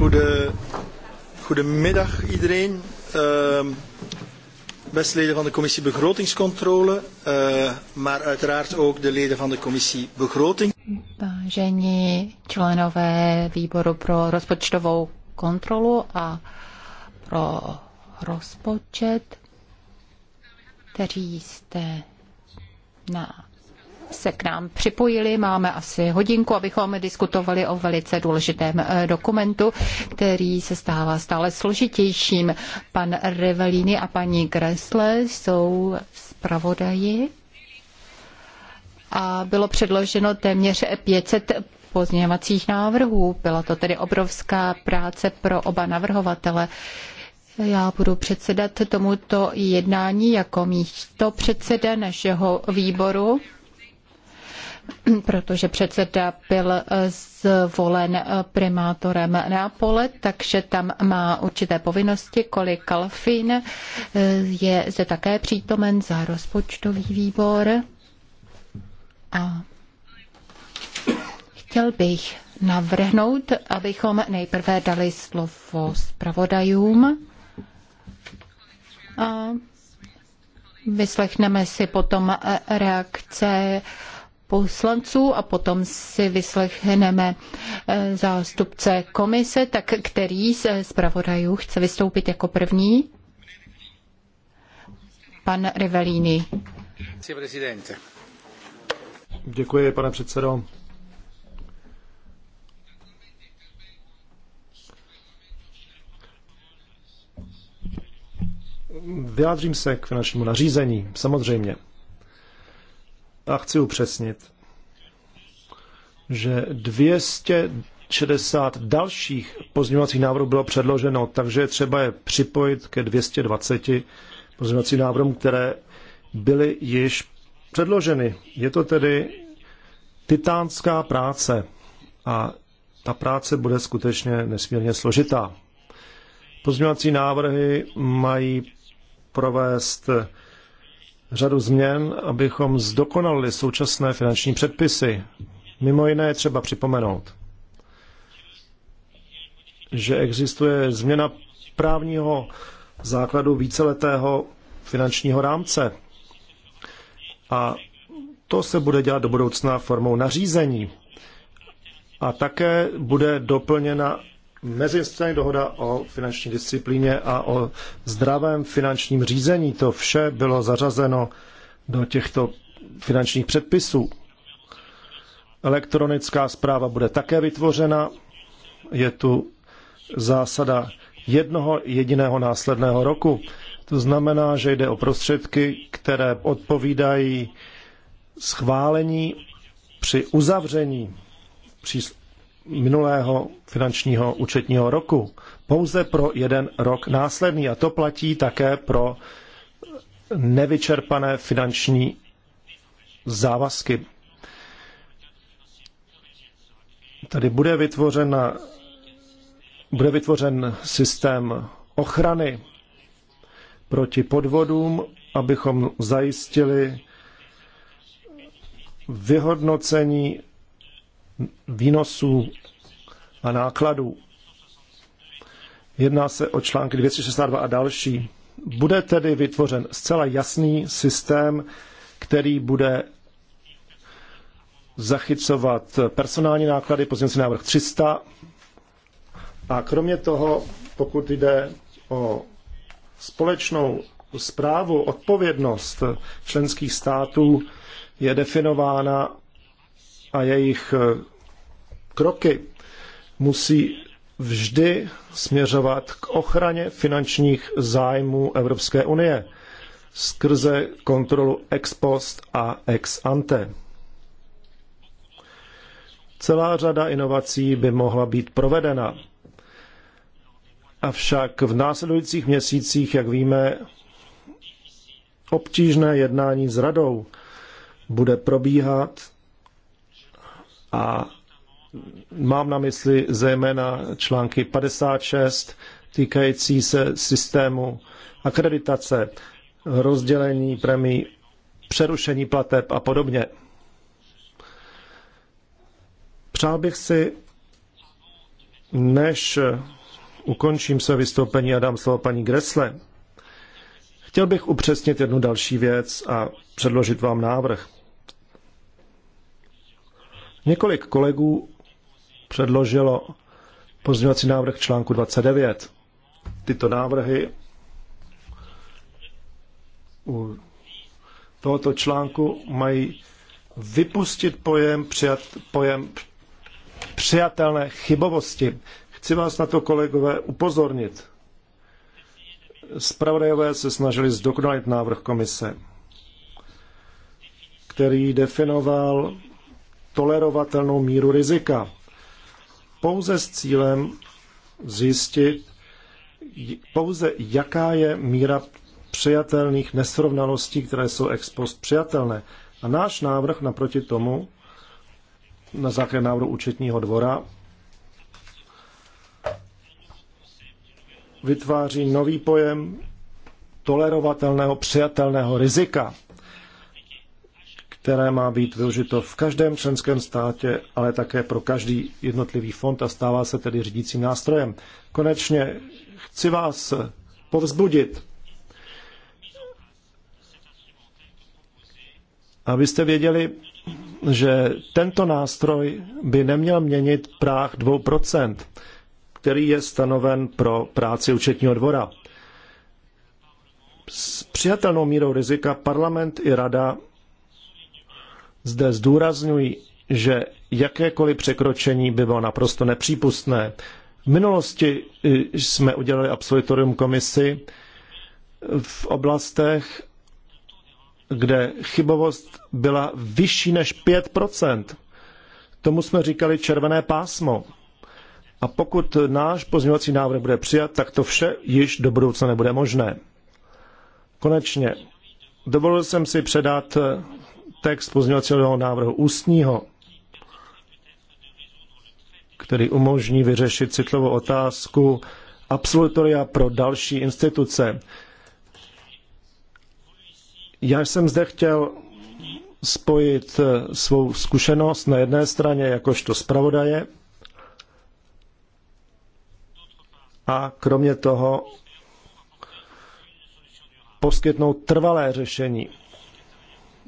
Goede, goedemiddag iedereen. Uh, beste leden van de commissie Begrotingscontrole, uh, maar uiteraard ook de leden van de commissie Begroting. Vážení členové výboru pro rozpočtovou kontrolu a pro rozpočet, kteří jste na se k nám připojili. Máme asi hodinku, abychom diskutovali o velice důležitém eh, dokumentu, který se stává stále složitějším. Pan Revelini a paní Gressle jsou zpravodaji a bylo předloženo téměř 500 pozměňovacích návrhů. Byla to tedy obrovská práce pro oba navrhovatele. Já budu předsedat tomuto jednání jako místo předseda našeho výboru protože předseda byl eh, zvolen eh, primátorem Neapole, takže tam má určité povinnosti. Kolik Kalfin eh, je zde také přítomen za rozpočtový výbor. A chtěl bych navrhnout, abychom nejprve dali slovo zpravodajům. A vyslechneme si potom reakce poslanců a potom si vyslechneme eh, zástupce komise, tak který z zpravodajů chce vystoupit jako první? Pan Rivellini. Děkuji, pane předsedo. Vyjádřím se k finančnímu nařízení, samozřejmě a chci upřesnit, že 260 dalších pozměňovacích návrhů bylo předloženo, takže třeba je připojit ke 220 pozměňovacím návrhům, které byly již předloženy. Je to tedy titánská práce a ta práce bude skutečně nesmírně složitá. Pozměňovací návrhy mají provést řadu změn, abychom zdokonalili současné finanční předpisy. Mimo jiné je třeba připomenout, že existuje změna právního základu víceletého finančního rámce. A to se bude dělat do budoucna formou nařízení. A také bude doplněna meziinstitucionální dohoda o finanční disciplíně a o zdravém finančním řízení. To vše bylo zařazeno do těchto finančních předpisů. Elektronická zpráva bude také vytvořena. Je tu zásada jednoho jediného následného roku. To znamená, že jde o prostředky, které odpovídají schválení při uzavření minulého finančního účetního roku. Pouze pro jeden rok následný a to platí také pro nevyčerpané finanční závazky. Tady bude vytvořena bude vytvořen systém ochrany proti podvodům, abychom zajistili vyhodnocení výnosů a nákladů. Jedná se o články 262 a další. Bude tedy vytvořen zcela jasný systém, který bude zachycovat personální náklady, pozměnci návrh 300. A kromě toho, pokud jde o společnou zprávu, odpovědnost členských států je definována a jejich kroky musí vždy směřovat k ochraně finančních zájmů Evropské unie skrze kontrolu ex post a ex ante. Celá řada inovací by mohla být provedena. Avšak v následujících měsících, jak víme, obtížné jednání s radou bude probíhat a Mám na mysli zejména články 56 týkající se systému akreditace, rozdělení premií, přerušení plateb a podobně. Přál bych si, než ukončím své vystoupení a dám slovo paní Gresle, chtěl bych upřesnit jednu další věc a předložit vám návrh. Několik kolegů předložilo pozměňovací návrh článku 29. Tyto návrhy u tohoto článku mají vypustit pojem, přijat, pojem přijatelné chybovosti. Chci vás na to, kolegové, upozornit. Spravodajové se snažili zdokonalit návrh komise, který definoval tolerovatelnou míru rizika pouze s cílem zjistit pouze, jaká je míra přijatelných nesrovnalostí, které jsou ex post přijatelné. A náš návrh naproti tomu, na základě návrhu účetního dvora, vytváří nový pojem tolerovatelného přijatelného rizika které má být využito v každém členském státě, ale také pro každý jednotlivý fond a stává se tedy řídícím nástrojem. Konečně chci vás povzbudit, abyste věděli, že tento nástroj by neměl měnit práh 2%, který je stanoven pro práci účetního dvora. S přijatelnou mírou rizika parlament i rada zde zdůrazňuji, že jakékoliv překročení by bylo naprosto nepřípustné. V minulosti eh, jsme udělali absolutorium komisi v oblastech, kde chybovost byla vyšší než 5 Tomu jsme říkali červené pásmo. A pokud náš pozměňovací návrh bude přijat, tak to vše již do budoucna nebude možné. Konečně, dovolil jsem si předat eh, text pozměňovacího návrhu ústního, který umožní vyřešit citlivou otázku absolutoria pro další instituce. Já jsem zde chtěl spojit eh, svou zkušenost na jedné straně jakožto zpravodaje a kromě toho poskytnout trvalé řešení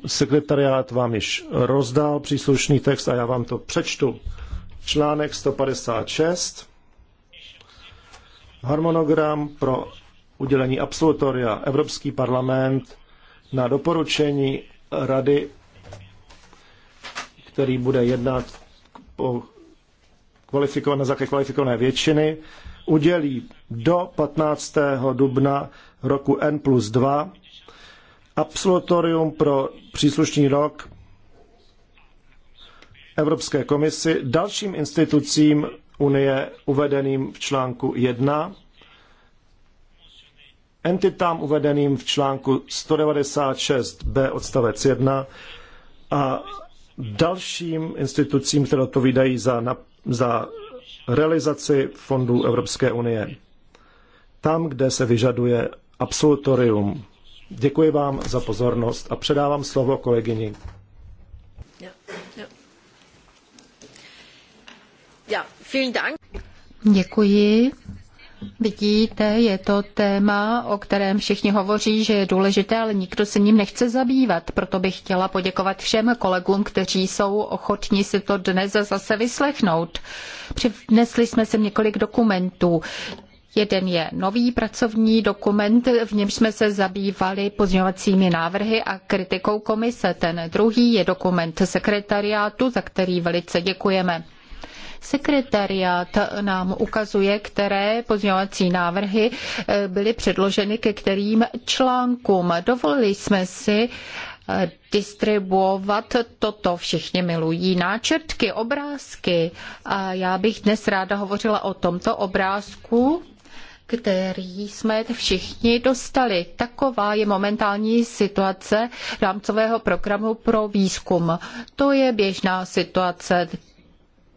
Sekretariát vám již rozdal příslušný text a já vám to přečtu. Článek 156. Harmonogram pro udělení absolutoria Evropský parlament na doporučení rady, který bude jednat po kvalifikované, za kvalifikované většiny, udělí do 15. dubna roku N plus 2 absolutorium pro příslušný rok Evropské komisi dalším institucím Unie uvedeným v článku 1, entitám uvedeným v článku 196b odstavec 1 a dalším institucím, které to vydají za, za realizaci fondů Evropské unie. Tam, kde se vyžaduje absolutorium Děkuji vám za pozornost a předávám slovo kolegyni. Děkuji. Vidíte, je to téma, o kterém všichni hovoří, že je důležité, ale nikdo se ním nechce zabývat. Proto bych chtěla poděkovat všem kolegům, kteří jsou ochotní si to dnes zase vyslechnout. Přinesli jsme se několik dokumentů. Jeden je nový pracovní dokument, v němž jsme se zabývali pozměňovacími návrhy a kritikou komise. Ten druhý je dokument sekretariátu, za který velice děkujeme. Sekretariát nám ukazuje, které pozměňovací návrhy eh, byly předloženy ke kterým článkům. Dovolili jsme si eh, distribuovat toto. Všichni milují náčrtky, obrázky. A já bych dnes ráda hovořila o tomto obrázku, který jsme všichni dostali. Taková je momentální situace rámcového programu pro výzkum. To je běžná situace.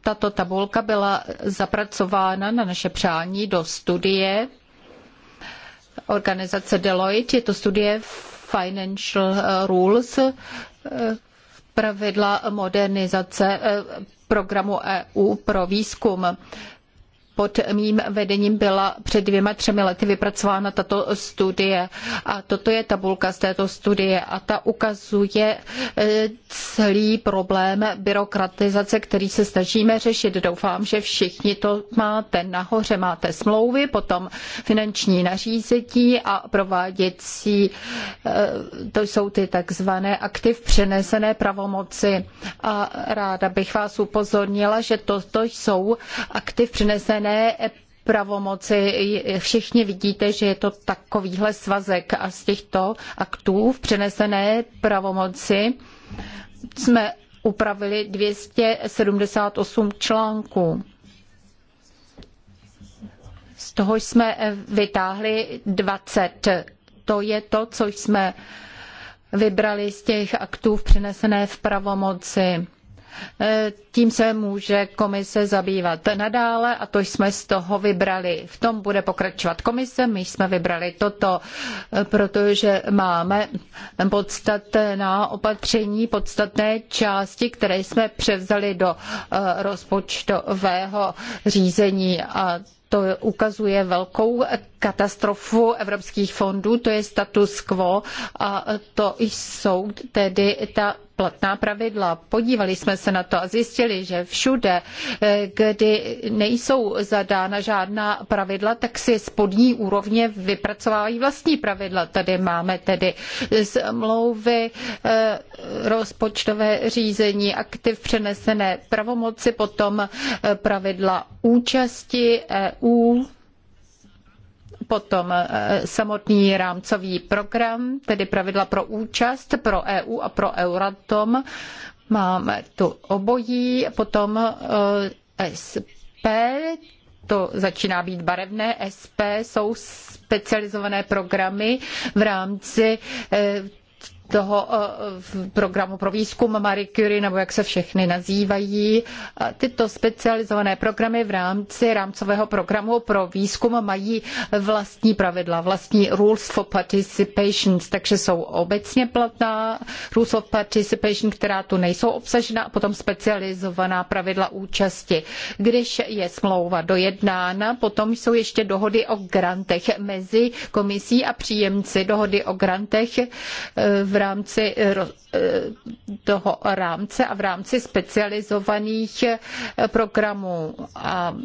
Tato tabulka byla zapracována na naše přání do studie organizace Deloitte. Je to studie Financial Rules, eh, pravidla modernizace eh, programu EU pro výzkum pod mým vedením byla před dvěma, třemi lety vypracována tato studie. A toto je tabulka z této studie a ta ukazuje e, celý problém byrokratizace, který se snažíme řešit. Doufám, že všichni to máte. Nahoře máte smlouvy, potom finanční nařízení a prováděcí, e, to jsou ty takzvané aktiv přenesené pravomoci. A ráda bych vás upozornila, že toto jsou aktiv přenesené omezené pravomoci. Všichni vidíte, že je to takovýhle svazek a z těchto aktů v přenesené pravomoci jsme upravili 278 článků. Z toho jsme vytáhli 20. To je to, co jsme vybrali z těch aktů v přenesené v pravomoci. Eh, tím se může komise zabývat nadále a to jsme z toho vybrali. V tom bude pokračovat komise, my jsme vybrali toto, eh, protože máme podstatná opatření, podstatné části, které jsme převzali do eh, rozpočtového řízení a to ukazuje velkou katastrofu evropských fondů, to je status quo a to jsou tedy ta platná pravidla. Podívali jsme se na to a zjistili, že všude, eh, kdy nejsou zadána žádná pravidla, tak si spodní úrovně vypracovávají vlastní pravidla. Tady máme tedy smlouvy, eh, rozpočtové řízení, aktiv přenesené pravomoci, potom eh, pravidla účasti EU potom eh, samotný rámcový program, tedy pravidla pro účast pro EU a pro Euratom. Máme tu obojí, potom eh, SP, to začíná být barevné. SP jsou specializované programy v rámci eh, toho eh, programu pro výzkum Marie Curie, nebo jak se všechny nazývají. Tyto specializované programy v rámci rámcového programu pro výzkum mají vlastní pravidla, vlastní rules for participation, takže jsou obecně platná rules of participation, která tu nejsou obsažena, a potom specializovaná pravidla účasti. Když je smlouva dojednána, potom jsou ještě dohody o grantech mezi komisí a příjemci dohody o grantech eh, v v rámci eh, eh, toho rámce a v rámci specializovaných eh, programů. A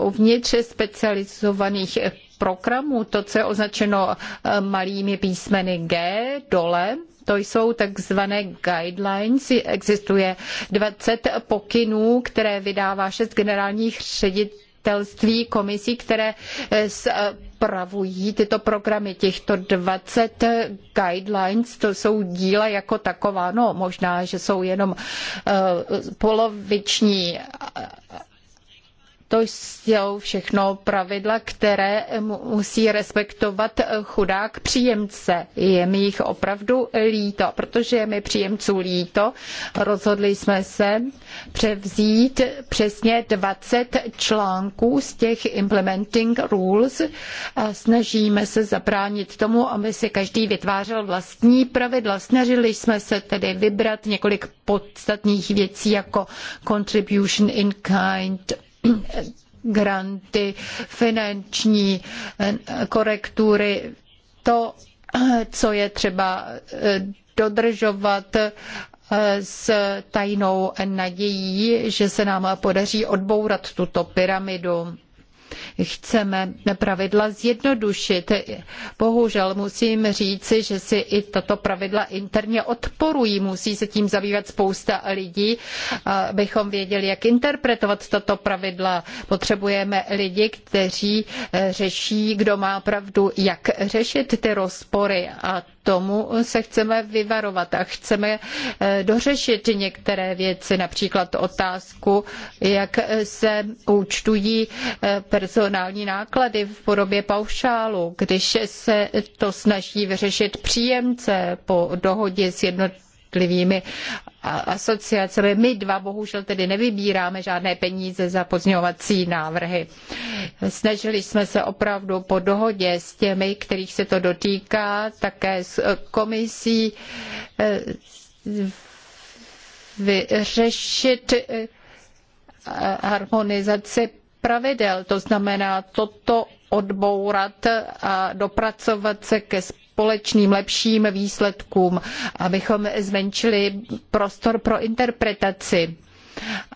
uvnitř specializovaných programů, to, co je označeno malými písmeny G dole, to jsou takzvané guidelines. Existuje 20 pokynů, které vydává šest generálních ředitelů představitelství komisí, které eh, spravují tyto programy, těchto 20 guidelines, to jsou díla jako taková, no možná, že jsou jenom eh, poloviční eh, to jsou všechno pravidla, které musí respektovat chudák příjemce. Je mi jich opravdu líto, protože je mi příjemců líto. Rozhodli jsme se převzít přesně 20 článků z těch implementing rules a snažíme se zabránit tomu, aby si každý vytvářel vlastní pravidla. Snažili jsme se tedy vybrat několik podstatných věcí jako contribution in kind, granty, finanční korektury, to, co je třeba eh, dodržovat eh, s tajnou nadějí, že se nám podaří odbourat tuto pyramidu. Chceme pravidla zjednodušit. Bohužel musím říci, že si i tato pravidla interně odporují. Musí se tím zabývat spousta lidí, abychom věděli, jak interpretovat tato pravidla. Potřebujeme lidi, kteří řeší, kdo má pravdu, jak řešit ty rozpory a tomu se chceme vyvarovat a chceme eh, dořešit některé věci, například otázku, jak se účtují eh, personální náklady v podobě paušálu, když se to snaží vyřešit příjemce po dohodě s jednotlivými jednotlivými asociacemi. My dva bohužel tedy nevybíráme žádné peníze za pozměňovací návrhy. Snažili jsme se opravdu po dohodě s těmi, kterých se to dotýká, také s eh, komisí eh, vyřešit eh, harmonizaci pravidel, to znamená toto odbourat a dopracovat se ke společnosti společným lepším výsledkům, abychom zmenšili prostor pro interpretaci.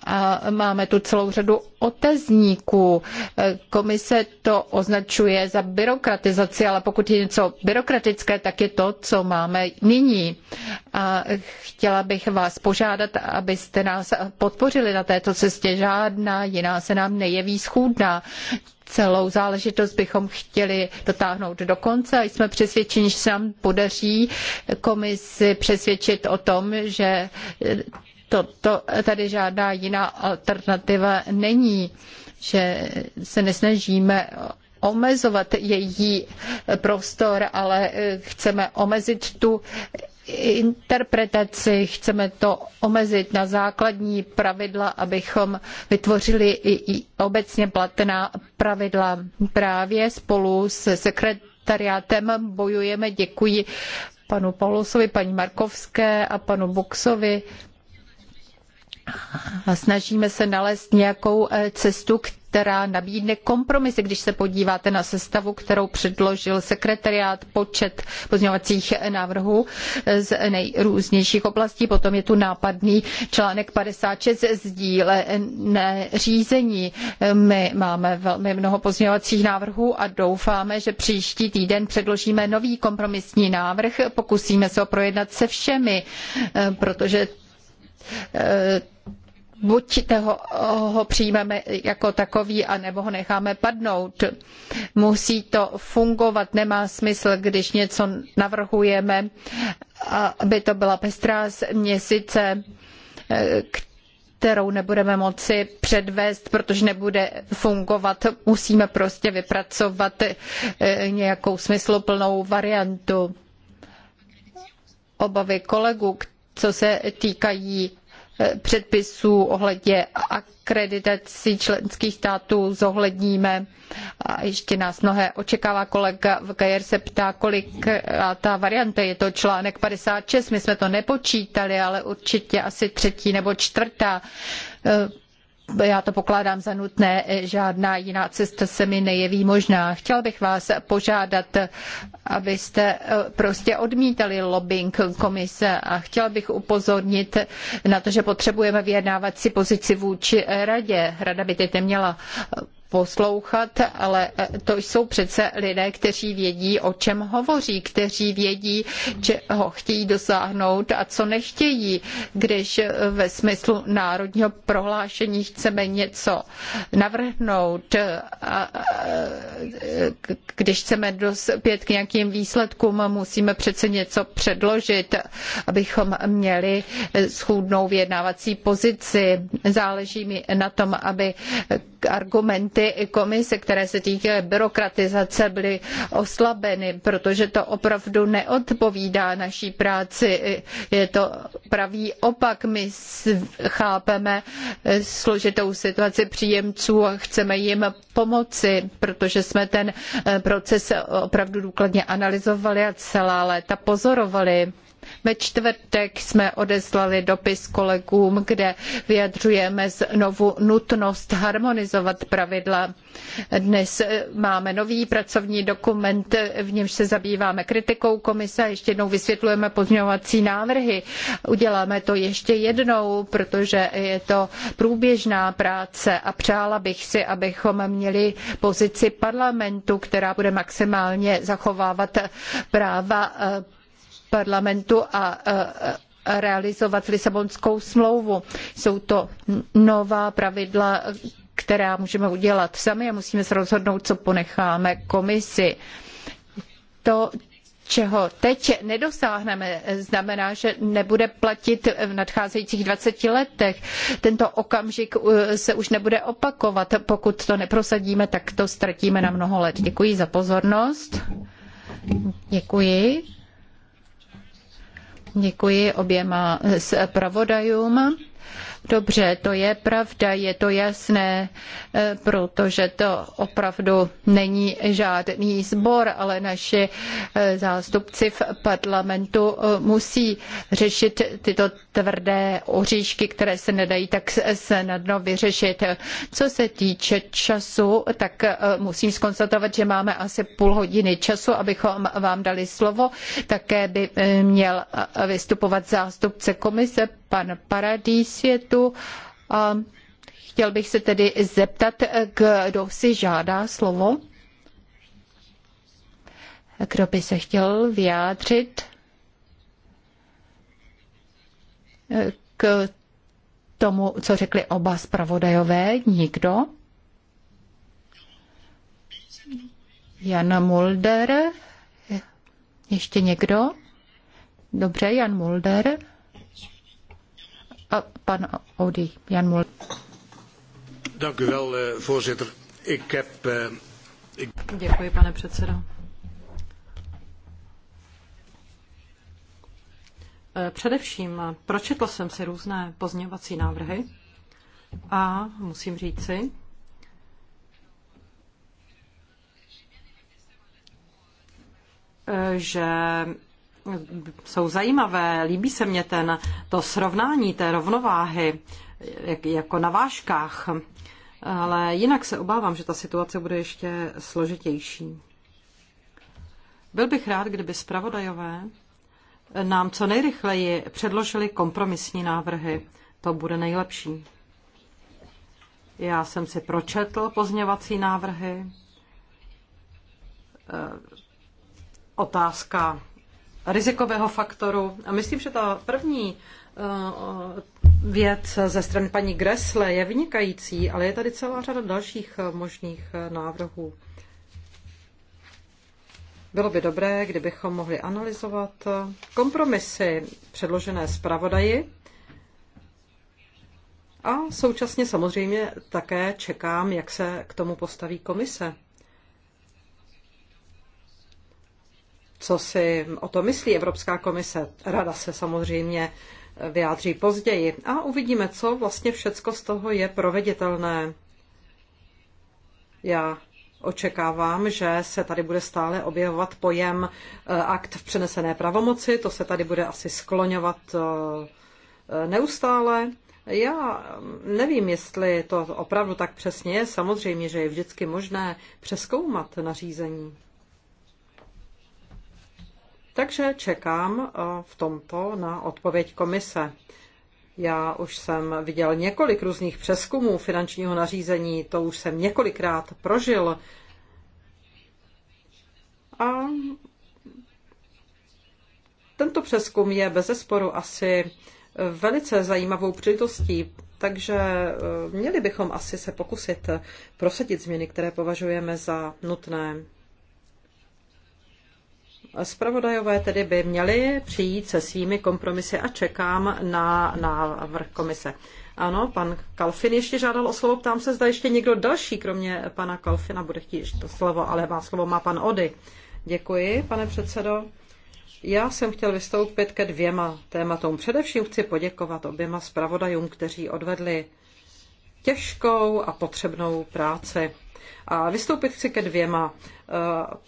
A máme tu celou řadu otazníků. Komise to označuje za byrokratizaci, ale pokud je něco byrokratické, tak je to, co máme nyní. A chtěla bych vás požádat, abyste nás podpořili na této cestě. Žádná jiná se nám nejeví schůdná celou záležitost bychom chtěli dotáhnout do konce a jsme přesvědčeni, že se nám podaří komisi přesvědčit o tom, že to, to tady žádná jiná alternativa není, že se nesnažíme omezovat její prostor, ale chceme omezit tu interpretaci, chceme to omezit na základní pravidla, abychom vytvořili obecně platná pravidla. Právě spolu se sekretariátem bojujeme. Děkuji panu Paulusovi, paní Markovské a panu Buxovi. A snažíme se nalézt nějakou eh, cestu, která která nabídne kompromisy. Když se podíváte na sestavu, kterou předložil sekretariát, počet pozměňovacích návrhů z nejrůznějších oblastí, potom je tu nápadný článek 56 sdíle řízení. My máme velmi mnoho pozměňovacích návrhů a doufáme, že příští týden předložíme nový kompromisní návrh, pokusíme se ho projednat se všemi, eh, protože eh, buď toho, ho přijmeme jako takový, anebo ho necháme padnout. Musí to fungovat, nemá smysl, když něco navrhujeme, aby to byla pestrá měsíce, kterou nebudeme moci předvést, protože nebude fungovat. Musíme prostě vypracovat eh, nějakou smysluplnou variantu. Obavy kolegů, co se týkají Eh, předpisů ohledně akreditací členských států zohledníme. A ještě nás mnohé očekává kolega Gajer se ptá, kolik ta varianta je to článek 56. My jsme to nepočítali, ale určitě asi třetí nebo čtvrtá eh, já to pokládám za nutné, žádná jiná cesta se mi nejeví možná. Chtěl bych vás požádat, abyste eh, prostě odmítali lobbying komise a chtěl bych upozornit na to, že potřebujeme vyjednávací pozici vůči eh, radě. Rada by teď neměla eh, poslouchat, ale e, to jsou přece lidé, kteří vědí, o čem hovoří, kteří vědí, čeho chtějí dosáhnout a co nechtějí, když e, ve smyslu národního prohlášení chceme něco navrhnout, e, a když chceme dospět k nějakým výsledkům, musíme přece něco předložit, abychom měli schůdnou vyjednávací pozici. Záleží mi na tom, aby argument i komise, které se týkaly byrokratizace, byly oslabeny, protože to opravdu neodpovídá naší práci. Je to pravý opak. My chápeme složitou situaci příjemců a chceme jim pomoci, protože jsme ten proces opravdu důkladně analyzovali a celá léta pozorovali. Ve čtvrtek jsme odeslali dopis kolegům, kde vyjadřujeme znovu nutnost harmonizovat pravidla. Dnes máme nový pracovní dokument, v němž se zabýváme kritikou komise a ještě jednou vysvětlujeme pozměňovací návrhy. Uděláme to ještě jednou, protože je to průběžná práce a přála bych si, abychom měli pozici parlamentu, která bude maximálně zachovávat práva parlamentu a realizovat Lisabonskou smlouvu. Jsou to nová pravidla, která můžeme udělat sami a musíme se rozhodnout, co ponecháme komisi. To, čeho teď nedosáhneme, znamená, že nebude platit v nadcházejících 20 letech. Tento okamžik uh, se už nebude opakovat. Pokud to neprosadíme, tak to ztratíme na mnoho let. Děkuji za pozornost. Děkuji. Děkuji oběma zpravodajům. Dobře, to je pravda, je to jasné, eh, protože to opravdu není žádný sbor, ale naši eh, zástupci v parlamentu eh, musí řešit tyto tvrdé oříšky, které se nedají tak snadno vyřešit. Co se týče času, tak musím skonstatovat, že máme asi půl hodiny času, abychom vám dali slovo. Také by měl vystupovat zástupce komise pan Paradis je tu. A chtěl bych se tedy zeptat, kdo si žádá slovo. Kdo by se chtěl vyjádřit k tomu, co řekli oba zpravodajové? Nikdo? Jan Mulder? Ještě někdo? Dobře, Jan Mulder pan Jan Dank u wel, eh, voorzitter. Ik heb, eh, ik... Děkuji, pane předsedo. Eh, především pročetl jsem si různé pozměňovací návrhy a musím říci, že jsou zajímavé. Líbí se mně ten, to srovnání té rovnováhy jak, jako na vážkách. Ale jinak se obávám, že ta situace bude ještě složitější. Byl bych rád, kdyby zpravodajové nám co nejrychleji předložili kompromisní návrhy. To bude nejlepší. Já jsem si pročetl pozněvací návrhy. Otázka rizikového faktoru. A myslím, že ta první eh, věc ze strany paní Gresle je vynikající, ale je tady celá řada dalších eh, možných eh, návrhů. Bylo by dobré, kdybychom mohli analyzovat kompromisy předložené zpravodaji a současně samozřejmě také čekám, jak se k tomu postaví komise. co si o to myslí Evropská komise. Rada se samozřejmě vyjádří později a uvidíme, co vlastně všecko z toho je proveditelné. Já očekávám, že se tady bude stále objevovat pojem eh, akt v přenesené pravomoci, to se tady bude asi skloňovat eh, neustále. Já nevím, jestli to opravdu tak přesně je. Samozřejmě, že je vždycky možné přeskoumat nařízení. Takže čekám eh, v tomto na odpověď komise. Já už jsem viděl několik různých přeskumů finančního nařízení, to už jsem několikrát prožil. A tento přeskum je bez zesporu asi velice zajímavou příležitostí, takže eh, měli bychom asi se pokusit prosadit změny, které považujeme za nutné. Spravodajové tedy by měli přijít se svými kompromisy a čekám na návrh komise. Ano, pan Kalfin ještě žádal o slovo. Ptám se, zda ještě někdo další, kromě pana Kalfina, bude chtít to slovo, ale má slovo má pan Ody. Děkuji, pane předsedo. Já jsem chtěl vystoupit ke dvěma tématům. Především chci poděkovat oběma zpravodajům, kteří odvedli těžkou a potřebnou práci. A vystoupit chci ke dvěma eh,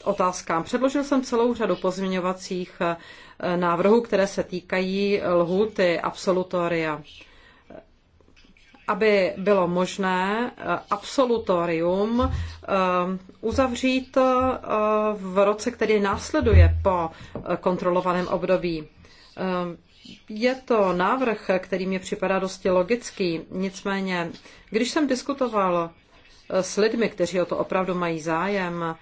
otázkám. Předložil jsem celou řadu pozměňovacích eh, návrhů, které se týkají lhuty absolutoria aby bylo možné eh, absolutorium uzavřít v roce, který následuje po kontrolovaném období. Je to návrh, který mi připadá dosti logický, nicméně, když jsem diskutoval s lidmi, kteří o to opravdu mají zájem,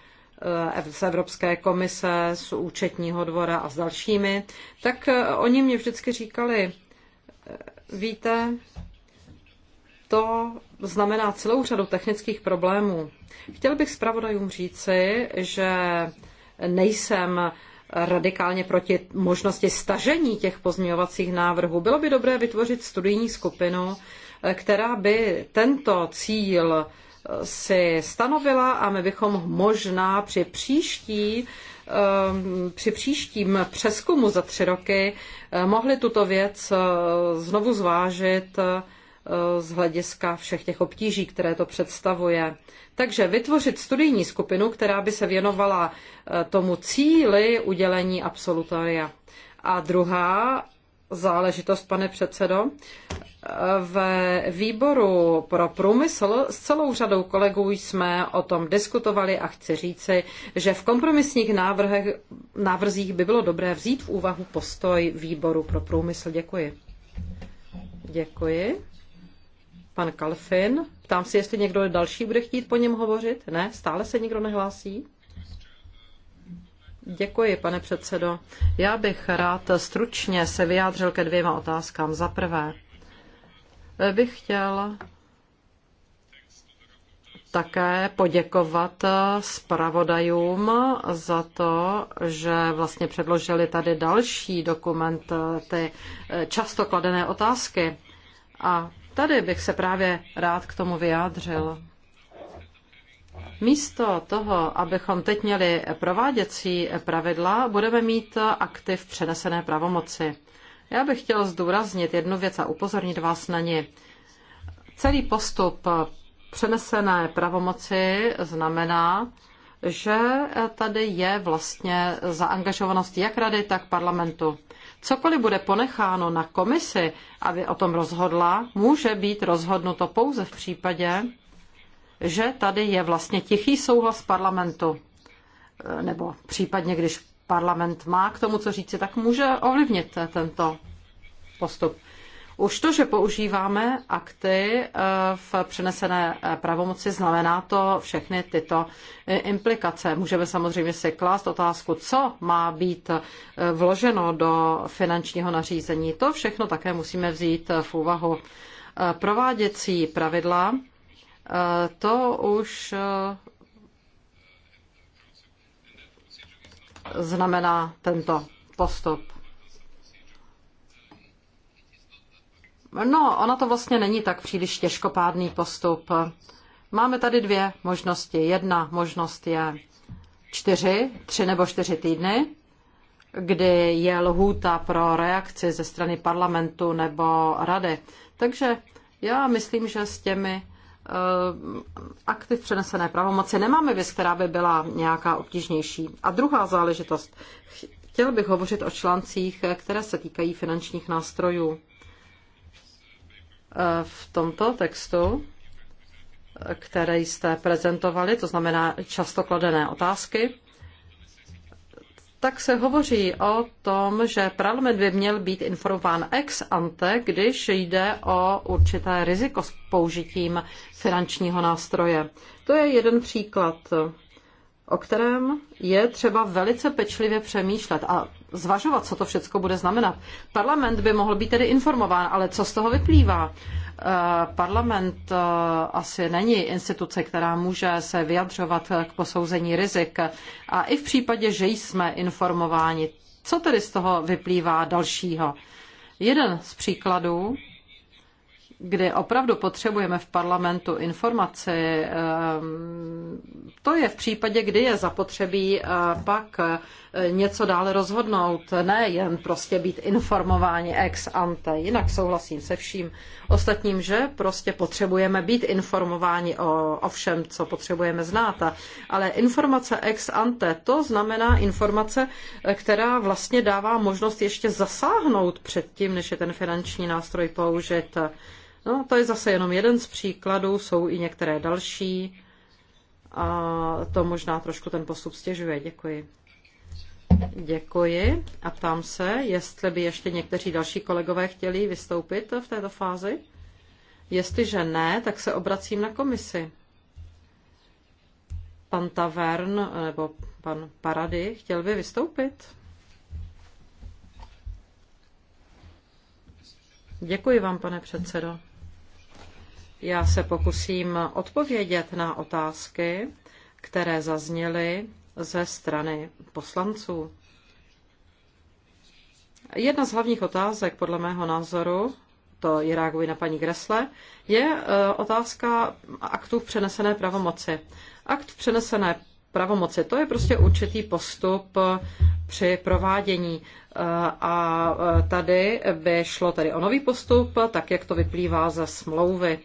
eh, z Evropské komise, z účetního dvora a s dalšími, tak eh, oni mě vždycky říkali, eh, víte, to znamená celou řadu technických problémů. Chtěl bych zpravodajům říci, že nejsem radikálně proti možnosti stažení těch pozměňovacích návrhů. Bylo by dobré vytvořit studijní skupinu, která by tento cíl si stanovila a my bychom možná při příští um, při příštím přeskumu za tři roky uh, mohli tuto věc uh, znovu zvážit uh, z hlediska všech těch obtíží, které to představuje. Takže vytvořit studijní skupinu, která by se věnovala tomu cíli udělení absolutoria. A druhá záležitost, pane předsedo, v výboru pro průmysl s celou řadou kolegů jsme o tom diskutovali a chci říci, že v kompromisních návrhech, návrzích by bylo dobré vzít v úvahu postoj výboru pro průmysl. Děkuji. Děkuji. Pan Kalfin. Ptám se, jestli někdo další bude chtít po něm hovořit. Ne, stále se nikdo nehlásí. Děkuji, pane předsedo. Já bych rád stručně se vyjádřil ke dvěma otázkám. Za prvé, bych chtěl také poděkovat zpravodajům za to, že vlastně předložili tady další dokument, ty často kladené otázky. A tady bych se právě rád k tomu vyjádřil. Místo toho, abychom teď měli prováděcí pravidla, budeme mít aktiv přenesené pravomoci. Já bych chtěl zdůraznit jednu věc a upozornit vás na ně. Celý postup přenesené pravomoci znamená, že tady je vlastně zaangažovanost jak rady, tak parlamentu. Cokoliv bude ponecháno na komisi, aby o tom rozhodla, může být rozhodnuto pouze v případě, že tady je vlastně tichý souhlas parlamentu. Nebo případně, když parlament má k tomu, co říci, tak může ovlivnit tento postup. Už to, že používáme akty eh, v přenesené eh, pravomoci, znamená to všechny tyto eh, implikace. Můžeme samozřejmě si klást otázku, co má být vloženo do finančního nařízení. To všechno také musíme vzít v úvahu. Prováděcí pravidla, to už znamená tento postup. No, ona to vlastně není tak příliš těžkopádný postup. Máme tady dvě možnosti. Jedna možnost je čtyři, tři nebo čtyři týdny, kdy je lhůta pro reakci ze strany parlamentu nebo rady. Takže já myslím, že s těmi Eh, aktiv přenesené pravomoci nemáme věc, která by byla nějaká obtížnější. A druhá záležitost. Chtěl bych hovořit o článcích, eh, které se týkají finančních nástrojů. Eh, v tomto textu, které jste prezentovali, to znamená často kladené otázky, tak se hovoří o tom, že parlament by měl být informován ex ante, když jde o určité riziko s použitím finančního nástroje. To je jeden příklad, o kterém je třeba velice pečlivě přemýšlet a zvažovat, co to všechno bude znamenat. Parlament by mohl být tedy informován, ale co z toho vyplývá? Eh, parlament eh, asi není instituce, která může se vyjadřovat k posouzení rizik. A i v případě, že jsme informováni, co tedy z toho vyplývá dalšího? Jeden z příkladů kdy opravdu potřebujeme v parlamentu informaci, ehm, to je v případě, kdy je zapotřebí eh, pak eh, něco dále rozhodnout, ne jen prostě být informováni ex ante. Jinak souhlasím se vším ostatním, že prostě potřebujeme být informováni o, o všem, co potřebujeme znát. Ale informace ex ante, to znamená informace, eh, která vlastně dává možnost ještě zasáhnout před tím, než je ten finanční nástroj použit. No, to je zase jenom jeden z příkladů, jsou i některé další a to možná trošku ten postup stěžuje. Děkuji. Děkuji a ptám se, jestli by ještě někteří další kolegové chtěli vystoupit v této fázi. Jestliže ne, tak se obracím na komisi. Pan Tavern nebo pan Parady chtěl by vystoupit? Děkuji vám, pane předsedo. Já se pokusím odpovědět na otázky, které zazněly ze strany poslanců. Jedna z hlavních otázek, podle mého názoru, to je reaguji na paní Gresle, je e, otázka aktů v přenesené pravomoci. Akt v přenesené pravomoci, to je prostě určitý postup e, při provádění. E, a tady by šlo tedy o nový postup, tak jak to vyplývá ze smlouvy.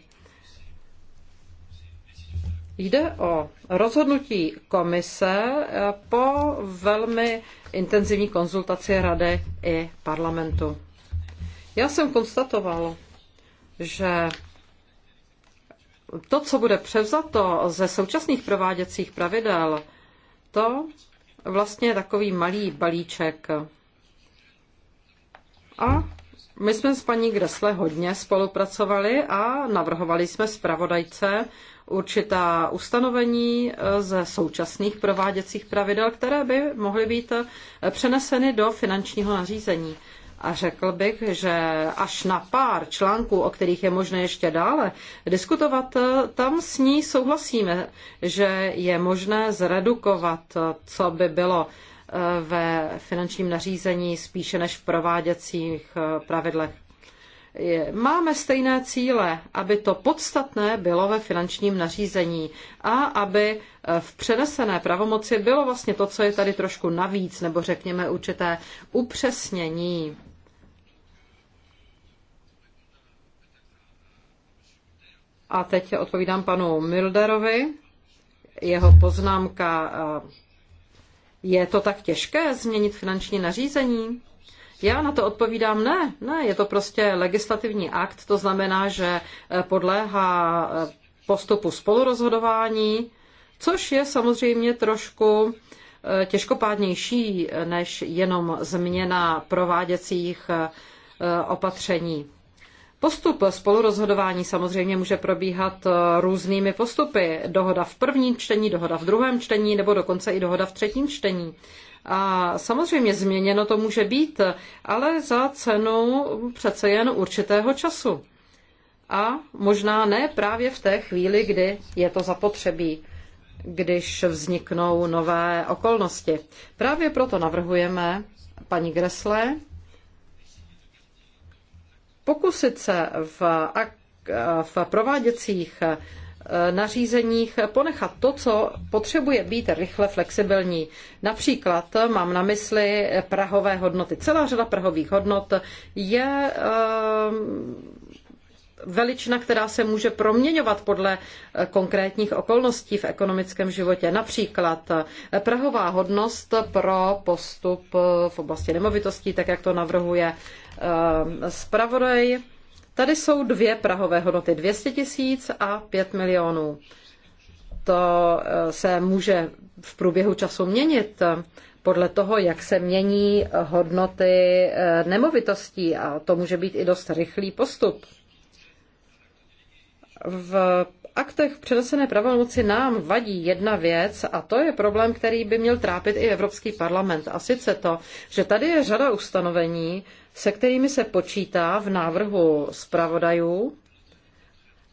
Jde o rozhodnutí komise eh, po velmi intenzivní konzultaci rady i parlamentu. Já jsem konstatoval, že to, co bude převzato ze současných prováděcích pravidel, to vlastně je takový malý balíček. A my jsme s paní Gresle hodně spolupracovali a navrhovali jsme zpravodajce určitá ustanovení eh, ze současných prováděcích pravidel, které by mohly být eh, přeneseny do finančního nařízení. A řekl bych, že až na pár článků, o kterých je možné ještě dále diskutovat, eh, tam s ní souhlasíme, že je možné zredukovat, co by bylo ve finančním nařízení spíše než v prováděcích pravidlech máme stejné cíle, aby to podstatné bylo ve finančním nařízení a aby eh, v přenesené pravomoci bylo vlastně to, co je tady trošku navíc, nebo řekněme určité upřesnění. A teď odpovídám panu Milderovi. Jeho poznámka, eh, je to tak těžké změnit finanční nařízení? Já na to odpovídám, ne, ne, je to prostě legislativní akt, to znamená, že eh, podléhá eh, postupu spolurozhodování, což je samozřejmě trošku eh, těžkopádnější než jenom změna prováděcích opatření. Postup spolurozhodování samozřejmě může probíhat různými postupy. Dohoda v prvním čtení, dohoda v druhém čtení nebo dokonce i dohoda v třetím čtení. A samozřejmě změněno to může být, ale za cenu přece jen určitého času. A možná ne právě v té chvíli, kdy je to zapotřebí, když vzniknou nové okolnosti. Právě proto navrhujeme paní Gresle pokusit se v, v prováděcích nařízeních ponechat to, co potřebuje být rychle flexibilní. Například mám na mysli prahové hodnoty. Celá řada prahových hodnot je eh, veličina, která se může proměňovat podle eh, konkrétních okolností v ekonomickém životě. Například eh, prahová hodnost pro postup v oblasti nemovitostí, tak jak to navrhuje zpravodaj Tady jsou dvě prahové hodnoty, 200 tisíc a 5 milionů. To eh, se může v průběhu času měnit eh, podle toho, jak se mění eh, hodnoty nemovitostí a to může být i dost rychlý postup. V aktech přenesené pravomoci nám vadí jedna věc a to je problém, který by měl trápit i Evropský parlament. A sice to, že tady je řada ustanovení, se kterými se počítá v návrhu zpravodajů.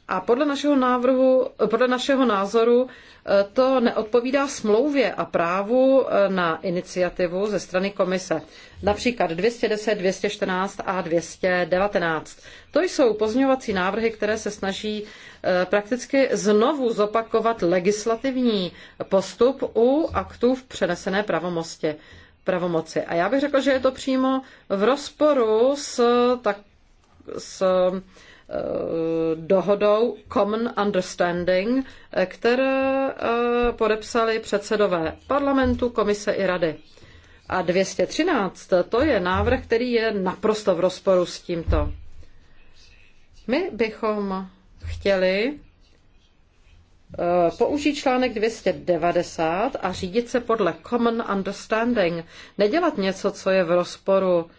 A podle našeho, návrhu, podle našeho názoru eh, to neodpovídá smlouvě a právu eh, na iniciativu ze strany komise. Například 210, 214 a 219. To jsou pozměňovací návrhy, které se snaží eh, prakticky znovu zopakovat legislativní postup u aktů v přenesené pravomosti pravomoci. A já bych řekl, že je to přímo v rozporu s, tak, s eh, dohodou Common Understanding, které eh, podepsali předsedové parlamentu, komise i rady. A 213 to je návrh, který je naprosto v rozporu s tímto. My bychom chtěli Eh, použít článek 290 a řídit se podle common understanding, nedělat něco, co je v rozporu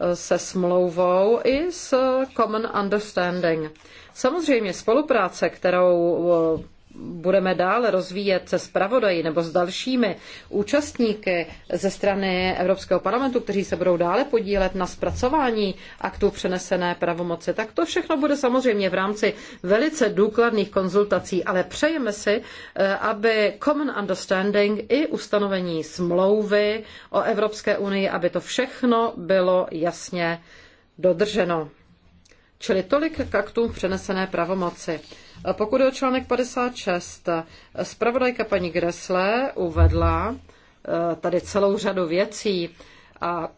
eh, se smlouvou i s common understanding. Samozřejmě spolupráce, kterou eh, budeme dále rozvíjet se zpravodají nebo s dalšími účastníky ze strany Evropského parlamentu, kteří se budou dále podílet na zpracování aktů přenesené pravomoci, tak to všechno bude samozřejmě v rámci velice důkladných konzultací, ale přejeme si, eh, aby common understanding i ustanovení smlouvy o Evropské unii, aby to všechno bylo jasně dodrženo. Čili tolik k aktům přenesené pravomoci. Pokud je o článek 56, zpravodajka paní Gresle uvedla eh, tady celou řadu věcí a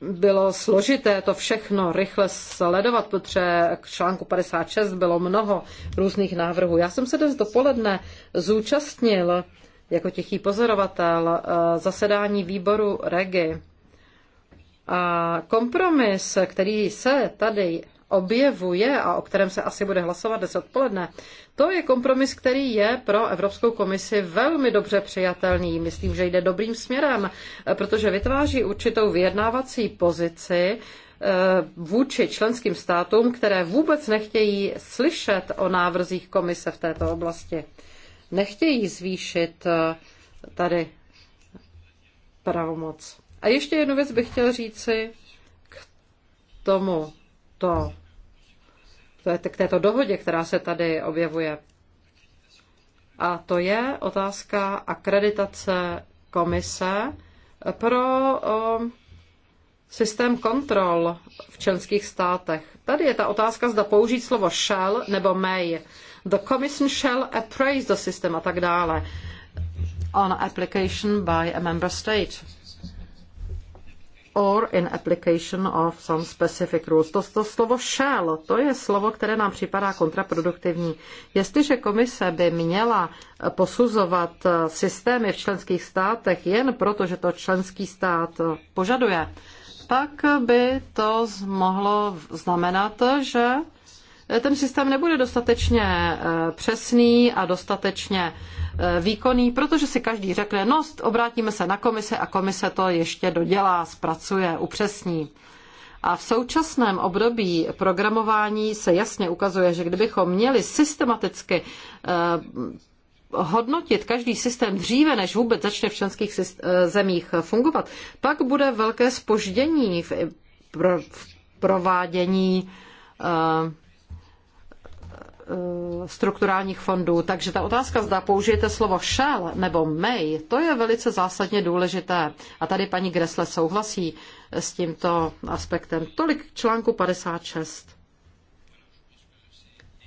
bylo složité to všechno rychle sledovat, protože k článku 56 bylo mnoho různých návrhů. Já jsem se dnes dopoledne zúčastnil jako tichý pozorovatel eh, zasedání výboru REGI. A kompromis, který se tady objevuje a o kterém se asi bude hlasovat dnes odpoledne, to je kompromis, který je pro Evropskou komisi velmi dobře přijatelný. Myslím, že jde dobrým směrem, protože vytváří určitou vyjednávací pozici eh, vůči členským státům, které vůbec nechtějí slyšet o návrzích komise v této oblasti. Nechtějí zvýšit eh, tady pravomoc. A ještě jednu věc bych chtěl říci k tomu to k této dohodě, která se tady objevuje. A to je otázka akreditace komise pro systém kontrol v členských státech. Tady je ta otázka, zda použít slovo shall nebo may. The commission shall appraise the system a tak dále. On application by a member state or in application of some specific rules. To, to slovo shall, to je slovo, které nám připadá kontraproduktivní. Jestliže komise by měla posuzovat eh, systémy v členských státech jen proto, že to členský stát eh, požaduje, tak by to mohlo znamenat, že eh, ten systém nebude dostatečně přesný a dostatečně E, výkonný, protože si každý řekne, no, obrátíme se na komise a komise to ještě dodělá, zpracuje, upřesní. A v současném období programování se jasně ukazuje, že kdybychom měli systematicky e, hodnotit každý systém dříve, než vůbec začne v členských e, zemích fungovat, pak bude velké spoždění v provádění Eh, strukturálních fondů. Takže ta otázka, zda použijete slovo shall nebo may, to je velice zásadně důležité. A tady paní Gresle souhlasí s tímto aspektem. Tolik článku 56.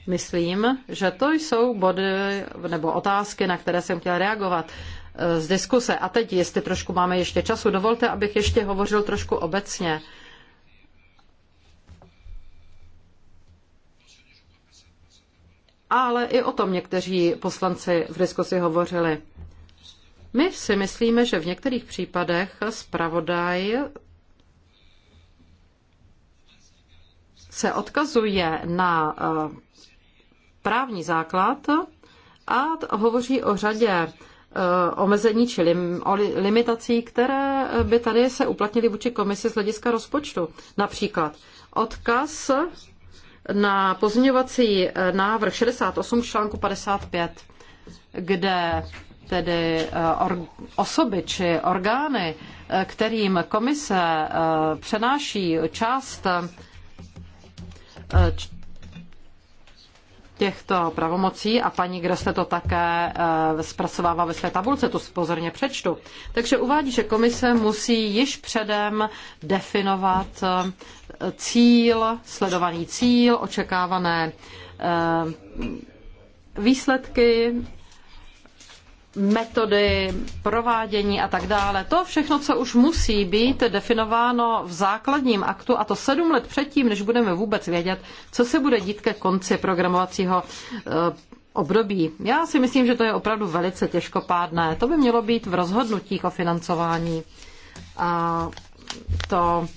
Myslím, že to jsou body nebo otázky, na které jsem chtěla reagovat eh, z diskuse. A teď, jestli trošku máme ještě času, dovolte, abych ještě hovořil trošku obecně. Uh, ale i o tom někteří poslanci v diskusi hovořili. My si myslíme, že v některých případech zpravodaj se odkazuje na eh, právní základ a hovoří o řadě eh, omezení či lim, o limitací, které by tady se uplatnily vůči komisi z hlediska rozpočtu. Například odkaz na pozměňovací eh, návrh 68 článku 55, kde tedy eh, osoby či orgány, eh, kterým komise přenáší část těchto pravomocí a paní Grosle to také zpracovává ve své tabulce, tu pozorně přečtu. Takže uvádí, že komise musí již předem definovat cíl, sledovaný cíl, očekávané eh, výsledky, metody provádění a tak dále. To všechno, co už musí být definováno v základním aktu, a to sedm let předtím, než budeme vůbec vědět, co se bude dít ke konci programovacího eh, období. Já si myslím, že to je opravdu velice těžkopádné. To by mělo být v rozhodnutích o financování. A to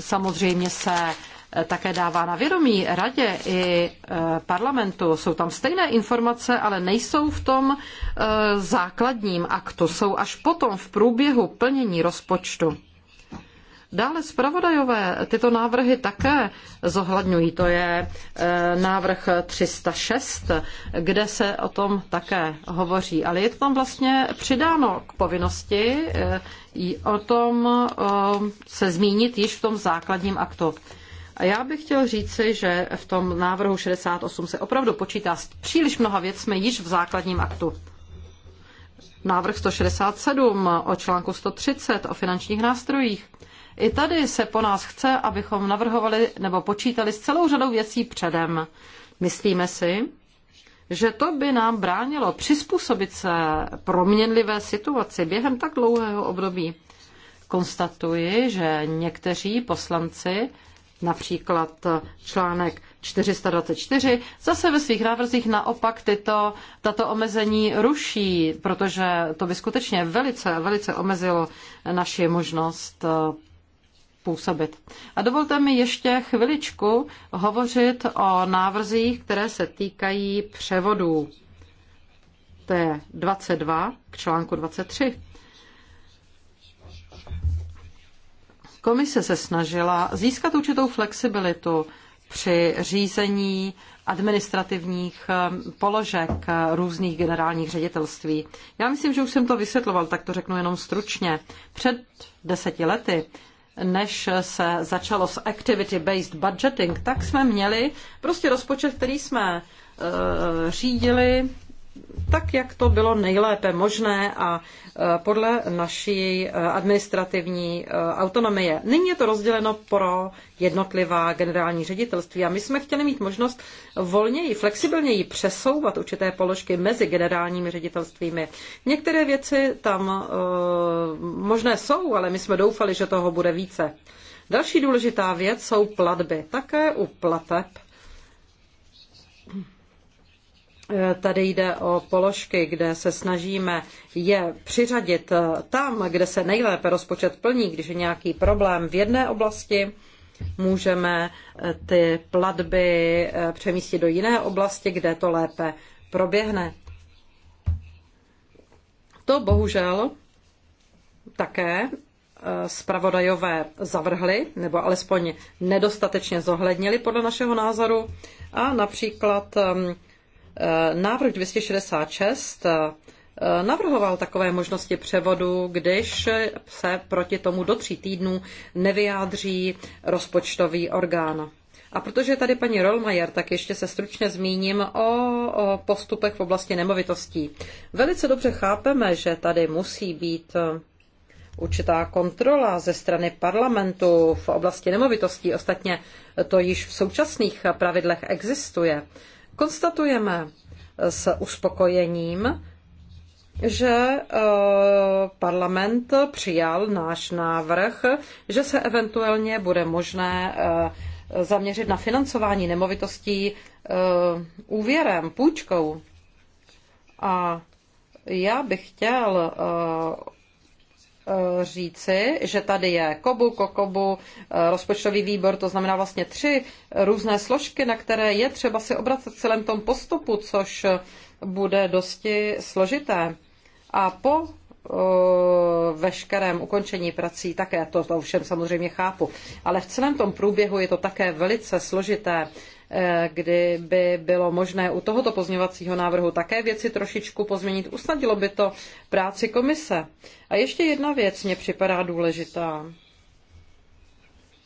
samozřejmě se eh, také dává na vědomí radě i eh, parlamentu. Jsou tam stejné informace, ale nejsou v tom eh, základním aktu. Jsou až potom v průběhu plnění rozpočtu. Dále zpravodajové tyto návrhy také zohledňují. To je eh, návrh 306, kde se o tom také hovoří. Ale je to tam vlastně přidáno k povinnosti eh, o tom eh, se zmínit již v tom základním aktu. A já bych chtěl říci, že v tom návrhu 68 se opravdu počítá s příliš mnoha věcmi již v základním aktu. Návrh 167 o článku 130 o finančních nástrojích i tady se po nás chce, abychom navrhovali nebo počítali s celou řadou věcí předem. Myslíme si, že to by nám bránilo přizpůsobit se proměnlivé situaci během tak dlouhého období. Konstatuji, že někteří poslanci, například článek 424, zase ve svých návrzích naopak tyto, tato omezení ruší, protože to by skutečně velice, velice omezilo naši možnost působit. A dovolte mi ještě chviličku hovořit o návrzích, které se týkají převodů. To je 22 k článku 23. Komise se snažila získat určitou flexibilitu při řízení administrativních eh, položek eh, různých generálních ředitelství. Já myslím, že už jsem to vysvětloval, tak to řeknu jenom stručně. Před deseti lety než se začalo s activity-based budgeting, tak jsme měli prostě rozpočet, který jsme eh, řídili tak, jak to bylo nejlépe možné a e, podle naší e, administrativní e, autonomie. Nyní je to rozděleno pro jednotlivá generální ředitelství a my jsme chtěli mít možnost volněji, flexibilněji přesouvat určité položky mezi generálními ředitelstvími. Některé věci tam možné jsou, ale my jsme doufali, že toho bude více. Další důležitá věc jsou platby. Také u plateb Tady jde o položky, kde se snažíme je přiřadit tam, kde se nejlépe rozpočet plní, když je nějaký problém v jedné oblasti, můžeme eh, ty platby eh, přemístit do jiné oblasti, kde to lépe proběhne. To bohužel také eh, zpravodajové zavrhli, nebo alespoň nedostatečně zohlednili podle našeho názoru. A například ehm, Eh, návrh 266 eh, navrhoval takové možnosti převodu, když se proti tomu do tří týdnů nevyjádří rozpočtový orgán. A protože je tady paní Rolmajer, tak ještě se stručně zmíním o, postupech v oblasti nemovitostí. Velice dobře chápeme, že tady musí být eh, určitá kontrola ze strany parlamentu v oblasti nemovitostí. Ostatně to již v současných pravidlech existuje. Konstatujeme s uspokojením, že eh, parlament přijal náš návrh, že se eventuálně bude možné eh, zaměřit na financování nemovitostí eh, úvěrem, půjčkou. A já bych chtěl Eh, říci, že tady je KOBU, KOKOBU, eh, rozpočtový výbor, to znamená vlastně tři různé složky, na které je třeba si obracet v celém tom postupu, což bude dosti složité. A po eh, veškerém ukončení prací také, to, to všem samozřejmě chápu, ale v celém tom průběhu je to také velice složité Eh, kdyby bylo možné u tohoto pozměňovacího návrhu také věci trošičku pozměnit, usnadilo by to práci komise. A ještě jedna věc mě připadá důležitá.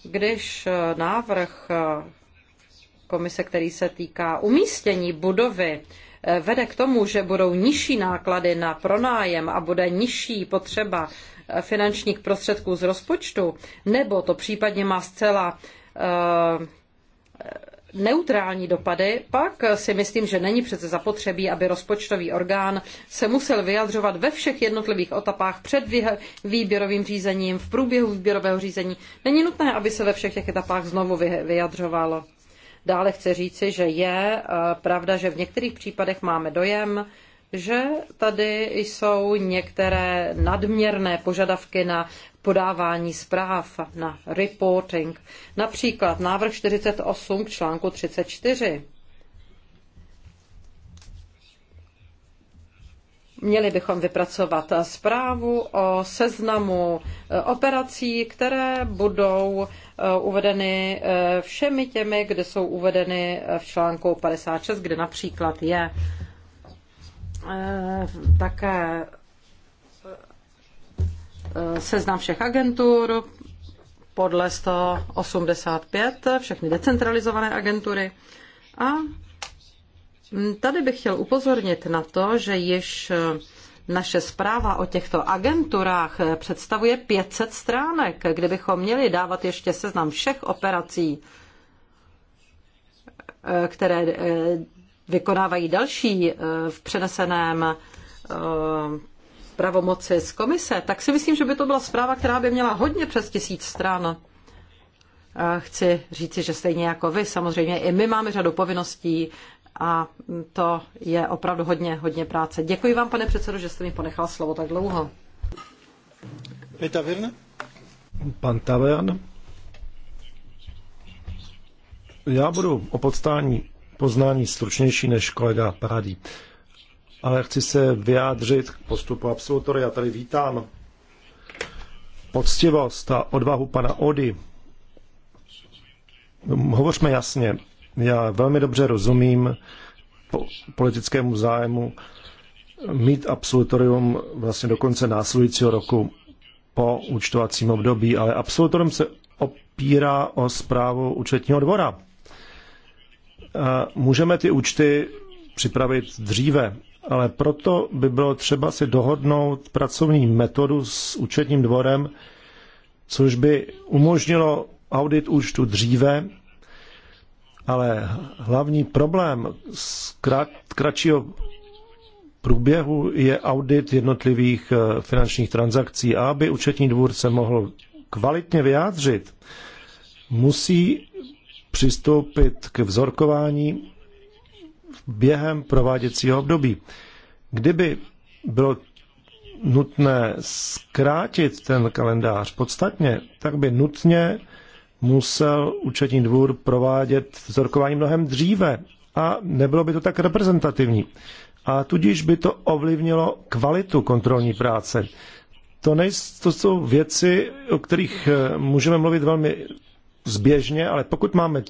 Když eh, návrh eh, komise, který se týká umístění budovy, vede k tomu, že budou nižší náklady na pronájem a bude nižší potřeba finančních prostředků z rozpočtu, nebo to případně má zcela uh, neutrální dopady, pak si myslím, že není přece zapotřebí, aby rozpočtový orgán se musel vyjadřovat ve všech jednotlivých etapách před výběrovým řízením, v průběhu výběrového řízení. Není nutné, aby se ve všech těch etapách znovu vyjadřovalo. Dále chci říci, že je eh, pravda, že v některých případech máme dojem, že tady jsou některé nadměrné požadavky na podávání zpráv, na reporting. Například návrh 48 k článku 34. Měli bychom vypracovat zprávu o seznamu eh, operací, které budou eh, uvedeny eh, všemi těmi, kde jsou uvedeny v článku 56, kde například je Eh, také eh, seznam všech agentur podle 185, všechny decentralizované agentury. A tady bych chtěl upozornit na to, že již eh, naše zpráva o těchto agenturách představuje 500 stránek, kdybychom měli dávat ještě seznam všech operací, které vykonávají další eh, v přeneseném eh, pravomoci z komise, tak si myslím, že by to byla zpráva, která by měla hodně přes tisíc stran. Chci říci, že stejně jako vy, samozřejmě i my máme řadu povinností a to je opravdu hodně, hodně práce. Děkuji vám, pane předsedo, že jste mi ponechal slovo tak dlouho. Pan Tavern. Já budu o podstání poznání stručnější než kolega Paradí. Ale chci se vyjádřit k postupu absolutoria. Tady vítám poctivost a odvahu pana Ody. Hovořme jasně. Já velmi dobře rozumím po politickému zájmu mít absolutorium vlastně do konce následujícího roku po účtovacím období, ale absolutorium se opírá o zprávu účetního dvora můžeme ty účty připravit dříve, ale proto by bylo třeba si dohodnout pracovní metodu s účetním dvorem, což by umožnilo audit účtu dříve, ale hlavní problém z krat, kratšího průběhu je audit jednotlivých eh, finančních transakcí. A aby účetní dvůr se mohl kvalitně vyjádřit, musí přistoupit k vzorkování během prováděcího období. Kdyby bylo nutné zkrátit ten kalendář podstatně, tak by nutně musel účetní dvůr provádět vzorkování mnohem dříve a nebylo by to tak reprezentativní. A tudíž by to ovlivnilo kvalitu kontrolní práce. To, nejsou to jsou věci, o kterých eh, můžeme mluvit velmi zběžně, ale pokud máme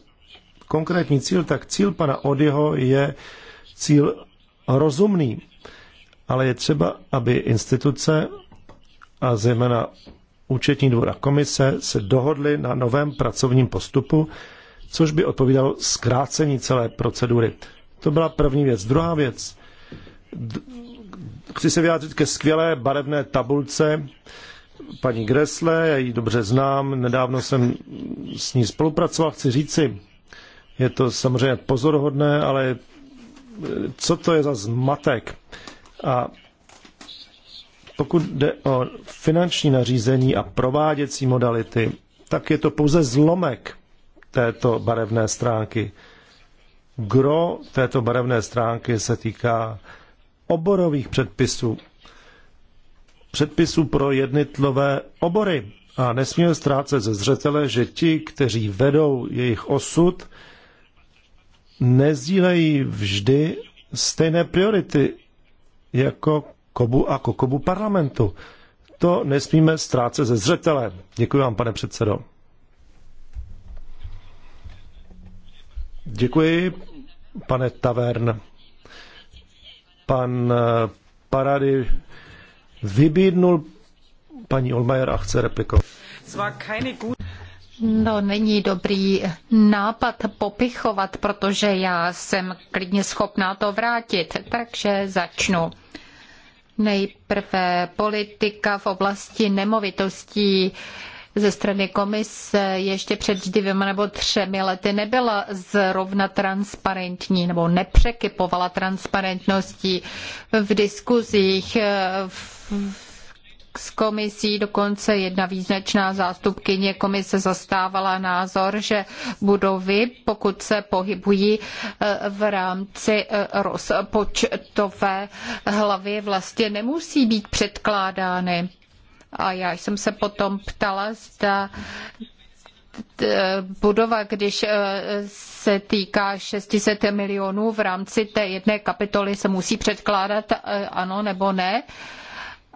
konkrétní cíl, tak cíl pana Odyho je cíl rozumný. Ale je třeba, aby instituce a zejména účetní dvora komise se dohodly na novém pracovním postupu, což by odpovídalo zkrácení celé procedury. To byla první věc. Druhá věc. Chci se vyjádřit ke skvělé barevné tabulce, paní Gresle, já ji dobře znám, nedávno jsem s ní spolupracoval, chci říci, je to samozřejmě pozorhodné, ale co to je za zmatek? A pokud jde o finanční nařízení a prováděcí modality, tak je to pouze zlomek této barevné stránky. Gro této barevné stránky se týká oborových předpisů předpisů pro jednotlivé obory. A nesmíme ztrácet ze zřetele, že ti, kteří vedou jejich osud, nezdílejí vždy stejné priority jako Kobu a Kokobu parlamentu. To nesmíme ztrácet ze zřetele. Děkuji vám, pane předsedo. Děkuji, pane Tavern. Pan Parady vybídnul paní Olmajer a chce replikovat. No, není dobrý nápad popichovat, protože já jsem klidně schopná to vrátit, takže začnu. Nejprve politika v oblasti nemovitostí ze strany komise ještě před dvěma nebo třemi lety nebyla zrovna transparentní nebo nepřekypovala transparentností v diskuzích v, s komisí dokonce jedna význačná zástupkyně komise zastávala názor, že budovy, pokud se pohybují eh, v rámci eh, rozpočtové hlavy, vlastně nemusí být předkládány a já jsem se potom ptala, zda budova, když e, se týká 600 milionů v rámci té jedné kapitoly, se musí předkládat e, ano nebo ne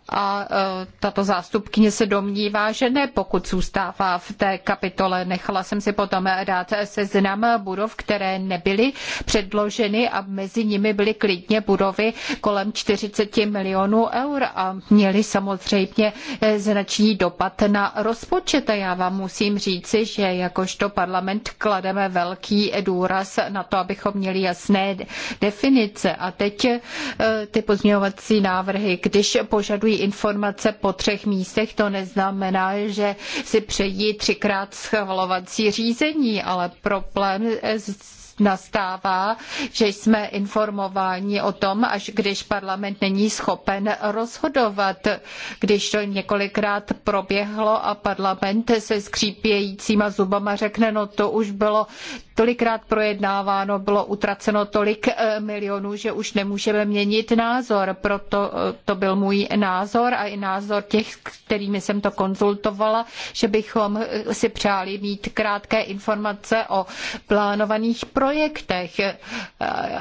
a e, tato zástupkyně se domnívá, že ne, pokud zůstává v té kapitole. Nechala jsem si potom dát seznam budov, které nebyly předloženy a mezi nimi byly klidně budovy kolem 40 milionů eur a měly samozřejmě e, značný dopad na rozpočet. A já vám musím říci, že jakožto parlament klademe velký důraz na to, abychom měli jasné definice. A teď e, ty pozměňovací návrhy, když požadují objeví informace po třech místech, to neznamená, že si přejí třikrát schvalovací řízení, ale problém eh, nastává, že jsme informováni o tom, až když parlament není schopen rozhodovat. Když to několikrát proběhlo a parlament se skřípějícíma zubama řekne, no to už bylo tolikrát projednáváno, bylo utraceno tolik eh, milionů, že už nemůžeme měnit názor. Proto eh, to byl můj názor a i názor těch, kterými jsem to konzultovala, že bychom eh, si přáli mít krátké informace o plánovaných projektech,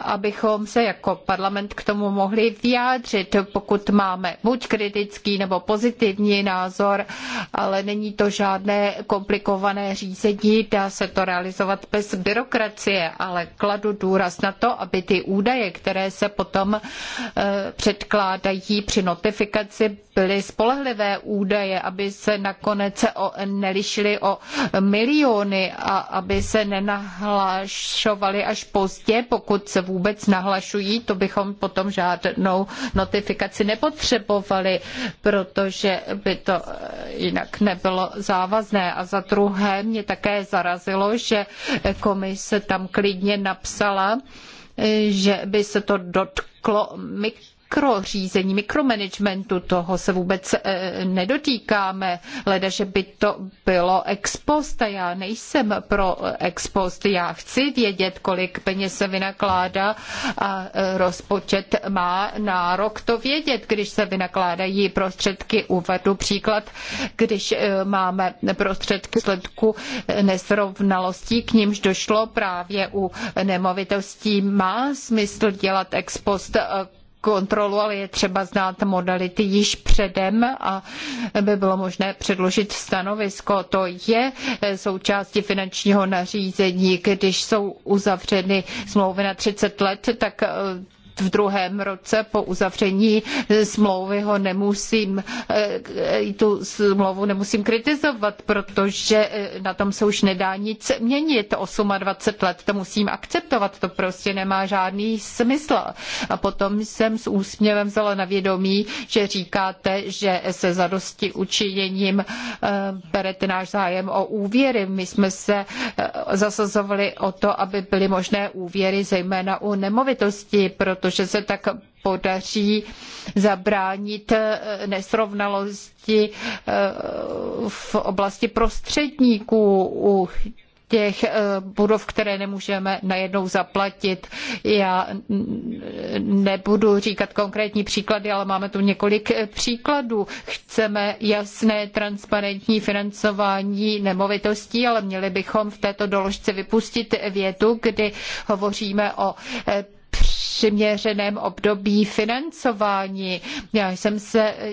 abychom se jako parlament k tomu mohli vyjádřit, pokud máme buď kritický nebo pozitivní názor, ale není to žádné komplikované řízení, dá se to realizovat bez byrokracie, ale kladu důraz na to, aby ty údaje, které se potom eh, předkládají při notifikaci, byly spolehlivé údaje, aby se nakonec o, nelišily o miliony a aby se nenahlašovaly až pozdě, pokud se vůbec nahlašují, to bychom potom žádnou notifikaci nepotřebovali, protože by to eh, jinak nebylo závazné. A za druhé mě také zarazilo, že komise tam klidně napsala, eh, že by se to dotklo mikro mikrořízení, mikromanagementu, toho se vůbec eh, nedotýkáme, leda, že by to bylo ex post a já nejsem pro ex post, já chci vědět, kolik peněz se vynakládá a eh, rozpočet má nárok to vědět, když se vynakládají prostředky. Uvedu příklad, když eh, máme prostředky sledku nesrovnalostí, k nímž došlo právě u nemovitostí, má smysl dělat ex post kontrolu, ale je třeba znát modality již předem a by bylo možné předložit stanovisko. To je součástí finančního nařízení. Když jsou uzavřeny smlouvy na 30 let, tak v druhém roce po uzavření smlouvy ho nemusím, eh, tu smlouvu nemusím kritizovat, protože eh, na tom se už nedá nic měnit. 28 let to musím akceptovat, to prostě nemá žádný smysl. A potom jsem s úsměvem vzala na vědomí, že říkáte, že se zadosti učiněním eh, berete náš zájem o úvěry. My jsme se zasazovali o to, aby byly možné úvěry, zejména u nemovitosti, proto protože se tak podaří zabránit eh, nesrovnalosti eh, v oblasti prostředníků u těch eh, budov, které nemůžeme najednou zaplatit. Já nebudu říkat konkrétní příklady, ale máme tu několik příkladů. Chceme jasné, transparentní financování nemovitostí, ale měli bychom v této doložce vypustit větu, kdy hovoříme o přiměřeném období financování. Já jsem se e,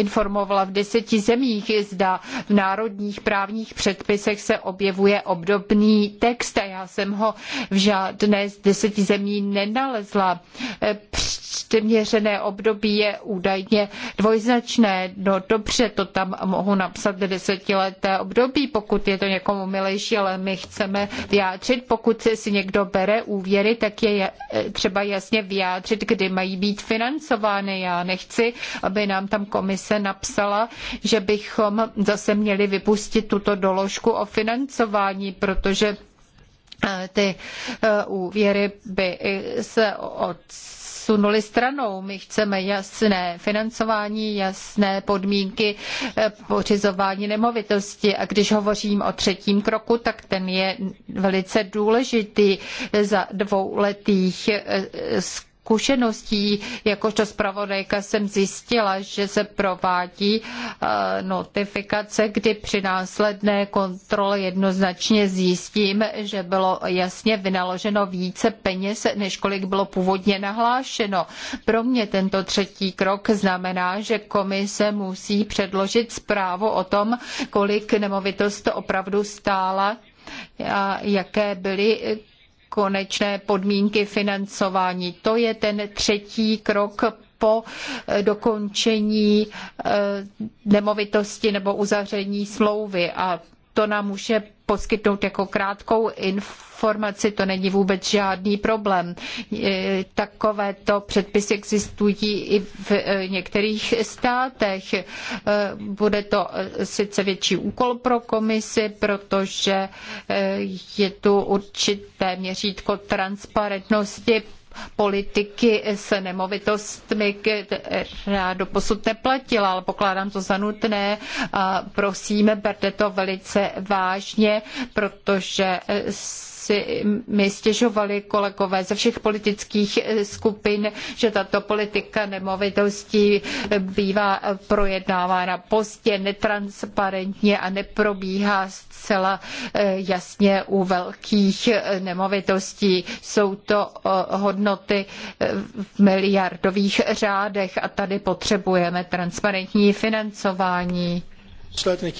informovala v deseti zemích, zda v národních právních předpisech se objevuje obdobný text a já jsem ho v žádné z deseti zemí nenalezla. E, při přiměřené období je údajně dvojznačné. No dobře, to tam mohu napsat desetileté období, pokud je to někomu milejší, ale my chceme vyjádřit, pokud si někdo bere úvěry, tak je třeba jasně vyjádřit, kdy mají být financovány. Já nechci, aby nám tam komise napsala, že bychom zase měli vypustit tuto doložku o financování, protože eh, ty eh, úvěry by se od odsunuli stranou. My chceme jasné financování, jasné podmínky eh, pořizování nemovitosti. A když hovořím o třetím kroku, tak ten je velice důležitý za dvouletých eh, zkušeností, jakožto zpravodajka jsem zjistila, že se provádí eh, notifikace, kdy při následné kontrole jednoznačně zjistím, že bylo jasně vynaloženo více peněz, než kolik bylo původně nahlášeno. Pro mě tento třetí krok znamená, že komise musí předložit zprávu o tom, kolik nemovitost opravdu stála a jaké byly konečné podmínky financování. To je ten třetí krok po eh, dokončení eh, nemovitosti nebo uzavření smlouvy a to nám může poskytnout jako krátkou informaci, to není vůbec žádný problém. E, takovéto předpisy existují i v e, některých státech. E, bude to sice větší úkol pro komisi, protože je tu určité měřítko transparentnosti politiky s nemovitostmi, která doposud neplatila, ale pokládám to za nutné Prosíme prosím, berte to velice vážně, protože si mi stěžovali kolegové ze všech politických skupin, že tato politika nemovitostí bývá projednávána pozdě, netransparentně a neprobíhá zcela eh, jasně u velkých eh, nemovitostí. Jsou to eh, hodnoty v miliardových řádech a tady potřebujeme transparentní financování. Eh,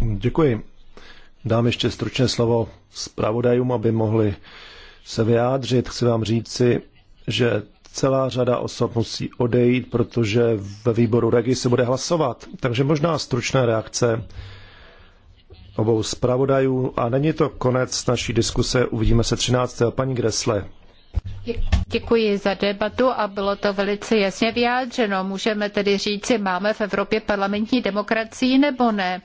Děkuji. Dám ještě stručně slovo zpravodajům, aby mohli se vyjádřit. Chci vám říci, že celá řada osob musí odejít, protože ve výboru Regi se bude hlasovat. Takže možná stručná reakce obou zpravodajů. A není to konec naší diskuse, uvidíme se 13. Paní Gresle, Děkuji za debatu a bylo to velice jasně vyjádřeno. Můžeme tedy říci, máme v Evropě parlamentní demokracii nebo ne.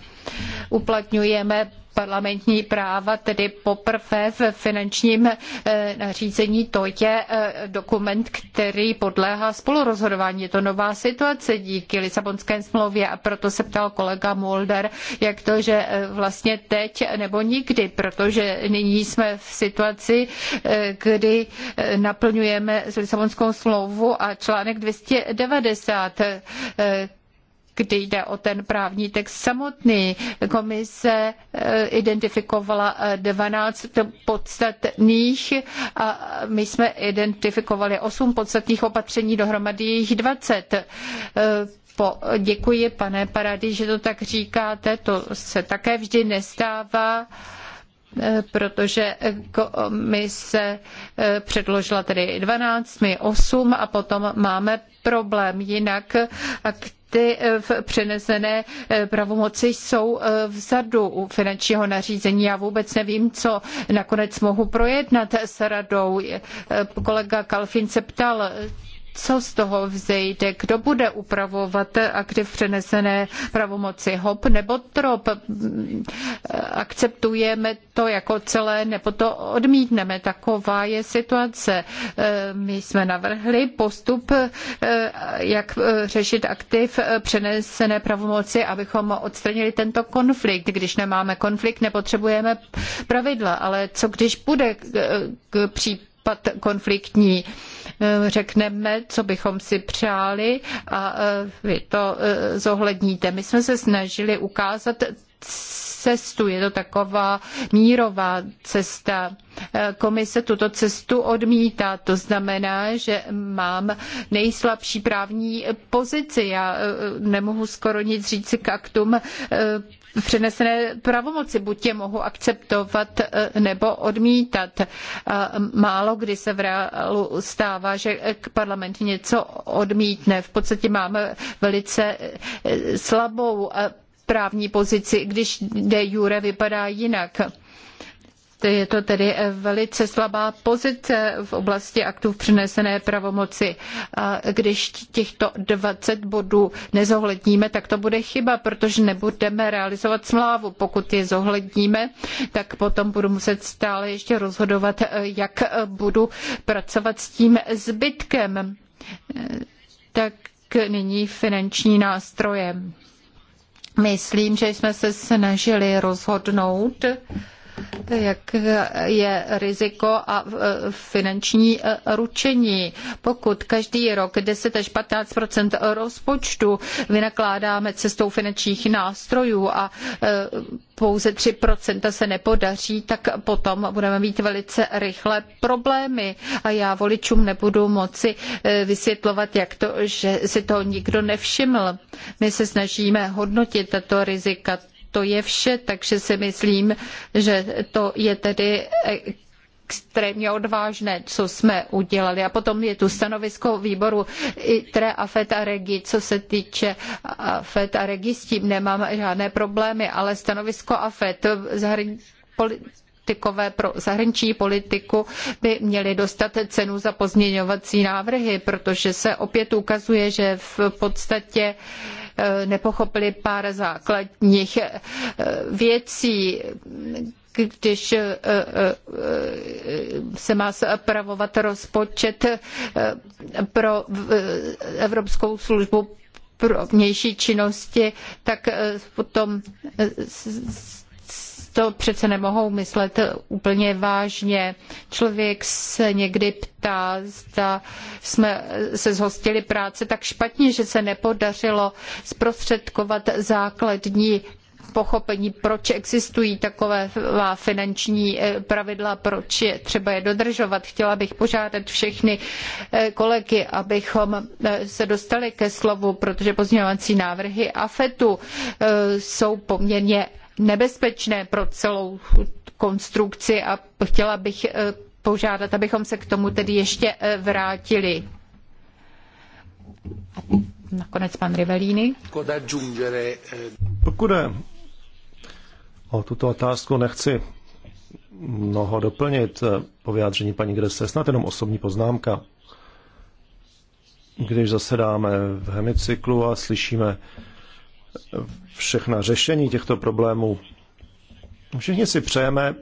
Uplatňujeme parlamentní práva, tedy poprvé v finančním eh, nařízení. To je eh, dokument, který podléhá spolurozhodování. Je to nová situace díky Lisabonské smlouvě a proto se ptal kolega Mulder, jak to, že eh, vlastně teď nebo nikdy, protože nyní jsme v situaci, kdy naplňujeme Lisabonskou smlouvu a článek 290, kdy jde o ten právní text samotný. Komise eh, identifikovala 12 eh, podstatných a my jsme identifikovali 8 podstatných opatření, dohromady jich 20. Eh, po, děkuji, pane Parady, že to tak říkáte, to se také vždy nestává protože komise předložila tedy 12, my 8 a potom máme problém. Jinak ty eh, v přenesené eh, pravomoci jsou eh, vzadu u finančního nařízení. Já vůbec nevím, co nakonec mohu projednat s radou. Kolega Kalfin se ptal, co z toho vzejde, kdo bude upravovat aktiv přenesené pravomoci HOP nebo TROP. Akceptujeme to jako celé nebo to odmítneme. Taková je situace. My jsme navrhli postup, jak řešit aktiv přenesené pravomoci, abychom odstranili tento konflikt. Když nemáme konflikt, nepotřebujeme pravidla, ale co když bude k případu západ konfliktní. Eh, řekneme, co bychom si přáli a eh, vy to eh, zohledníte. My jsme se snažili ukázat cestu, je to taková mírová cesta. Komise tuto cestu odmítá, to znamená, že mám nejslabší právní pozici. Já nemohu skoro nic říci k aktům přenesené pravomoci. Buď je mohu akceptovat eh, nebo odmítat. Eh, málo kdy se v reálu stává, že parlament něco odmítne. V podstatě máme velice eh, slabou právní pozici, když de jure vypadá jinak. Je to tedy eh, velice slabá pozice v oblasti aktů v přenesené pravomoci. A když těchto 20 bodů nezohledníme, tak to bude chyba, protože nebudeme realizovat smlávu. Pokud je zohledníme, tak potom budu muset stále ještě rozhodovat, eh, jak eh, budu pracovat s tím zbytkem. Tak nyní finanční nástroje. Myslím, že jsme se snažili rozhodnout, jak je riziko a eh, finanční eh, ručení. Pokud každý rok 10 až 15 rozpočtu vynakládáme cestou finančních nástrojů a eh, pouze 3 se nepodaří, tak potom budeme mít velice rychle problémy a já voličům nebudu moci vysvětlovat, jak to, že si toho nikdo nevšiml. My se snažíme hodnotit tato rizika to je vše, takže si myslím, že to je tedy extrémně odvážné, co jsme udělali. A potom je tu stanovisko výboru ITRE a FET a REGI. Co se týče FET a REGI, s tím nemám žádné problémy, ale stanovisko a FED politikové pro zahraniční politiku by měli dostat cenu za pozměňovací návrhy, protože se opět ukazuje, že v podstatě eh, nepochopili pár základních eh, věcí, když eh, se má spravovat rozpočet pro Evropskou službu pro vnější činnosti, tak potom to přece nemohou myslet úplně vážně. Člověk se někdy ptá, zda jsme se zhostili práce tak špatně, že se nepodařilo zprostředkovat základní pochopení, proč existují taková finanční eh, pravidla, proč je třeba je dodržovat. Chtěla bych požádat všechny eh, kolegy, abychom eh, se dostali ke slovu, protože pozměňovací návrhy AFETu jsou poměrně nebezpečné pro celou konstrukci a chtěla bych eh, požádat, abychom se k tomu tedy ještě eh, vrátili. nakonec pan Rivelíny. Eh, Pokud je o tuto otázku, nechci mnoho doplnit po vyjádření paní Grese, snad jenom osobní poznámka. Když zasedáme v hemicyklu a slyšíme všechna řešení těchto problémů. Všichni si přejeme,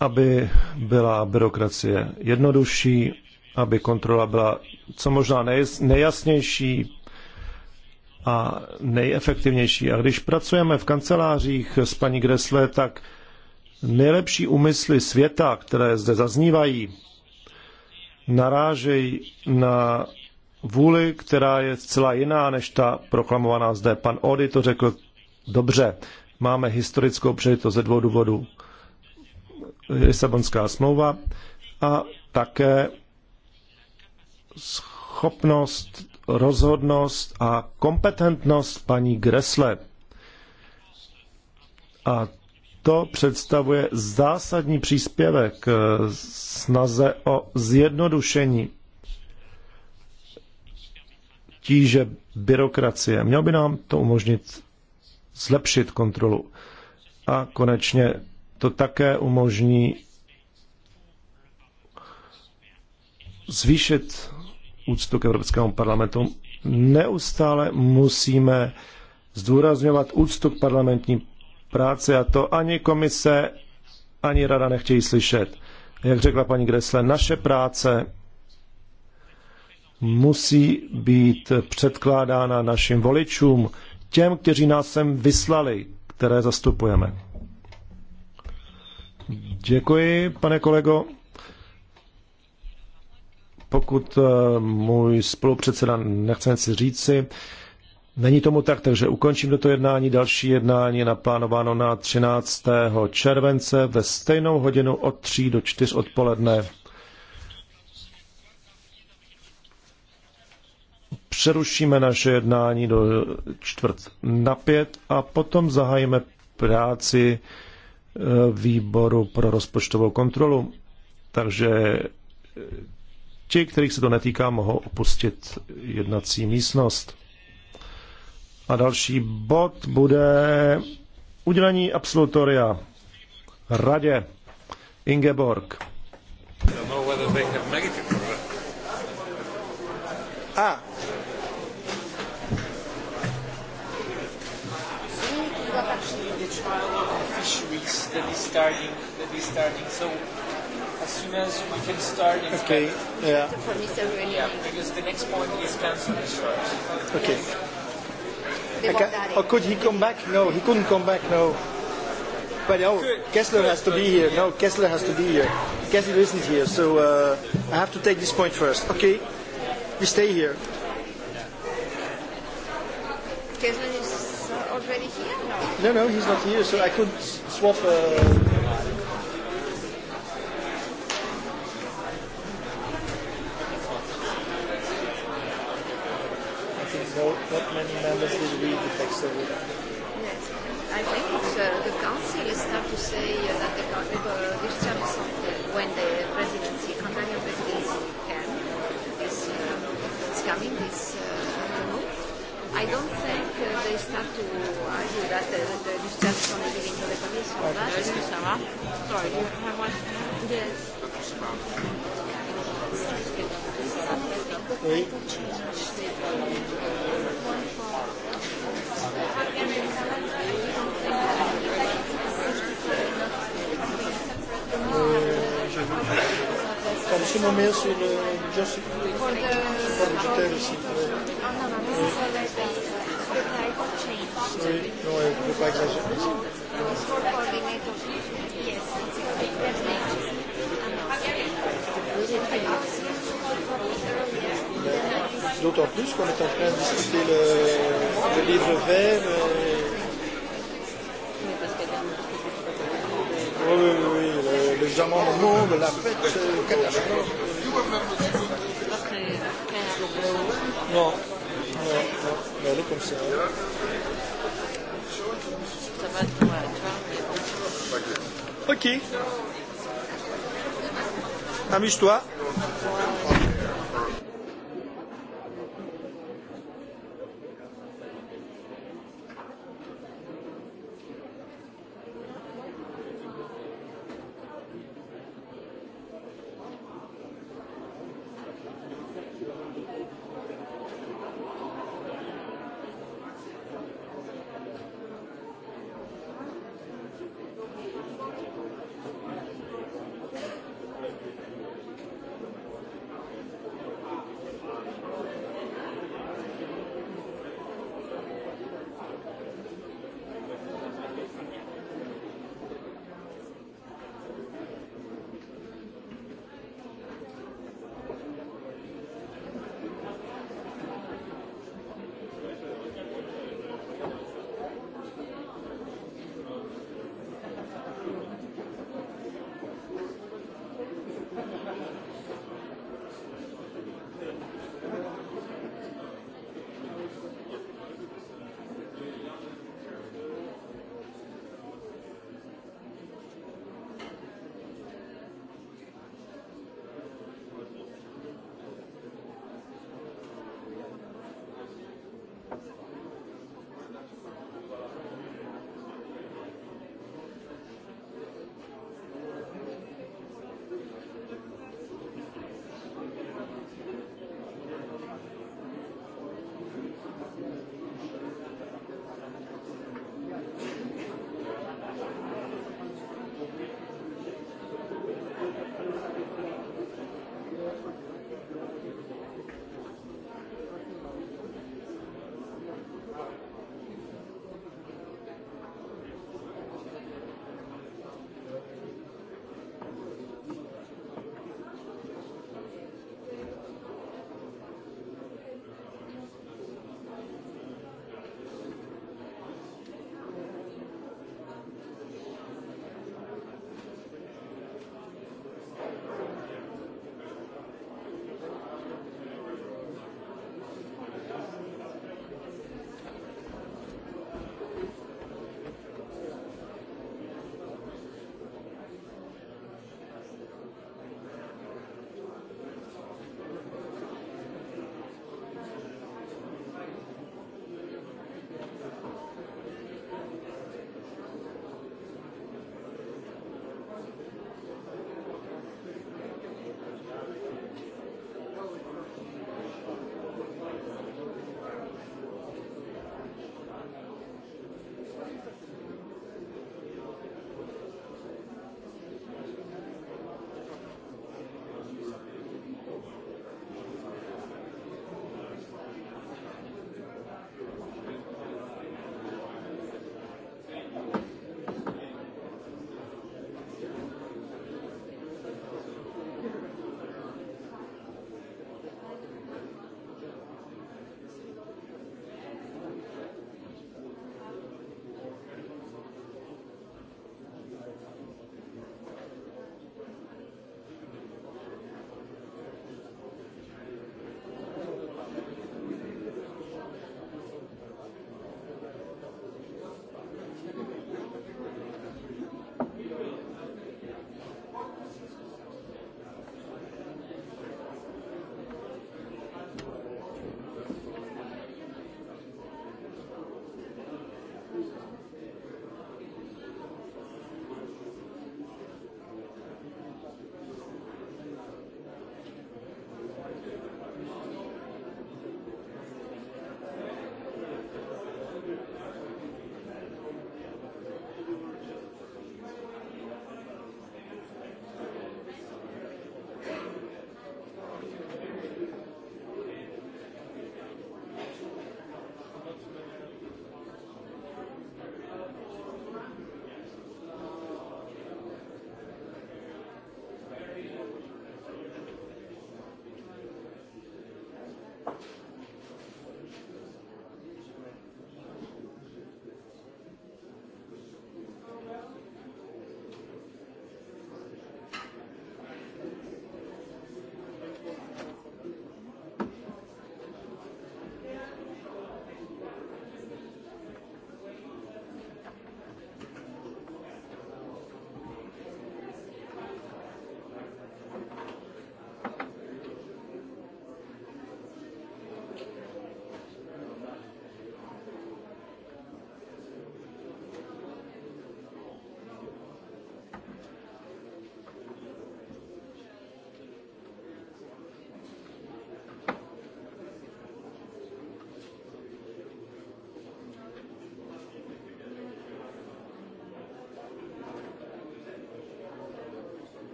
aby byla byrokracie jednodušší, aby kontrola byla co možná nejjasnější a nejefektivnější. A když pracujeme v kancelářích s paní Gresle, tak nejlepší úmysly světa, které zde zaznívají, narážejí na vůli, která je zcela jiná než ta proklamovaná zde. Pan Ody to řekl dobře. Máme historickou příležitost ze dvou důvodů. Lisabonská smlouva a také schopnost, rozhodnost a kompetentnost paní Gresle. A to představuje zásadní příspěvek snaze o zjednodušení tíže byrokracie. Mělo by nám to umožnit zlepšit kontrolu. A konečně to také umožní zvýšit úctu k Evropskému parlamentu. Neustále musíme zdůrazňovat úctu k parlamentní práci a to ani komise, ani rada nechtějí slyšet. Jak řekla paní Gressle, naše práce musí být předkládána našim voličům, těm, kteří nás sem vyslali, které zastupujeme. Děkuji, pane kolego. Pokud eh, můj spolupředseda nechce nic říci, není tomu tak, takže ukončím toto jednání. Další jednání je naplánováno na 13. července ve stejnou hodinu od 3 do 4 odpoledne. přerušíme naše jednání do čtvrt na pět a potom zahájíme práci eh, výboru pro rozpočtovou kontrolu. Takže eh, ti, kterých se to netýká, mohou opustit jednací místnost. A další bod bude udělení absolutoria radě Ingeborg. Ah, That week's starting. That is starting. So as soon as we can start, it's okay. Better. Yeah. For Really yeah, because the next point is cancelled Okay. Yes. Can, or oh, could he come back? No, he couldn't come back. No. But oh, Kessler has to be here. No, Kessler has to be here. Kessler isn't here, so uh, I have to take this point first. Okay, we stay here. Kessler is already here? No. No, no, he's not here, so I could swap. Uh, no, not many members did read the text of it. Yes, I think uh, the council is start to say uh, that the uh, this term uh, when the presidency, Hungarian presidency can this uh, is coming this i don't think uh, they start to argue that the discharge from the beginning to the commission. But Sorry, you have one? Yes ce moment, c'est le just superviseur, c'est vrai. Oui, non, on ne peut pas exagérer. D'autant plus qu'on est en train de discuter le, le livre vert. Et... Oui, parce qu'il y a un Oui, oui, oui, les, les amendements de la fête, c'est catastrophe. Non, non, non, mais elle est comme ça. Hein. Ok. Amuse-toi.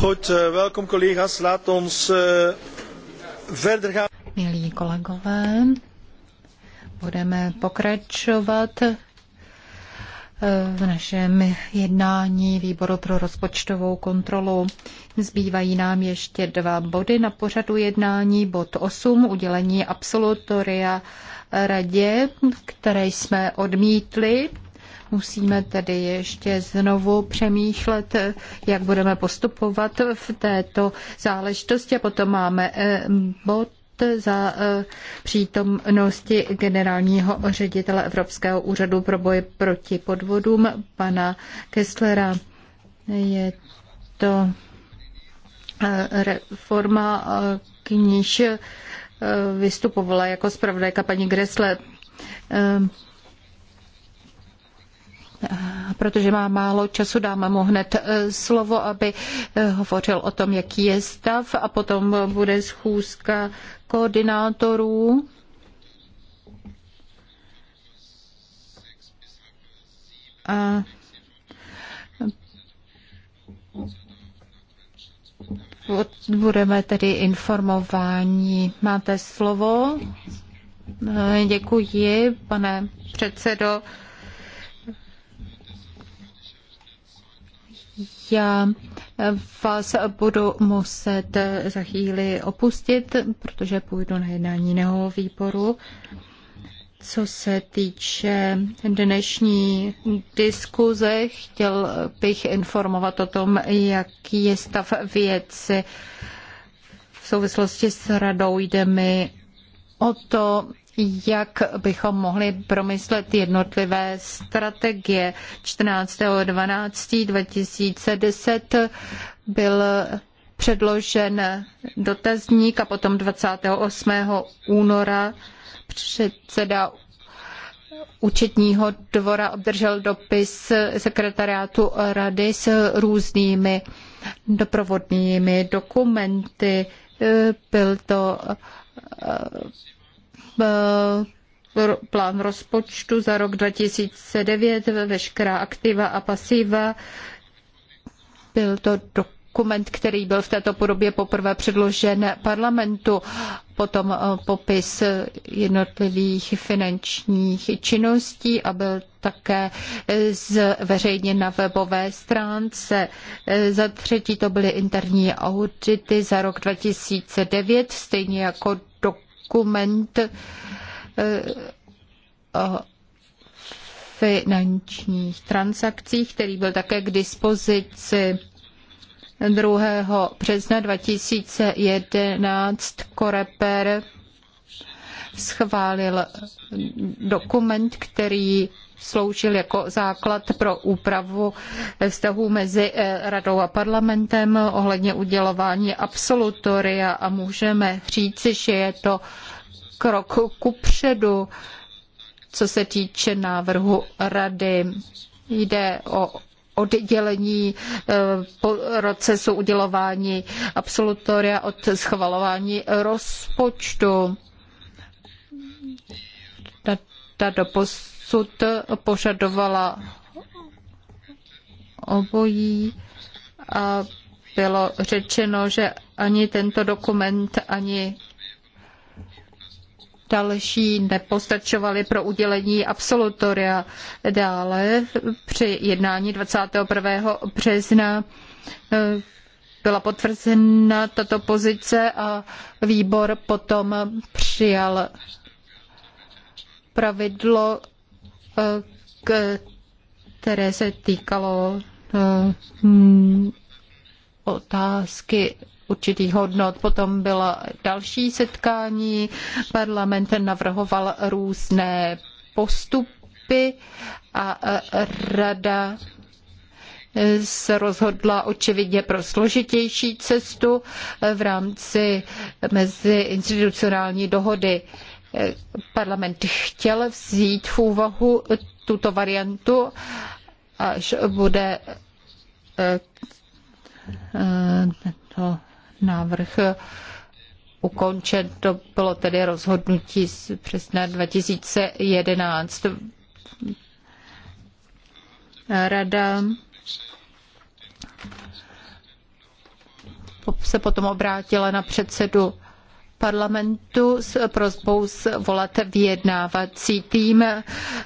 Goed, eh, welkom collega's. Laat ons eh, verder gaan. Milí kolegové, budeme pokračovat eh, v našem jednání výboru pro rozpočtovou kontrolu. Zbývají nám ještě dva body na pořadu jednání. Bod 8, udělení absolutoria radě, které jsme odmítli Musíme tedy ještě znovu přemýšlet, jak budeme postupovat v této záležitosti a potom máme eh, bod za eh, přítomnosti generálního ředitele Evropského úřadu pro boj proti podvodům, pana Kesslera. Je to eh, reforma, k níž vystupovala jako zpravodajka paní Gressle protože má málo času, dám mu hned eh, slovo, aby eh, hovořil o tom, jaký je stav a potom bude schůzka koordinátorů. A budeme tedy informováni. Máte slovo? Eh, děkuji, pane předsedo. Já vás budu muset za chvíli opustit, protože půjdu na jednání jiného výboru. Co se týče dnešní diskuze, chtěl bych informovat o tom, jaký je stav věci. V souvislosti s radou jde mi o to, jak bychom mohli promyslet jednotlivé strategie. 14.12.2010 byl předložen dotazník a potom 28. února předseda účetního dvora obdržel dopis sekretariátu rady s různými doprovodnými dokumenty. Byl to Eh, plán rozpočtu za rok 2009, veškerá aktiva a pasiva. Byl to dokument, který byl v této podobě poprvé předložen parlamentu, potom eh, popis jednotlivých finančních činností a byl také eh, zveřejněn na webové stránce. Za třetí to byly interní audity za rok 2009, stejně jako dokument dokument eh, o finančních transakcích, který byl také k dispozici 2. března 2011 Koreper schválil dokument, který sloužil jako základ pro úpravu vztahů mezi eh, radou a parlamentem ohledně udělování absolutoria a můžeme říci, že je to krok kupředu, co se týče návrhu rady. Jde o oddělení eh, procesu udělování absolutoria od schvalování rozpočtu ta doposud požadovala obojí a bylo řečeno, že ani tento dokument, ani další nepostačovali pro udělení absolutoria. Dále při jednání 21. března eh, byla potvrzena tato pozice a výbor potom přijal pravidlo, eh, které se týkalo eh, mm, otázky určitých hodnot. Potom byla další setkání, parlament navrhoval různé postupy a eh, rada se rozhodla očividně pro složitější cestu v rámci meziinstitucionální dohody. Parlament chtěl vzít v úvahu tuto variantu, až bude tento eh, návrh ukončen. To bylo tedy rozhodnutí z přesně 2011. Rada se potom obrátila na předsedu parlamentu s prozbou zvolat vyjednávací tým,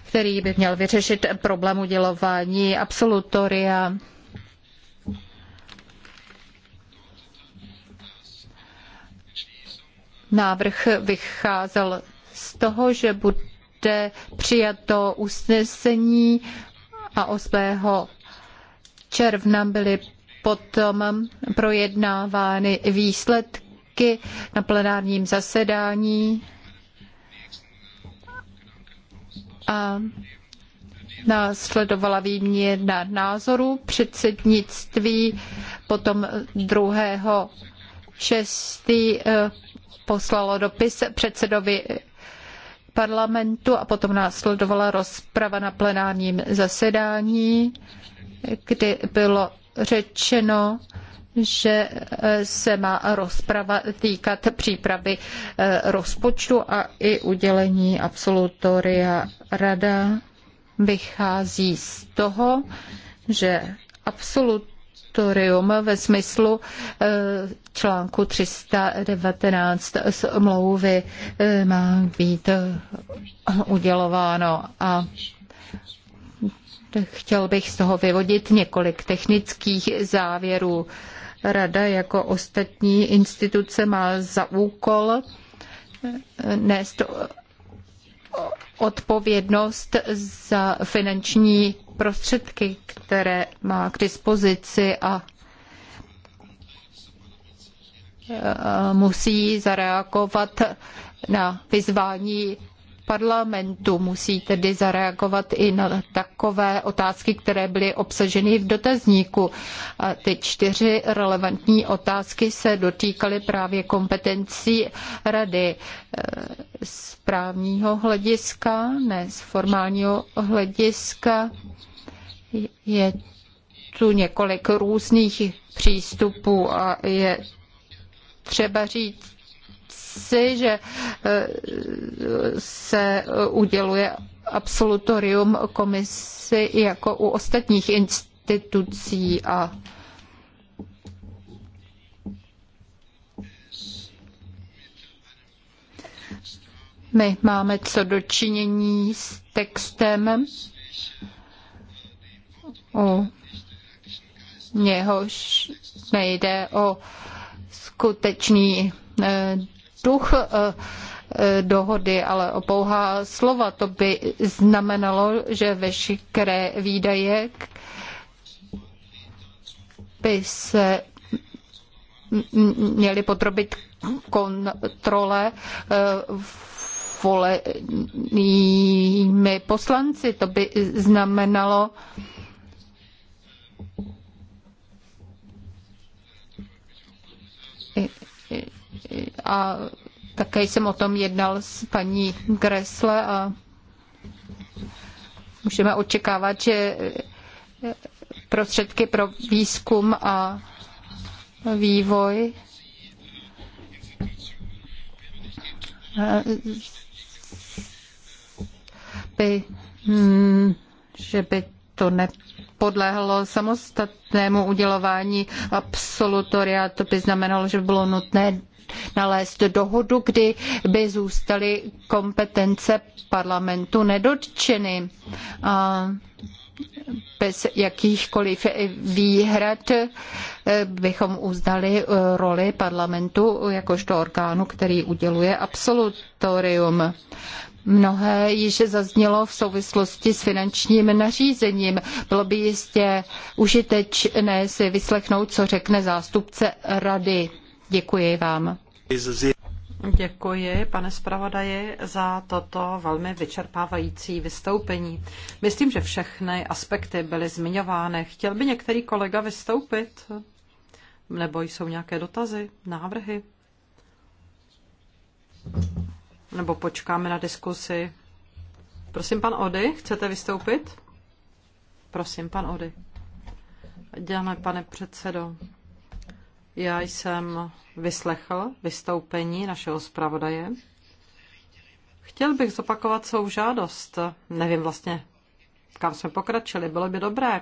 který by měl vyřešit problém udělování absolutoria. Návrh vycházel z toho, že bude přijato usnesení a 8. června byly potom projednávány výsledky taky na plenárním zasedání. A následovala výměna názorů předsednictví, potom druhého šestý eh, poslalo dopis předsedovi parlamentu a potom následovala rozprava na plenárním zasedání, kdy bylo řečeno, že eh, se má rozprava týkat přípravy eh, rozpočtu a i udělení absolutoria. Rada vychází z toho, že absolutorium ve smyslu eh, článku 319 smlouvy má být udělováno a chtěl bych z toho vyvodit několik technických závěrů. Rada jako ostatní instituce má za úkol nést odpovědnost za finanční prostředky, které má k dispozici a musí zareagovat na vyzvání parlamentu. Musí tedy zareagovat i na takové otázky, které byly obsaženy v dotazníku. A ty čtyři relevantní otázky se dotýkaly právě kompetencí rady e, z právního hlediska, ne z formálního hlediska. Je tu několik různých přístupů a je třeba říct, si, že eh, se eh, uděluje absolutorium komisi jako u ostatních institucí a My máme co dočinění s textem, u něhož nejde o skutečný eh, duch eh, eh, dohody, ale o pouhá slova. To by znamenalo, že veškeré výdaje by se měly podrobit kontrole eh, volenými poslanci. To by znamenalo, a také jsem o tom jednal s paní Gresle a můžeme očekávat, že prostředky pro výzkum a vývoj by, hmm, že by to nepodlehlo samostatnému udělování absolutoria, to by znamenalo, že by bylo nutné nalézt dohodu, kdy by zůstaly kompetence parlamentu nedotčeny. A bez jakýchkoliv výhrad eh, bychom uznali eh, roli parlamentu jakožto orgánu, který uděluje absolutorium. Mnohé již zaznělo v souvislosti s finančním nařízením. Bylo by jistě užitečné si vyslechnout, co řekne zástupce rady. Děkuji vám. Děkuji, pane zpravodaji, za toto velmi vyčerpávající vystoupení. Myslím, že všechny aspekty byly zmiňovány. Chtěl by některý kolega vystoupit? Nebo jsou nějaké dotazy, návrhy? Nebo počkáme na diskusi? Prosím, pan Ody, chcete vystoupit? Prosím, pan Ody. Děláme, pane předsedo. Já jsem vyslechl vystoupení našeho zpravodaje. Chtěl bych zopakovat svou žádost. Nevím vlastně, kam jsme pokračili. Bylo by dobré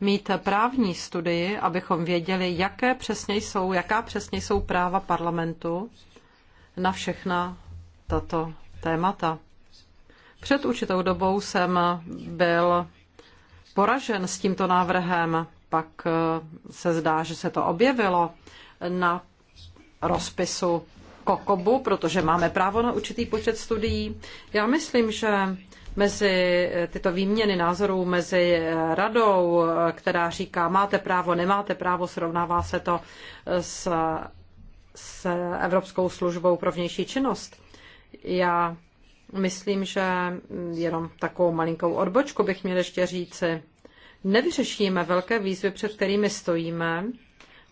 mít právní studii, abychom věděli, jaké přesně jsou, jaká přesně jsou práva parlamentu na všechna tato témata. Před určitou dobou jsem byl poražen s tímto návrhem pak eh, se zdá, že se to objevilo na rozpisu Kokobu, protože máme právo na určitý počet studií. Já myslím, že mezi eh, tyto výměny názorů mezi eh, radou, která říká máte právo, nemáte právo, srovnává se to s, s Evropskou službou pro vnější činnost. Já myslím, že mm, jenom takovou malinkou odbočku bych měl ještě říci nevyřešíme velké výzvy, před kterými stojíme,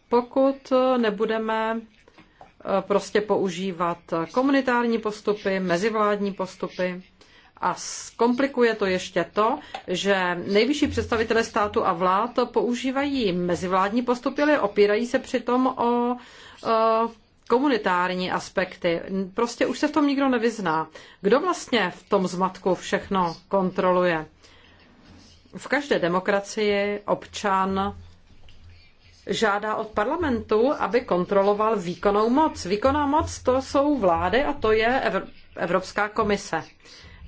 pokud nebudeme eh, prostě používat komunitární postupy, mezivládní postupy. A zkomplikuje to ještě to, že nejvyšší představitelé státu a vlád používají mezivládní postupy, ale opírají se přitom o, eh, komunitární aspekty. Prostě už se v tom nikdo nevyzná. Kdo vlastně v tom zmatku všechno kontroluje? V každé demokracii občan žádá od parlamentu, aby kontroloval výkonnou moc. Výkonná moc to jsou vlády a to je Evropská komise.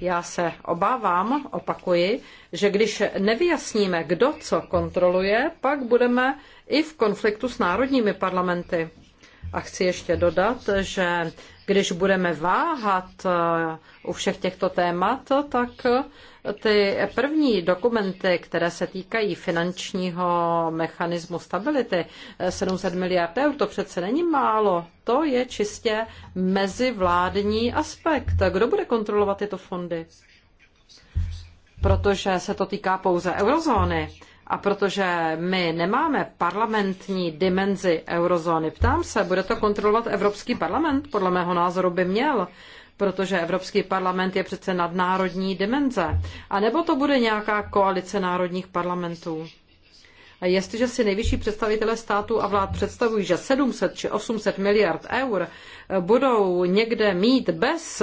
Já se obávám, opakuji, že když nevyjasníme, kdo co kontroluje, pak budeme i v konfliktu s národními parlamenty. A chci ještě dodat, že když budeme váhat eh, u všech těchto témat, tak ty první dokumenty, které se týkají finančního mechanismu stability, 700 eh, miliard eur, to přece není málo. To je čistě mezivládní aspekt. Kdo bude kontrolovat tyto fondy? Protože se to týká pouze eurozóny. A protože my nemáme parlamentní dimenzi eurozóny, ptám se, bude to kontrolovat Evropský parlament? Podle mého názoru by měl protože Evropský parlament je přece nadnárodní dimenze. A nebo to bude nějaká koalice národních parlamentů? A jestliže si nejvyšší představitelé států a vlád představují, že 700 či 800 miliard eur budou někde mít bez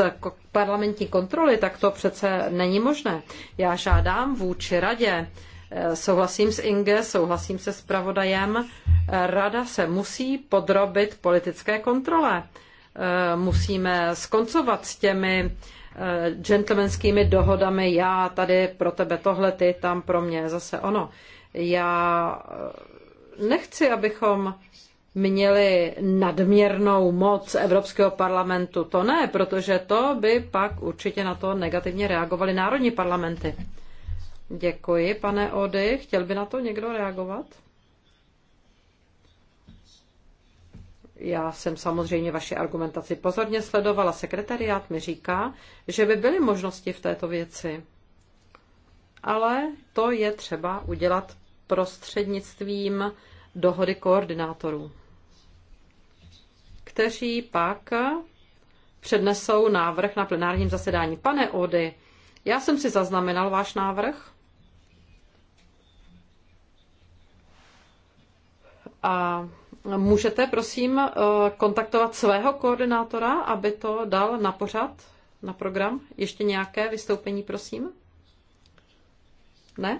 parlamentní kontroly, tak to přece není možné. Já žádám vůči radě, eh, souhlasím s Inge, souhlasím se spravodajem, eh, rada se musí podrobit politické kontrole. Eh, musíme skoncovat s těmi eh, gentlemanskými dohodami, já tady pro tebe tohle, ty tam pro mě zase ono. Já eh, nechci, abychom měli nadměrnou moc Evropského parlamentu. To ne, protože to by pak určitě na to negativně reagovaly národní parlamenty. Děkuji, pane Ody. Chtěl by na to někdo reagovat? Já jsem samozřejmě vaši argumentaci pozorně sledovala. Sekretariát mi říká, že by byly možnosti v této věci. Ale to je třeba udělat prostřednictvím dohody koordinátorů, kteří pak přednesou návrh na plenárním zasedání. Pane Ody, já jsem si zaznamenal váš návrh. A Můžete, prosím, eh, kontaktovat svého koordinátora, aby to dal na pořad, na program? Ještě nějaké vystoupení, prosím? Ne?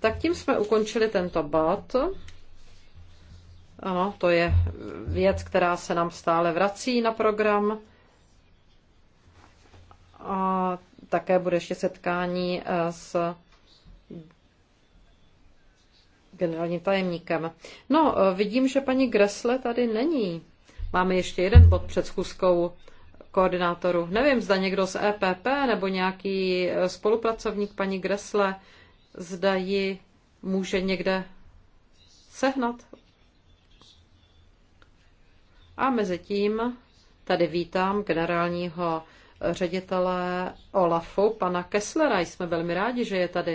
Tak tím jsme ukončili tento bod. Ano, to je věc, která se nám stále vrací na program. A také bude ještě setkání eh, s generálním tajemníkem. No, eh, vidím, že paní Gresle tady není. Máme ještě jeden bod před schůzkou koordinátoru. Nevím, zda někdo z EPP nebo nějaký eh, spolupracovník paní Gresle, zda ji může někde sehnat. A mezi tím tady vítám generálního eh, ředitele Olafu, pana Kesslera. Jsme velmi rádi, že je tady.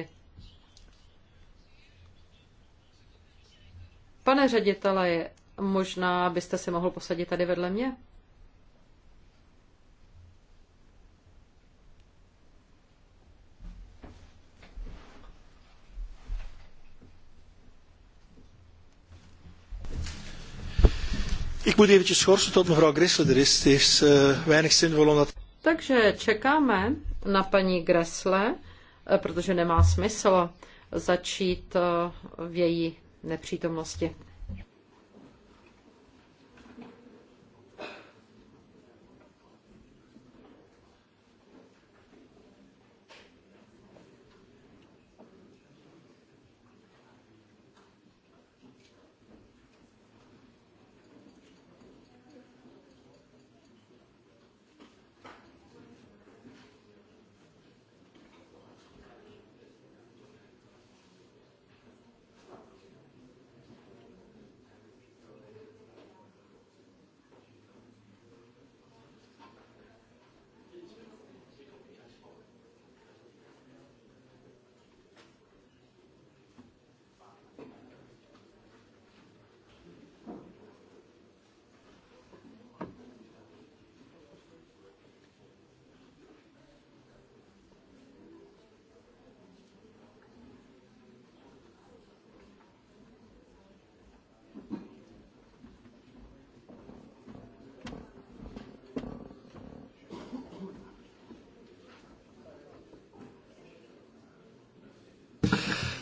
Pane ředitele, možná byste se mohl posadit tady vedle mě? Ik moet eventjes schorsen tot mevrouw Gressler er is. Het is uh, weinig zinvol om dat... Takže čekáme na paní Gressle, eh, protože nemá smysl začít eh, v její nepřítomnosti.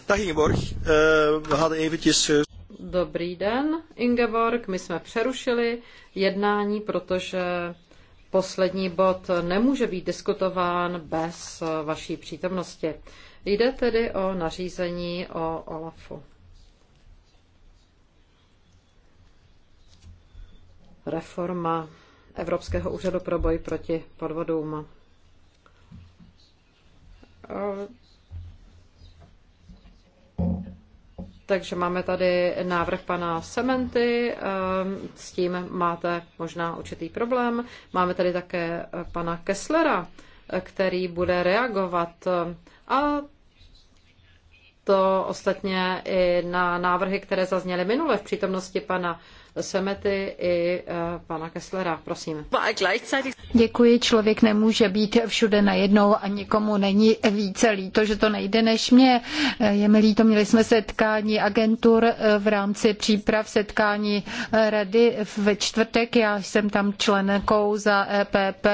Dag Ingeborg, eh, eh, Dobrý den, Ingeborg. My jsme přerušili jednání, protože poslední bod nemůže být diskutován bez eh, vaší přítomnosti. Jde tedy o nařízení o OLAFu. Reforma Evropského úřadu pro boj proti podvodům. Takže máme tady návrh pana Sementy, ehm, s tím máte možná určitý problém. Máme tady také eh, pana Kesslera, eh, který bude reagovat a to ostatně i na návrhy, které zazněly minule v přítomnosti pana Semety i eh, pana Kesslera. Prosím. Děkuji. Člověk nemůže být všude najednou a nikomu není více líto, že to nejde než mě. Eh, je mi líto, měli jsme setkání agentur eh, v rámci příprav setkání rady ve čtvrtek. Já jsem tam členkou za EPP.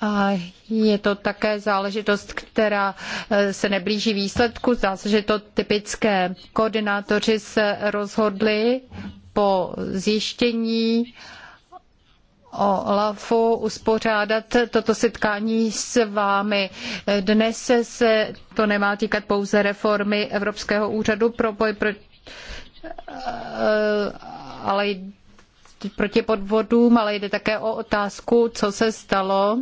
A je to také záležitost, která se neblíží výsledku. Zdá se, že to typické. Koordinátoři se rozhodli po zjištění o LAFu uspořádat toto setkání s vámi. Dnes se to nemá týkat pouze reformy Evropského úřadu pro boj pro, ale proti podvodům, ale jde také o otázku, co se stalo,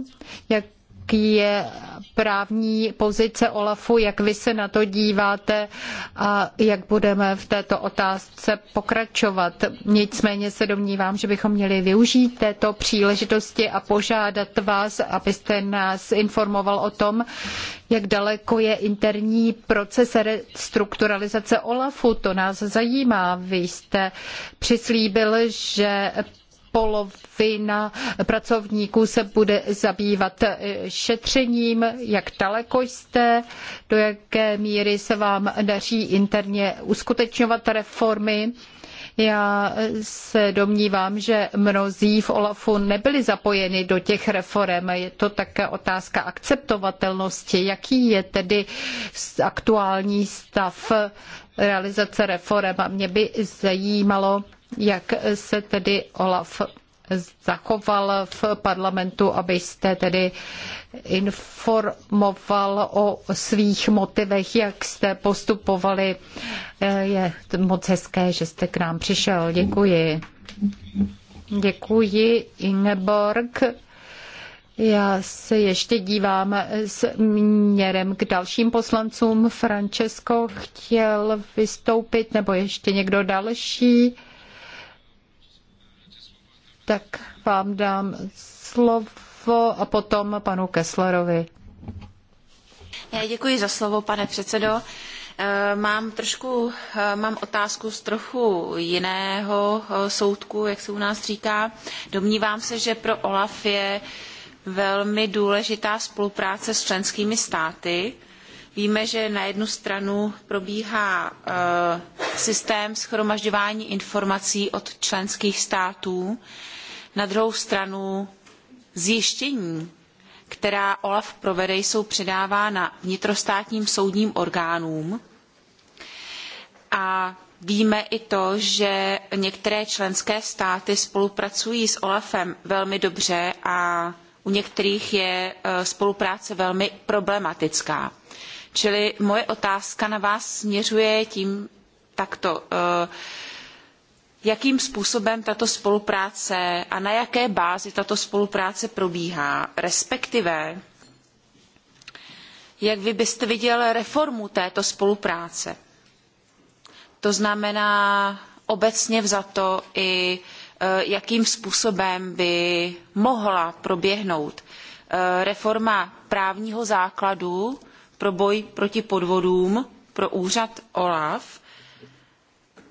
jak je právní pozice Olafu, jak vy se na to díváte a jak budeme v této otázce pokračovat. Nicméně se domnívám, že bychom měli využít této příležitosti a požádat vás, abyste nás informoval o tom, jak daleko je interní proces restrukturalizace Olafu. To nás zajímá. Vy jste přislíbil, že polovina pracovníků se bude zabývat eh, šetřením, jak daleko jste, do jaké míry se vám daří interně uskutečňovat reformy. Já se domnívám, že mnozí v OLAFu nebyli zapojeni do těch reform. Je to také otázka akceptovatelnosti. Jaký je tedy aktuální stav realizace reform? A mě by zajímalo, jak se tedy Olaf zachoval v parlamentu, abyste tedy informoval o svých motivech, jak jste postupovali. Je moc hezké, že jste k nám přišel. Děkuji. Děkuji, Ingeborg. Já se ještě dívám směrem k dalším poslancům. Francesco chtěl vystoupit, nebo ještě někdo další? tak vám dám slovo a potom panu Kesslerovi. Já děkuji za slovo, pane předsedo. Eh, mám trošku, eh, mám otázku z trochu jiného eh, soudku, jak se u nás říká. Domnívám se, že pro OLAF je velmi důležitá spolupráce s členskými státy, Víme, že na jednu stranu probíhá eh, systém schromažďování informací od členských států, na druhou stranu zjištění, která OLAF provede, jsou předávána vnitrostátním soudním orgánům. A víme i to, že některé členské státy spolupracují s OLAFem velmi dobře a u některých je eh, spolupráce velmi problematická. Čili moje otázka na vás směřuje tím takto. Eh, jakým způsobem tato spolupráce a na jaké bázi tato spolupráce probíhá, respektive jak vy byste viděl reformu této spolupráce? To znamená obecně vzato i eh, jakým způsobem by mohla proběhnout eh, reforma právního základu, pro boj proti podvodům pro úřad OLAF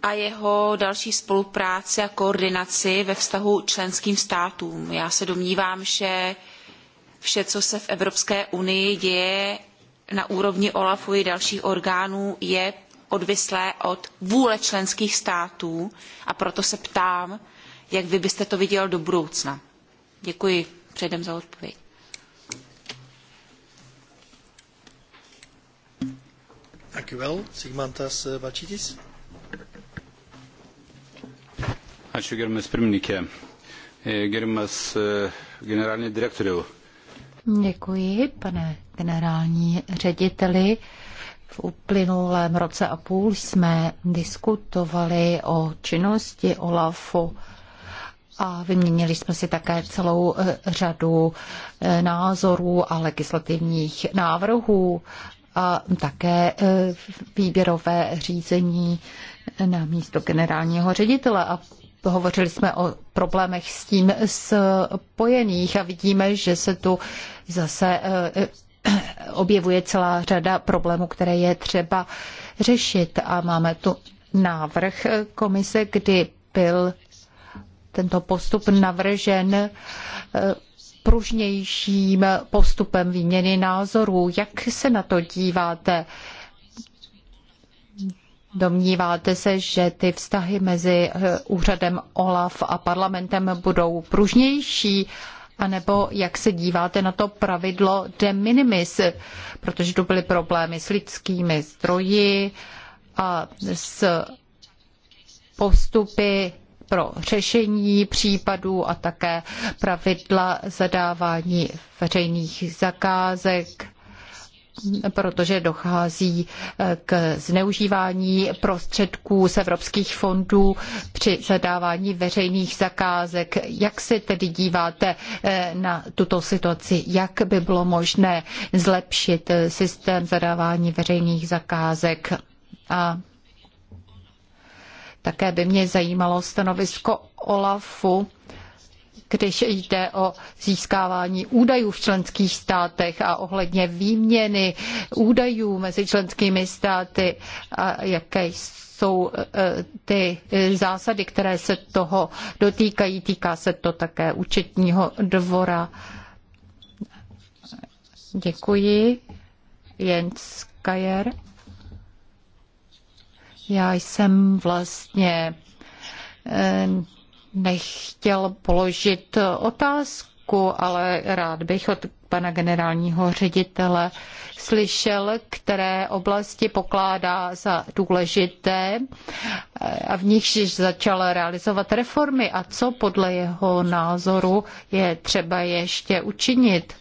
a jeho další spolupráci a koordinaci ve vztahu členským státům. Já se domnívám, že vše, co se v Evropské unii děje na úrovni OLAFu i dalších orgánů, je odvislé od vůle členských států a proto se ptám, jak vy byste to viděl do budoucna. Děkuji předem za odpověď. Dank u wel. Sigmantas uh, Balčytis. Ačiū gerimas pirmininkė. E, gerimas e, generální direktoriu. Děkuji, pane generální řediteli. V uplynulém roce a půl jsme diskutovali o činnosti OLAFu a vyměnili jsme si také celou e, řadu názorů a legislativních návrhů a také e, výběrové řízení na místo generálního ředitele a Hovořili jsme o problémech s tím spojených a vidíme, že se tu zase e, objevuje celá řada problémů, které je třeba řešit. A máme tu návrh komise, kdy byl tento postup navržen e, pružnějším postupem výměny názorů. Jak se na to díváte? Domníváte se, že ty vztahy mezi eh, úřadem OLAF a parlamentem budou pružnější? A nebo jak se díváte na to pravidlo de minimis, protože tu byly problémy s lidskými zdroji a s postupy pro řešení případů a také pravidla zadávání veřejných zakázek protože dochází eh, k zneužívání prostředků z evropských fondů při zadávání veřejných zakázek. Jak se tedy díváte eh, na tuto situaci? Jak by bylo možné zlepšit eh, systém zadávání veřejných zakázek? A také by mě zajímalo stanovisko OLAFu, když jde o získávání údajů v členských státech a ohledně výměny údajů mezi členskými státy, a jaké jsou e, ty zásady, které se toho dotýkají. Týká se to také účetního dvora. Děkuji. Jens Kajer. Já jsem vlastně eh, nechtěl položit otázku, ale rád bych od pana generálního ředitele slyšel, které oblasti pokládá za důležité eh, a v nichž začal realizovat reformy a co podle jeho názoru je třeba ještě učinit.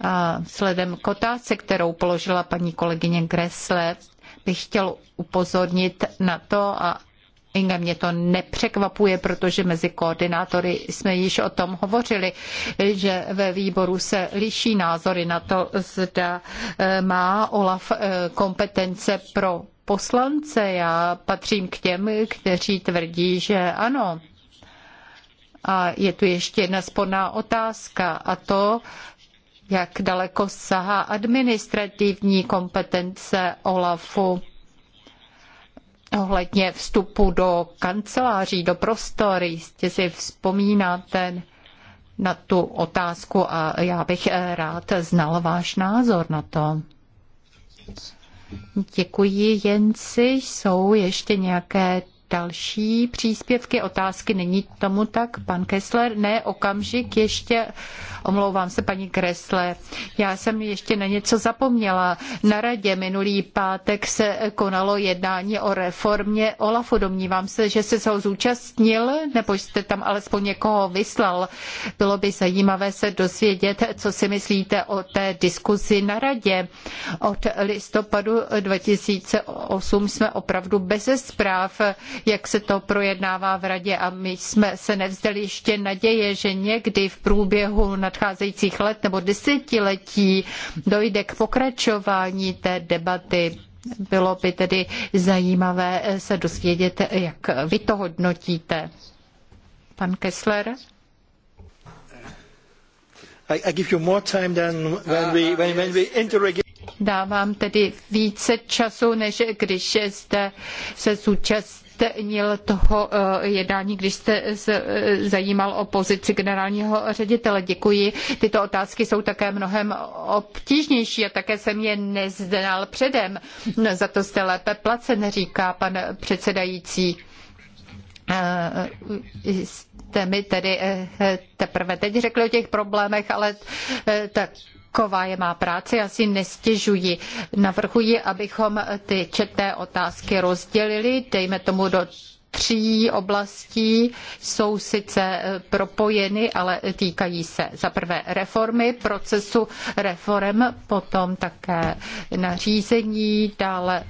A vzhledem k otázce, kterou položila paní kolegyně Gressle, bych chtěl upozornit na to a Inge, mě to nepřekvapuje, protože mezi koordinátory jsme již o tom hovořili, že ve výboru se liší názory na to, zda eh, má Olaf eh, kompetence pro poslance. Já patřím k těm, kteří tvrdí, že ano. A je tu ještě jedna sporná otázka a to, jak daleko sahá administrativní kompetence Olafu ohledně vstupu do kanceláří, do prostor, Jistě si vzpomínáte na tu otázku a já bych eh, rád znal váš názor na to. Děkuji, Jenci. Jsou ještě nějaké další příspěvky, otázky. Není tomu tak, pan Kessler? Ne, okamžik ještě. Omlouvám se, paní Kresle. Já jsem ještě na něco zapomněla. Na radě minulý pátek se konalo jednání o reformě Olafu. Domnívám se, že jste se ho zúčastnil, nebo jste tam alespoň někoho vyslal. Bylo by zajímavé se dozvědět, co si myslíte o té diskuzi na radě. Od listopadu 2008 jsme opravdu bez zpráv jak se to projednává v radě a my jsme se nevzdali ještě naděje, že někdy v průběhu nadcházejících let nebo desetiletí dojde k pokračování té debaty. Bylo by tedy zajímavé se dozvědět, jak vy to hodnotíte. Pan Kessler? Dávám tedy více času, než když jste se zúčastnil zviditelnil toho eh, jednání, když jste eh, zajímal o pozici generálního ředitele. Děkuji. Tyto otázky jsou také mnohem obtížnější a také jsem je neznal předem. No, za to jste lépe placen, říká pan předsedající eh, jste mi tedy teprve teď řekli o těch problémech, ale tak taková je má práce, já si nestěžuji. Navrhuji, abychom ty četné otázky rozdělili, dejme tomu do tří oblastí jsou sice eh, propojeny, ale týkají se za prvé reformy, procesu reform, potom také nařízení, dále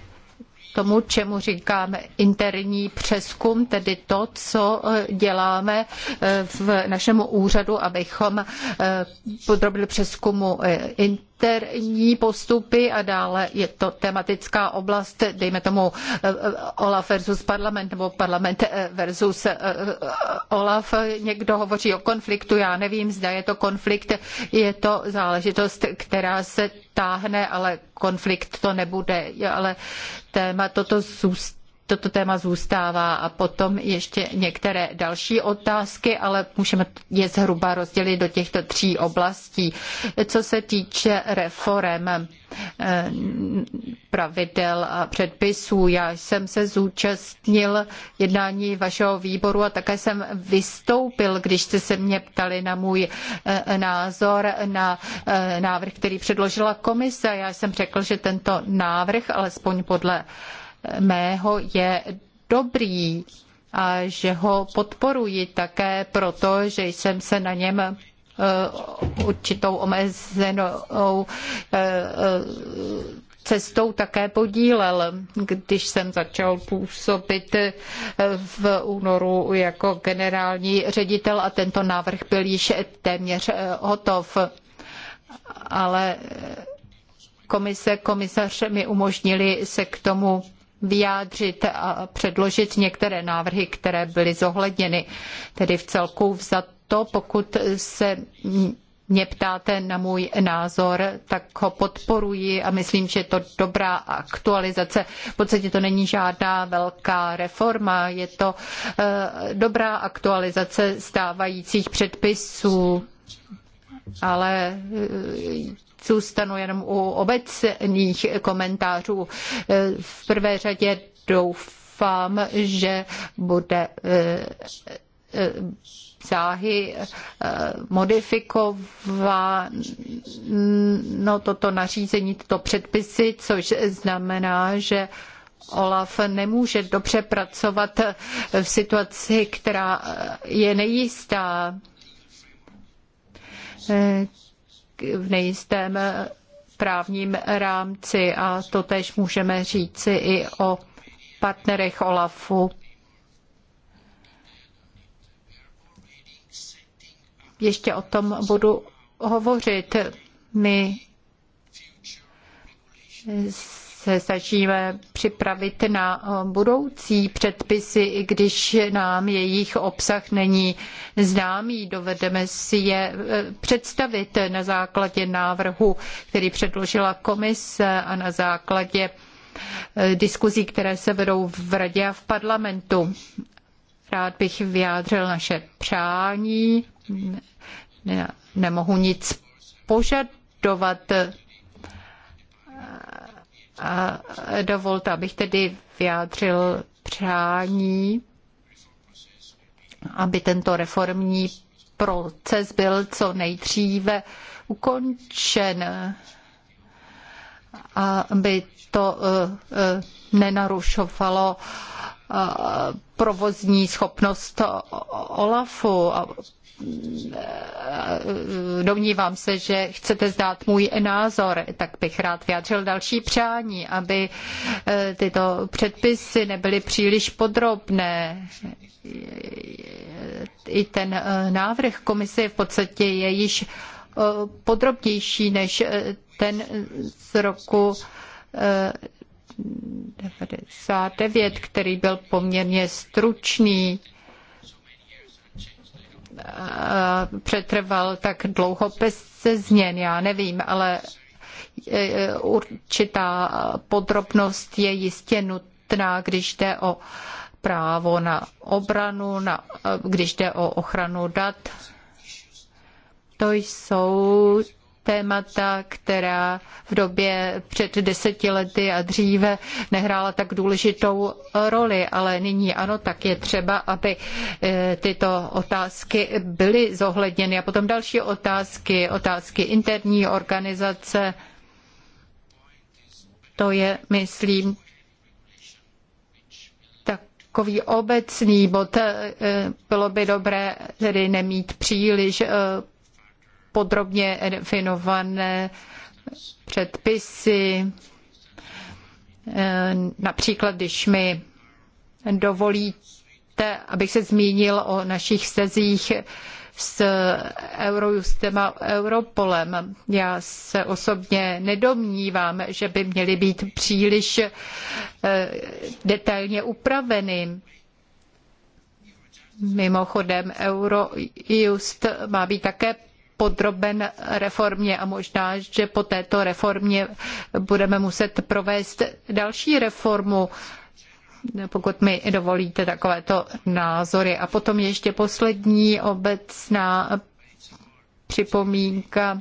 tomu, čemu říkáme interní přeskum, tedy to, co eh, děláme eh, v našem úřadu, abychom eh, podrobili přeskumu interní interní postupy a dále je to tematická oblast, dejme tomu eh, OLAF versus parlament nebo parlament eh, versus eh, OLAF. Někdo hovoří o konfliktu, já nevím, zda je to konflikt, je to záležitost, která se táhne, ale konflikt to nebude, ale téma toto zůstává toto téma zůstává. A potom ještě některé další otázky, ale můžeme je zhruba rozdělit do těchto tří oblastí. Co se týče reform, eh, pravidel a předpisů. Já jsem se zúčastnil jednání vašeho výboru a také jsem vystoupil, když jste se mě ptali na můj eh, názor na eh, návrh, který předložila komise. Já jsem řekl, že tento návrh, alespoň podle mého je dobrý a že ho podporuji také proto, že jsem se na něm eh, určitou omezenou eh, eh, cestou také podílel, když jsem začal působit v únoru jako generální ředitel a tento návrh byl již téměř hotov. Ale komise, komisař mi umožnili se k tomu vyjádřit a předložit některé návrhy, které byly zohledněny. Tedy v celku vzato, pokud se mě ptáte na můj názor, tak ho podporuji a myslím, že je to dobrá aktualizace. V podstatě to není žádná velká reforma, je to eh, dobrá aktualizace stávajících předpisů, ale eh, zůstanu jenom u obecných komentářů. V prvé řadě doufám, že bude eh, eh, záhy eh, modifikováno toto nařízení, tyto předpisy, což znamená, že Olaf nemůže dobře pracovat v situaci, která je nejistá v nejistém právním rámci a to tež můžeme říci i o partnerech OLAFu. Ještě o tom budu hovořit. My se snažíme připravit na eh, budoucí předpisy, i když nám jejich obsah není známý. Dovedeme si je eh, představit na základě návrhu, který předložila komise a na základě eh, diskuzí, které se vedou v radě a v parlamentu. Rád bych vyjádřil naše přání. Nemohu nic požadovat a dovolte, abych tedy vyjádřil přání, aby tento reformní proces byl co nejdříve ukončen, aby to eh, eh, nenarušovalo eh, provozní schopnost OLAFu a domnívám se, že chcete zdát můj názor, tak bych rád vyjádřil další přání, aby eh, tyto předpisy nebyly příliš podrobné. I ten eh, návrh komise v podstatě je již eh, podrobnější než ten z roku 99, který byl poměrně stručný Eh, přetrval tak dlouho bez změn, já nevím, ale eh, určitá podrobnost je jistě nutná, když jde o právo na obranu, na, eh, když jde o ochranu dat. To jsou témata, která v době před deseti lety a dříve nehrála tak důležitou roli, ale nyní ano, tak je třeba, aby eh, tyto otázky byly zohledněny. A potom další otázky, otázky interní organizace. To je, myslím, takový obecný bod. Eh, bylo by dobré tedy nemít příliš eh, podrobně definované předpisy. Eh, například, když mi dovolíte, abych se zmínil o našich stazích s Eurojustem a Europolem. Já se osobně nedomnívám, že by měly být příliš eh, detailně upraveny. Mimochodem, Eurojust má být také podroben reformě a možná, že po této reformě budeme muset provést další reformu, pokud mi dovolíte takovéto názory. A potom ještě poslední obecná připomínka,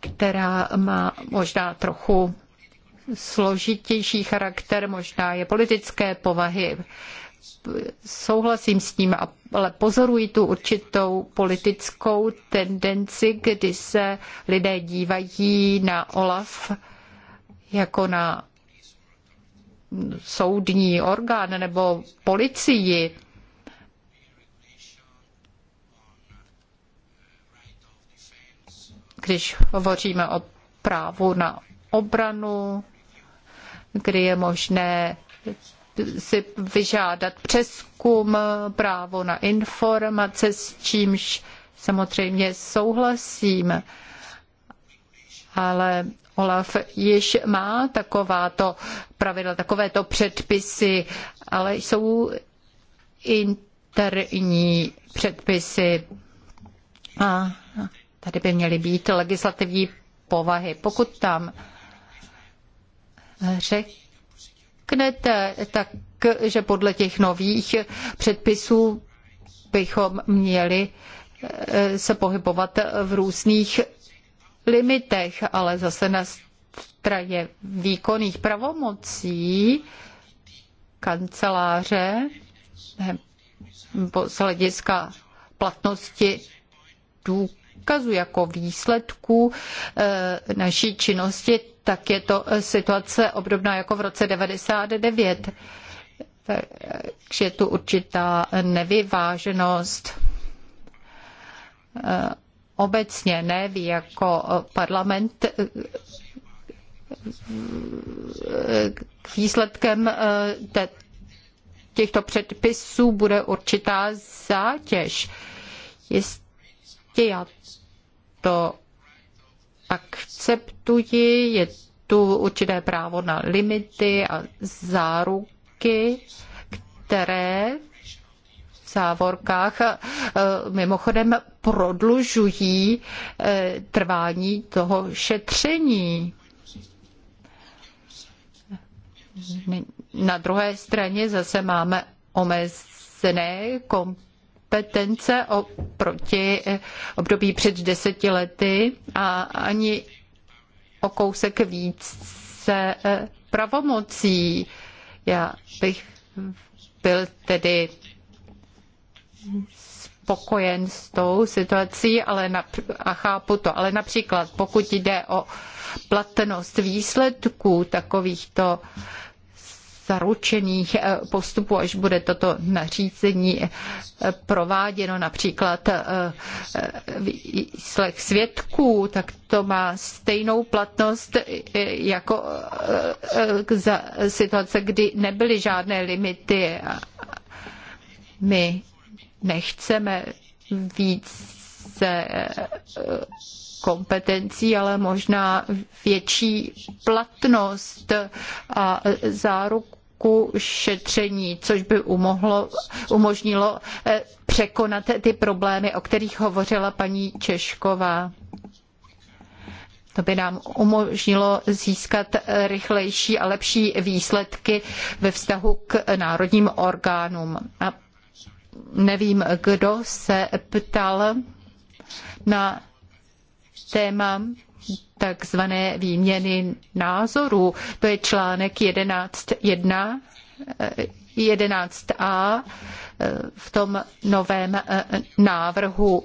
která má možná trochu složitější charakter, možná je politické povahy souhlasím s tím, ale pozoruji tu určitou politickou tendenci, kdy se lidé dívají na OLAF jako na soudní orgán nebo policii. Když hovoříme o právu na obranu, kdy je možné si vyžádat přeskum, právo na informace, s čímž samozřejmě souhlasím. Ale Olaf již má takováto pravidla, takovéto předpisy, ale jsou interní předpisy. A tady by měly být legislativní povahy. Pokud tam řek řeknete, tak že podle těch nových předpisů bychom měli eh, se pohybovat v různých limitech, ale zase na straně výkonných pravomocí kanceláře eh, z hlediska platnosti důkazu jako výsledku eh, naší činnosti, tak je to eh, situace obdobná jako v roce 99. Takže je tu určitá nevyváženost eh, obecně, ne vy jako eh, parlament, výsledkem těchto předpisů bude určitá zátěž. Jistě já to akceptuji, je tu určité právo na limity a záruky, které v závorkách eh, mimochodem prodlužují eh, trvání toho šetření. Na druhé straně zase máme omezené kompetence kompetence oproti eh, období před deseti lety a ani o kousek více eh, pravomocí. Já bych byl tedy spokojen s tou situací ale a chápu to. Ale například pokud jde o platnost výsledků takovýchto zaručených eh, postupů, až bude toto nařízení eh, prováděno, například eh, výslech svědků, tak to má stejnou platnost jako za situace, kdy nebyly žádné limity. My nechceme víc více eh, kompetencí, ale možná větší platnost a záruku šetření, což by umohlo, umožnilo eh, překonat ty problémy, o kterých hovořila paní Češková. To by nám umožnilo získat eh, rychlejší a lepší výsledky ve vztahu k národním orgánům. A nevím, kdo se ptal na téma takzvané výměny názorů. To je článek 11.1 11a eh, eh, v tom novém eh, návrhu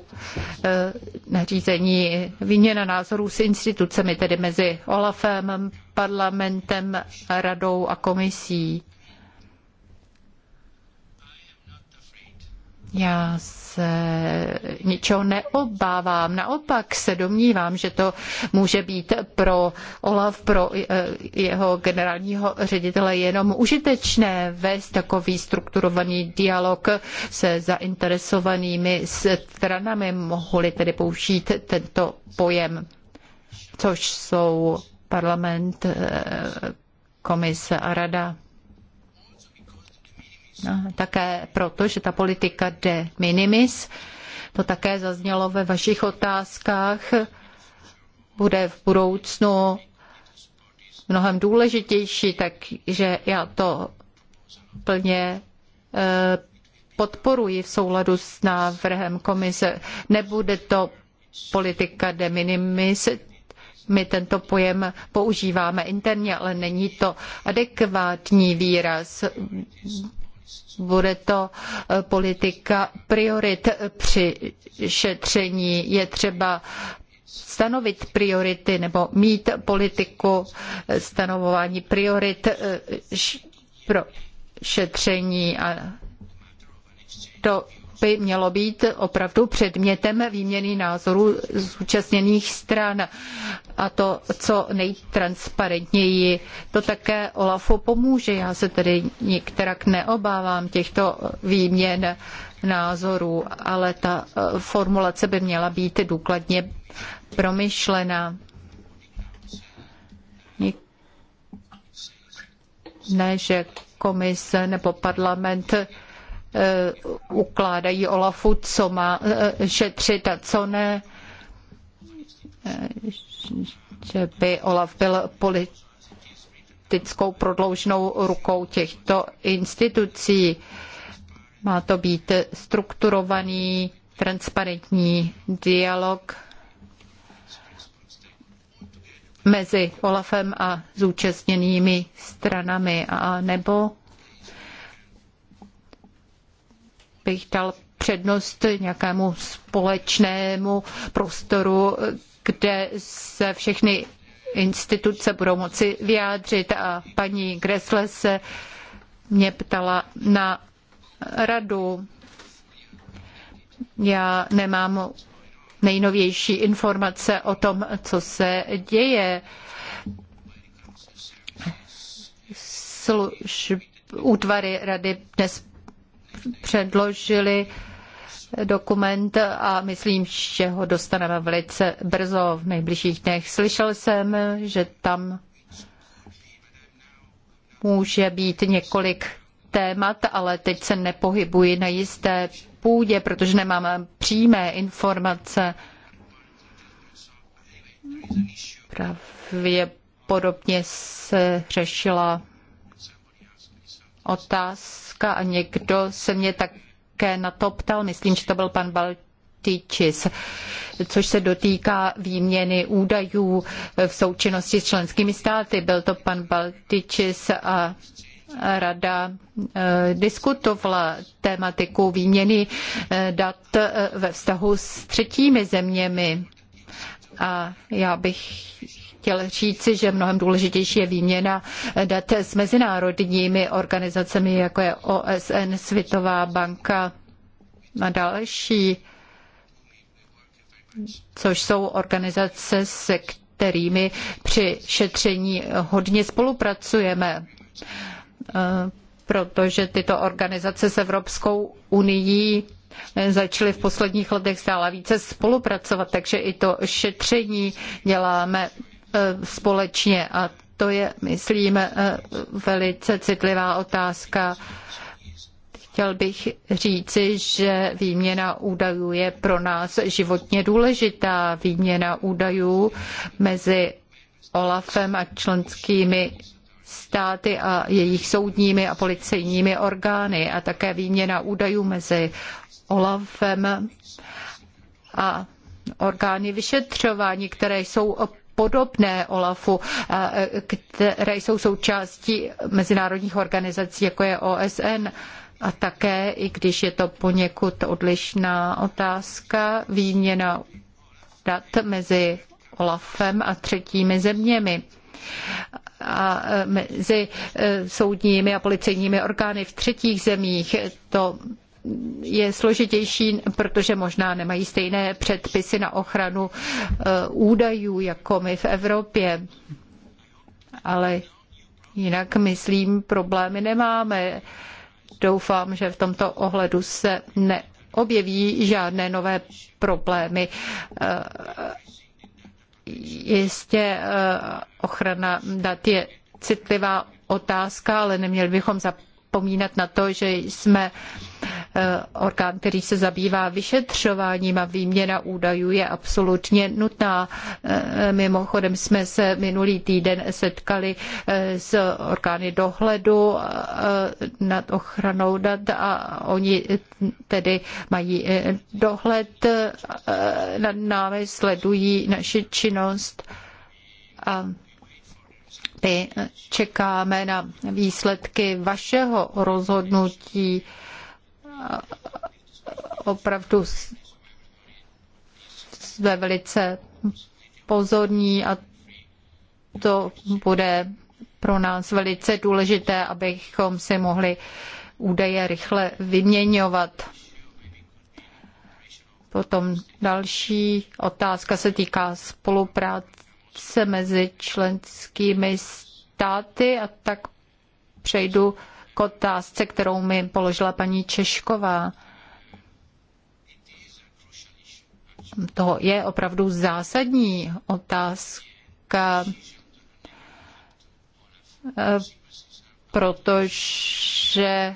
nařízení výměna názorů s institucemi, tedy mezi OLAFem, parlamentem, radou a komisí. Já se ničeho neobávám. Naopak se domnívám, že to může být pro Olaf, pro eh, jeho generálního ředitele jenom užitečné vést takový strukturovaný dialog se zainteresovanými stranami, mohli tedy použít tento pojem, což jsou parlament, eh, komise a rada. No, také proto, že ta politika de minimis, to také zaznělo ve vašich otázkách, bude v budoucnu mnohem důležitější, takže já to plně eh, podporuji v souladu s návrhem komise. Nebude to politika de minimis, my tento pojem používáme interně, ale není to adekvátní výraz. Bude to e, politika priorit při šetření. Je třeba stanovit priority nebo mít politiku stanovování priorit e, pro šetření a to by mělo být opravdu předmětem výměny názorů zúčastněných stran a to co nejtransparentněji. To také Olafu pomůže. Já se tedy některak neobávám těchto výměn názorů, ale ta e, formulace by měla být důkladně promyšlená. Ne, že komise nebo parlament Eh, ukládají Olafu, co má eh, šetřit a co ne, eh, že by Olaf byl politickou prodlouženou rukou těchto institucí. Má to být strukturovaný, transparentní dialog mezi Olafem a zúčastněnými stranami, a nebo bych dal přednost nějakému společnému prostoru, kde se všechny instituce budou moci vyjádřit. A paní Gresle se mě ptala na radu. Já nemám nejnovější informace o tom, co se děje. Služb, útvary rady dnes předložili dokument a myslím, že ho dostaneme velice brzo v nejbližších dnech. Slyšel jsem, že tam může být několik témat, ale teď se nepohybuji na jisté půdě, protože nemám přímé informace. Pravděpodobně se řešila otázka a někdo se mě také na to ptal, myslím, že to byl pan Baltičis, což se dotýká výměny údajů v součinnosti s členskými státy. Byl to pan Baltičis a rada eh, diskutovala tématiku výměny eh, dat eh, ve vztahu s třetími zeměmi. A já bych chtěl říci, že mnohem důležitější je výměna dat s mezinárodními organizacemi, jako je OSN, Světová banka a další, což jsou organizace, se kterými při šetření hodně spolupracujeme eh, protože tyto organizace s Evropskou unii eh, začaly v posledních letech stále více spolupracovat, takže i to šetření děláme Eh, společně a to je, myslím, eh, velice citlivá otázka. Chtěl bych říci, že výměna údajů je pro nás životně důležitá. Výměna údajů mezi OLAFem a členskými státy a jejich soudními a policejními orgány a také výměna údajů mezi OLAFem a orgány vyšetřování, které jsou podobné OLAFu, eh, které jsou součástí mezinárodních organizací, jako je OSN. A také, i když je to poněkud odlišná otázka, výměna dat mezi OLAFem a třetími zeměmi a eh, mezi eh, soudními a policejními orgány v třetích zemích. To je složitější, protože možná nemají stejné předpisy na ochranu eh, údajů jako my v Evropě. Ale jinak, myslím, problémy nemáme. Doufám, že v tomto ohledu se neobjeví žádné nové problémy eh, jistě eh, ochrana dat je citlivá otázka, ale neměli bychom zapomínat zapomínat na to, že jsme eh, orgán, který se zabývá vyšetřováním a výměna údajů je absolutně nutná. Eh, mimochodem jsme se minulý týden setkali eh, s orgány dohledu nad ochranou dat a oni tedy mají dohled nad námi, sledují naši činnost a my čekáme na výsledky vašeho rozhodnutí. Opravdu jsme velice pozorní a to bude pro nás velice důležité, abychom si mohli údaje rychle vyměňovat. Potom další otázka se týká spolupráce se mezi členskými státy a tak přejdu k otázce, kterou mi položila paní Češková. To je opravdu zásadní otázka, eh, protože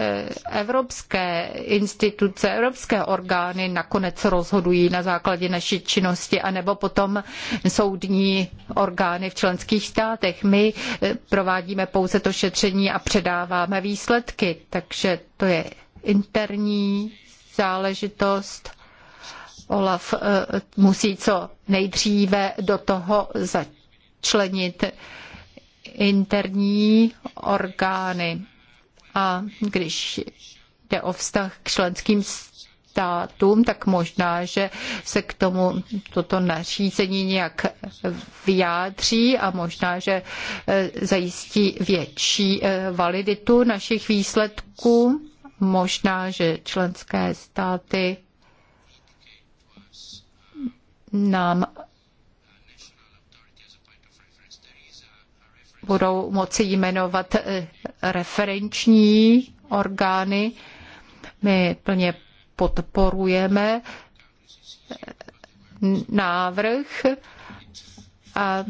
Eh, evropské instituce, evropské orgány nakonec rozhodují na základě naší činnosti, anebo potom soudní orgány v členských státech. My eh, provádíme pouze to šetření a předáváme výsledky, takže to je interní záležitost. Olaf eh, musí co nejdříve do toho začlenit interní orgány. A když jde o vztah k členským státům, tak možná, že se k tomu toto nařízení nějak vyjádří a možná, že e, zajistí větší e, validitu našich výsledků. Možná, že členské státy nám budou moci jmenovat eh, referenční orgány. My plně podporujeme eh, návrh a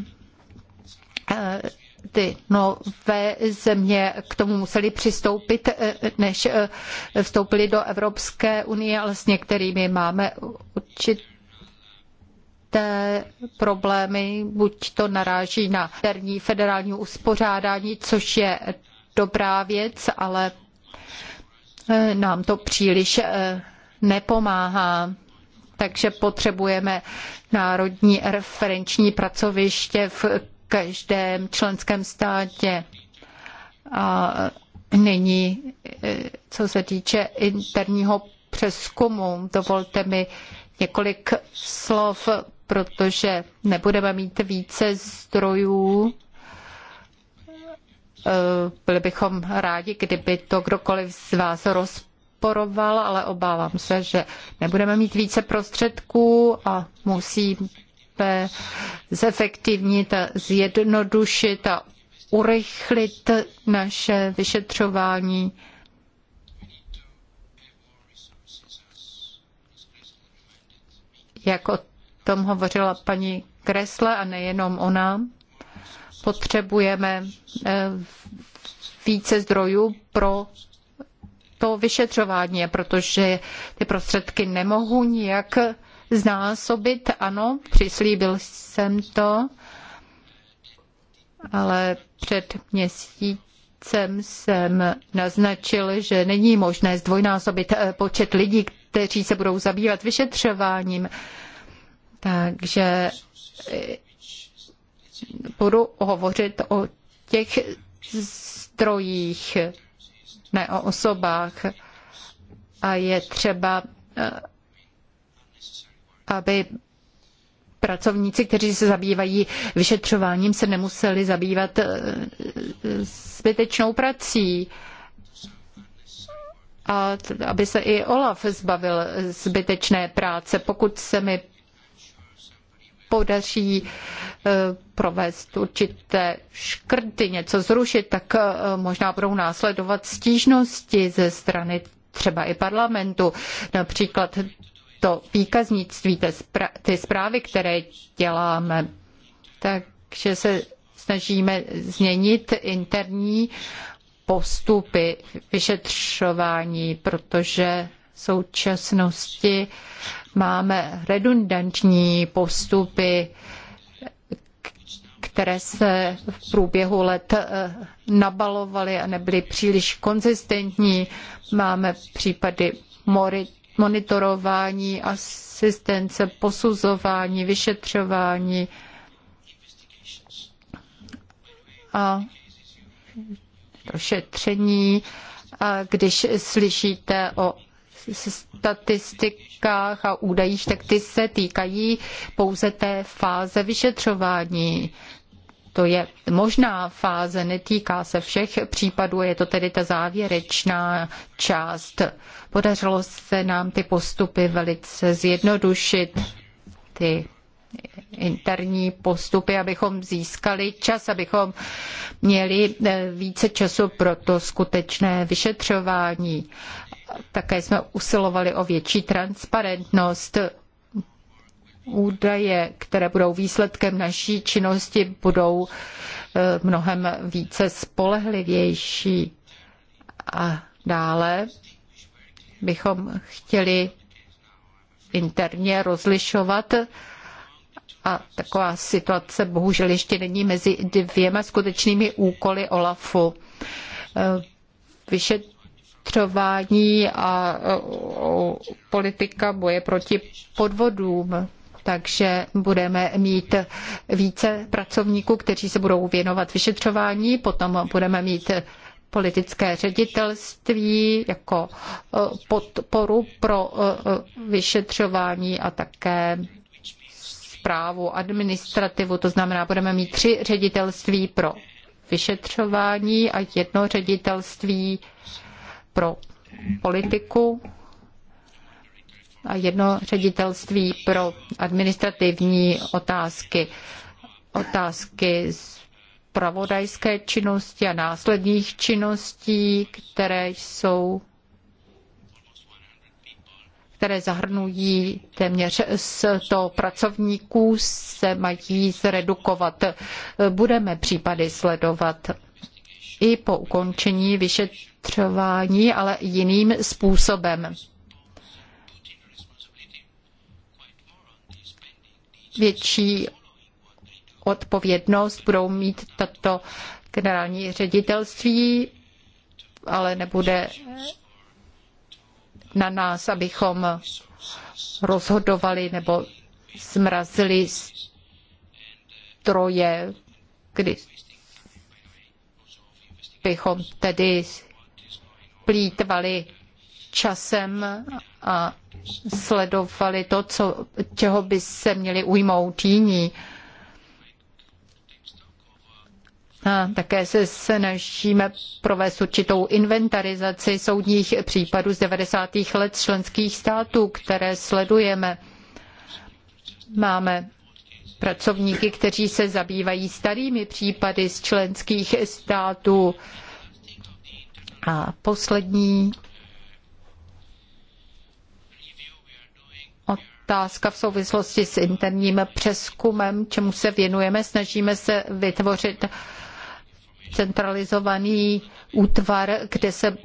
eh, ty nové země k tomu museli přistoupit, než vstoupili do Evropské unie, ale s některými máme určitě té problémy, buď to naráží na interní federální uspořádání, což je dobrá věc, ale e, nám to příliš e, nepomáhá. Takže potřebujeme národní referenční pracoviště v každém členském státě. A nyní, e, co se týče interního přeskumu, dovolte mi několik slov protože nebudeme mít více zdrojů. Eh, byli bychom rádi, kdyby to kdokoliv z vás rozporoval, ale obávám se, že nebudeme mít více prostředků a musíme zefektivnit a zjednodušit a urychlit naše vyšetřování. Jak o tom hovořila paní Kresle a nejenom ona. Potřebujeme eh, více zdrojů pro to vyšetřování, protože ty prostředky nemohu nijak znásobit. Ano, přislíbil jsem to, ale před měsícem jsem naznačil, že není možné zdvojnásobit eh, počet lidí, kteří se budou zabývat vyšetřováním. Takže eh, budu hovořit o těch zdrojích, ne o osobách. A je třeba, eh, aby pracovníci, kteří se zabývají vyšetřováním, se nemuseli zabývat eh, zbytečnou prací. A aby se i Olaf zbavil zbytečné práce. Pokud se mi podaří eh, provést určité škrty, něco zrušit, tak eh, možná budou následovat stížnosti ze strany třeba i parlamentu. Například to výkaznictví, ty zprávy, které děláme. Takže se snažíme změnit interní postupy vyšetřování, protože současnosti máme redundantní postupy, které se v průběhu let eh, nabalovaly a nebyly příliš konzistentní. Máme případy monitorování, asistence, posuzování, vyšetřování. A došetření, a když slyšíte o statistikách a údajích, tak ty se týkají pouze té fáze vyšetřování. To je možná fáze, netýká se všech případů, je to tedy ta závěrečná část. Podařilo se nám ty postupy velice zjednodušit, ty interní postupy, abychom získali čas, abychom měli eh, více času pro to skutečné vyšetřování. Také jsme usilovali o větší transparentnost. Údaje, které budou výsledkem naší činnosti, budou eh, mnohem více spolehlivější. A dále bychom chtěli interně rozlišovat a taková situace bohužel ještě není mezi dvěma skutečnými úkoly OLAFu. Eh, Vyšetřování vyšetřování a politika boje proti podvodům. Takže budeme mít více pracovníků, kteří se budou věnovat vyšetřování, potom budeme mít politické ředitelství jako podporu pro vyšetřování a také správu, administrativu, to znamená, budeme mít tři ředitelství pro vyšetřování a jedno ředitelství pro politiku a jedno ředitelství pro administrativní otázky, otázky z pravodajské činnosti a následných činností, které jsou které zahrnují téměř 100 pracovníků, se mají zredukovat. Budeme případy sledovat i po ukončení vyšetření vyšetřování, ale jiným způsobem. Větší odpovědnost budou mít tato generální ředitelství, ale nebude na nás, abychom rozhodovali nebo zmrazili stroje, kdy bychom tedy plítvali časem a sledovali to, co, čeho by se měli ujmout jiní. A také se snažíme provést určitou inventarizaci soudních případů z 90. let členských států, které sledujeme. Máme pracovníky, kteří se zabývají starými případy z členských států. A poslední otázka v souvislosti s interním přeskumem, čemu se věnujeme. Snažíme se vytvořit centralizovaný útvar, kde se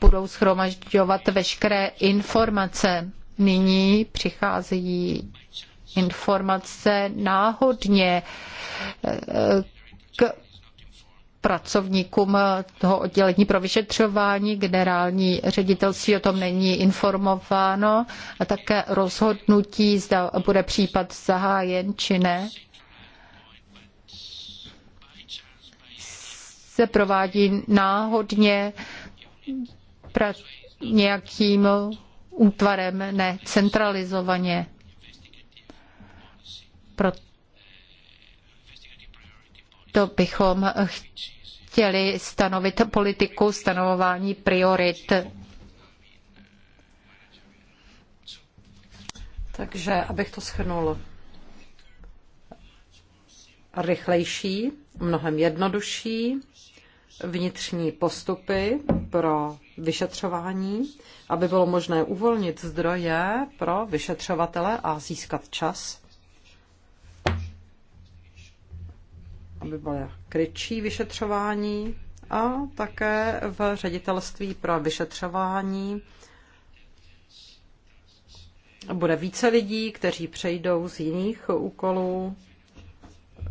budou schromažďovat veškeré informace. Nyní přicházejí informace náhodně, pracovníkům toho oddělení pro vyšetřování. Generální ředitelství o tom není informováno a také rozhodnutí, zda bude případ zahájen či ne. se provádí náhodně pra- nějakým útvarem, ne centralizovaně. Proto to bychom chtěli stanovit politiku stanovování priorit. Takže, abych to schrnul, rychlejší, mnohem jednodušší vnitřní postupy pro vyšetřování, aby bylo možné uvolnit zdroje pro vyšetřovatele a získat čas aby byla kryčí vyšetřování a také v ředitelství pro vyšetřování bude více lidí, kteří přejdou z jiných úkolů, eh,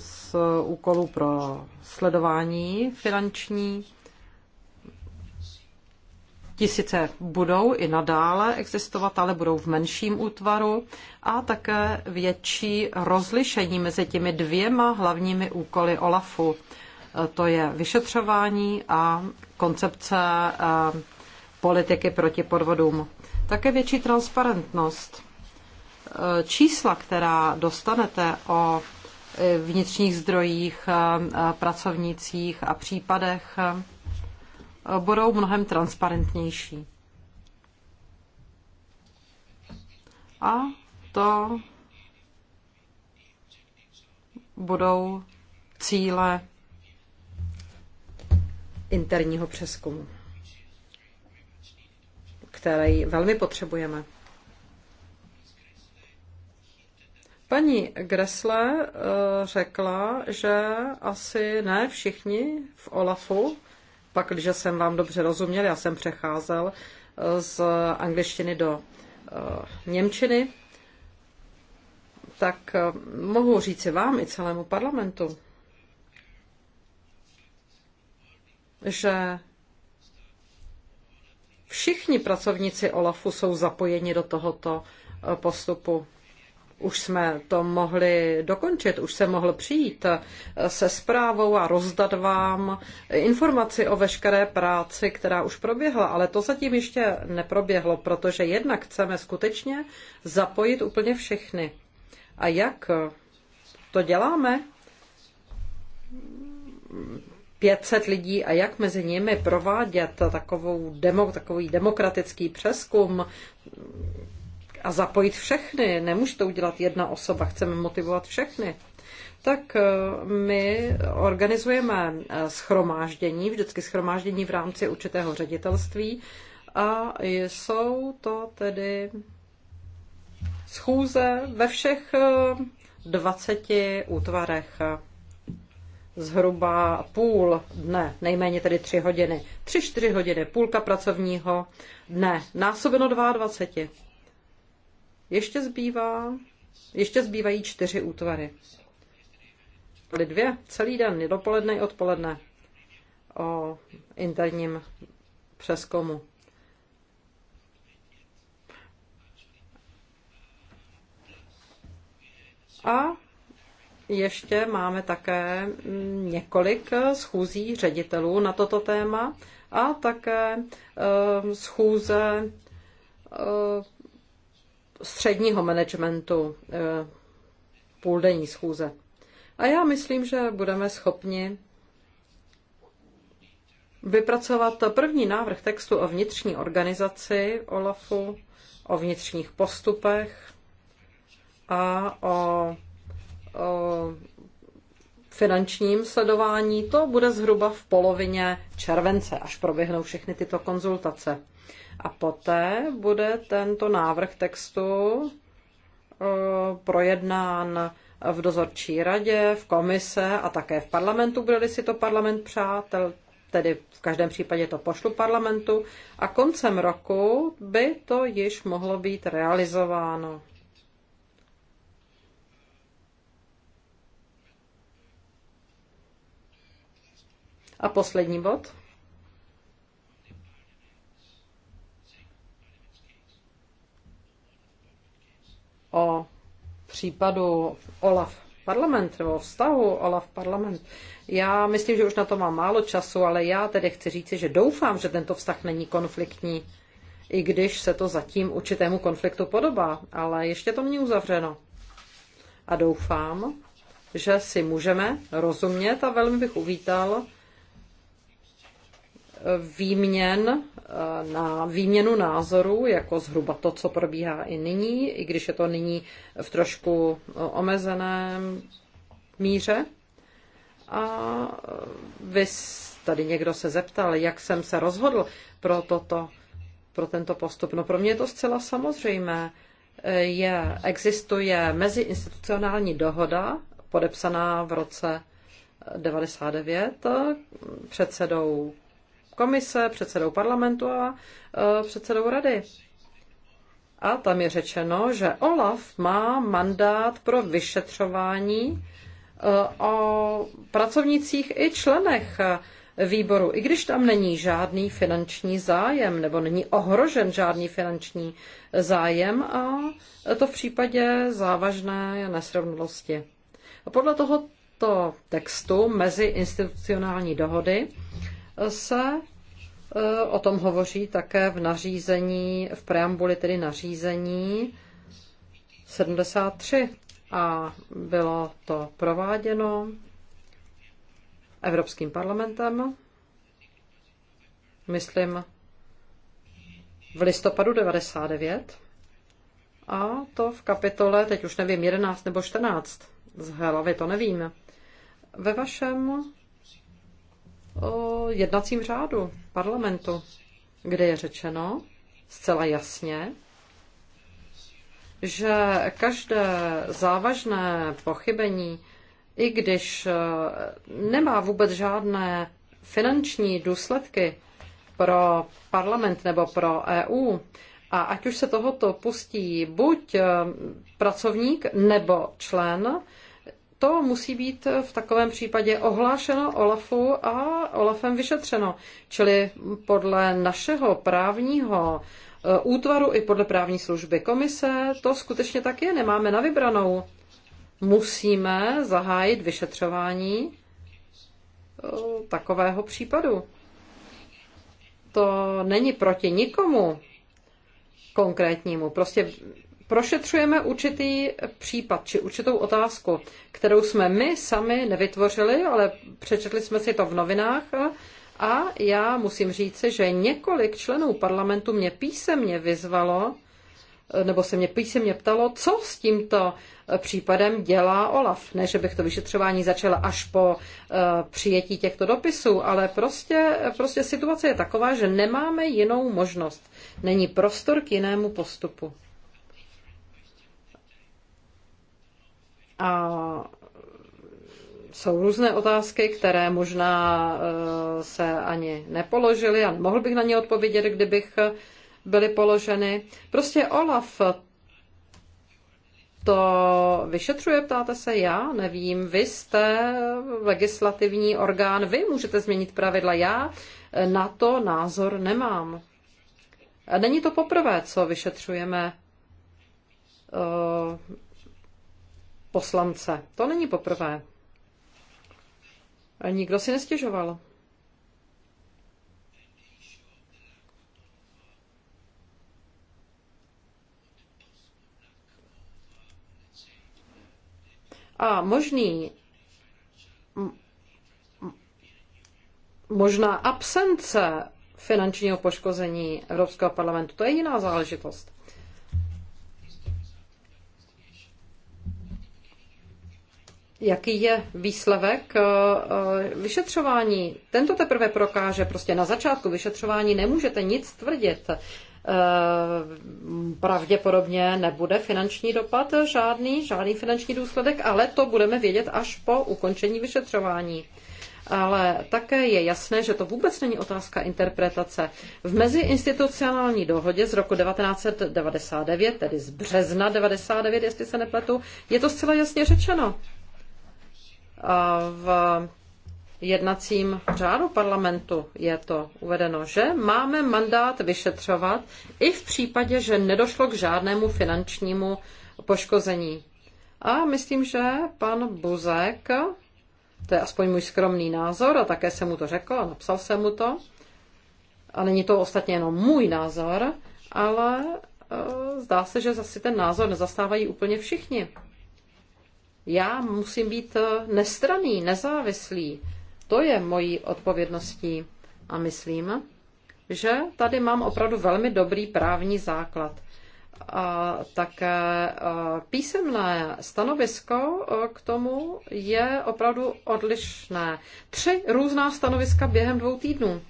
z úkolů pro sledování finanční Ti sice budou i nadále existovat, ale budou v menším útvaru a také větší rozlišení mezi těmi dvěma hlavními úkoly OLAFu. E, to je vyšetřování a koncepce e, politiky proti podvodům. Také větší transparentnost. E, čísla, která dostanete o vnitřních zdrojích, pracovnících a případech, budou mnohem transparentnější. A to budou cíle interního přeskumu, který velmi potřebujeme. Paní Gressle eh, řekla, že asi ne všichni v OLAFu pak, když jsem vám dobře rozuměl, já jsem přecházel eh, z angličtiny do eh, němčiny, tak eh, mohu říci vám i celému parlamentu, že všichni pracovníci OLAFu jsou zapojeni do tohoto postupu už jsme to mohli dokončit, už jsem mohl přijít se zprávou a rozdat vám informaci o veškeré práci, která už proběhla, ale to zatím ještě neproběhlo, protože jednak chceme skutečně zapojit úplně všechny. A jak to děláme? 500 lidí a jak mezi nimi provádět takovou demo, takový demokratický přeskum, a zapojit všechny. Nemůže to udělat jedna osoba, chceme motivovat všechny. Tak eh, my organizujeme eh, schromáždění, vždycky schromáždění v rámci určitého ředitelství a jsou to tedy schůze ve všech 20 eh, útvarech zhruba půl dne, nejméně tedy tři hodiny. Tři, čtyři hodiny, půlka pracovního dne, násobeno 22. Ještě zbývá, ještě zbývají čtyři útvary. Byly dvě, celý den, dopoledne i odpoledne o interním přeskomu. A ještě máme také několik schůzí ředitelů na toto téma a také eh, schůze eh, středního managementu eh, půldenní schůze. A já myslím, že budeme schopni vypracovat první návrh textu o vnitřní organizaci OLAFu, o vnitřních postupech a o, o finančním sledování. To bude zhruba v polovině července, až proběhnou všechny tyto konzultace. A poté bude tento návrh textu eh, projednán v dozorčí radě, v komise a také v parlamentu, bude-li si to parlament přát, eh, tedy v každém případě to pošlu parlamentu a koncem roku by to již mohlo být realizováno. A poslední bod. o případu Olaf parlament nebo vztahu Olaf parlament. Já myslím, že už na to mám málo času, ale já tedy chci říci, že doufám, že tento vztah není konfliktní, i když se to zatím určitému konfliktu podobá, ale ještě to není uzavřeno. A doufám, že si můžeme rozumět a velmi bych uvítal, výměn eh, na výměnu názorů, jako zhruba to, co probíhá i nyní, i když je to nyní v trošku eh, omezeném míře. A eh, vy tady někdo se zeptal, jak jsem se rozhodl pro, toto, pro tento postup. No pro mě je to zcela samozřejmé. Je, existuje meziinstitucionální dohoda, podepsaná v roce 99 předsedou komise, předsedou parlamentu a e, předsedou rady. A tam je řečeno, že OLAF má mandát pro vyšetřování e, o pracovnicích i členech výboru, i když tam není žádný finanční zájem nebo není ohrožen žádný finanční zájem a to v případě závažné nesrovnalosti. A podle tohoto textu mezi institucionální dohody se eh, o tom hovoří také v nařízení, v preambuli tedy nařízení 73 a bylo to prováděno Evropským parlamentem, myslím, v listopadu 99 a to v kapitole, teď už nevím, 11 nebo 14, z hlavy to nevím. Ve vašem o jednacím řádu parlamentu, kde je řečeno zcela jasně, že každé závažné pochybení, i když e, nemá vůbec žádné finanční důsledky pro parlament nebo pro EU, a ať už se tohoto pustí buď e, pracovník nebo člen, to musí být v takovém případě ohlášeno Olafu a Olafem vyšetřeno. Čili podle našeho právního e, útvaru i podle právní služby komise to skutečně tak je, nemáme na vybranou. Musíme zahájit vyšetřování e, takového případu. To není proti nikomu konkrétnímu. Prostě prošetřujeme určitý případ či určitou otázku, kterou jsme my sami nevytvořili, ale přečetli jsme si to v novinách a já musím říci, že několik členů parlamentu mě písemně vyzvalo, nebo se mě písemně ptalo, co s tímto případem dělá Olaf. Ne, že bych to vyšetřování začala až po eh, přijetí těchto dopisů, ale prostě, prostě situace je taková, že nemáme jinou možnost. Není prostor k jinému postupu. A jsou různé otázky, které možná eh, se ani nepoložily a mohl bych na ně odpovědět, kdybych eh, byly položeny. Prostě Olaf to vyšetřuje, ptáte se, já nevím, vy jste legislativní orgán, vy můžete změnit pravidla, já eh, na to názor nemám. Není to poprvé, co vyšetřujeme poslance. To není poprvé. Nikdo si nestěžoval. A možný možná absence finančního poškození Evropského parlamentu, to je jiná záležitost. jaký je výsledek eh, eh, vyšetřování. Tento teprve prokáže, prostě na začátku vyšetřování nemůžete nic tvrdit. Eh, pravděpodobně nebude finanční dopad žádný, žádný finanční důsledek, ale to budeme vědět až po ukončení vyšetřování. Ale také je jasné, že to vůbec není otázka interpretace. V meziinstitucionální dohodě z roku 1999, tedy z března 1999, jestli se nepletu, je to zcela jasně řečeno v jednacím řádu parlamentu je to uvedeno, že máme mandát vyšetřovat i v případě, že nedošlo k žádnému finančnímu poškození. A myslím, že pan Buzek, to je aspoň můj skromný názor, a také jsem mu to řekl a napsal jsem mu to, a není to ostatně jenom můj názor, ale e, zdá se, že zase ten názor nezastávají úplně všichni. Já musím být eh, nestraný, nezávislý. To je mojí odpovědností. A myslím, že tady mám opravdu velmi dobrý právní základ. A také eh, písemné stanovisko eh, k tomu je opravdu odlišné. Tři různá stanoviska během dvou týdnů.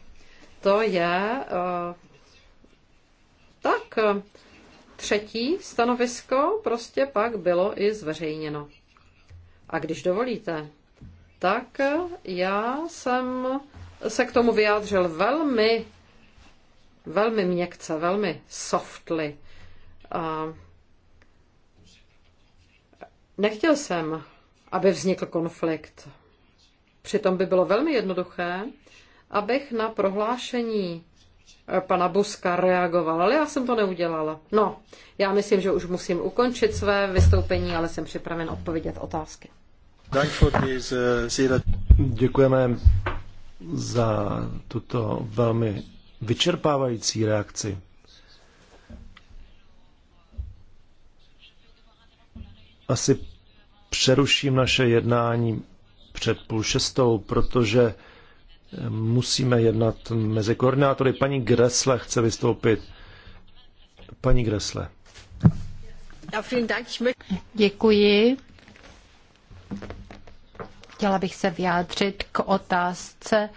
To je tak. Třetí stanovisko prostě pak bylo i zveřejněno. A když dovolíte, tak já jsem se k tomu vyjádřil velmi, velmi měkce, velmi softly. A nechtěl jsem, aby vznikl konflikt. Přitom by bylo velmi jednoduché, abych na prohlášení pana Buska reagoval, ale já jsem to neudělala. No, já myslím, že už musím ukončit své vystoupení, ale jsem připraven odpovědět otázky. Uh, Děkujeme za tuto velmi vyčerpávající reakci. Asi přeruším naše jednání před půl šestou, protože musíme jednat mezi koordinátory. Paní Gresle chce vystoupit. Paní Gresle. Děkuji. Chtěla bych se vyjádřit k otázce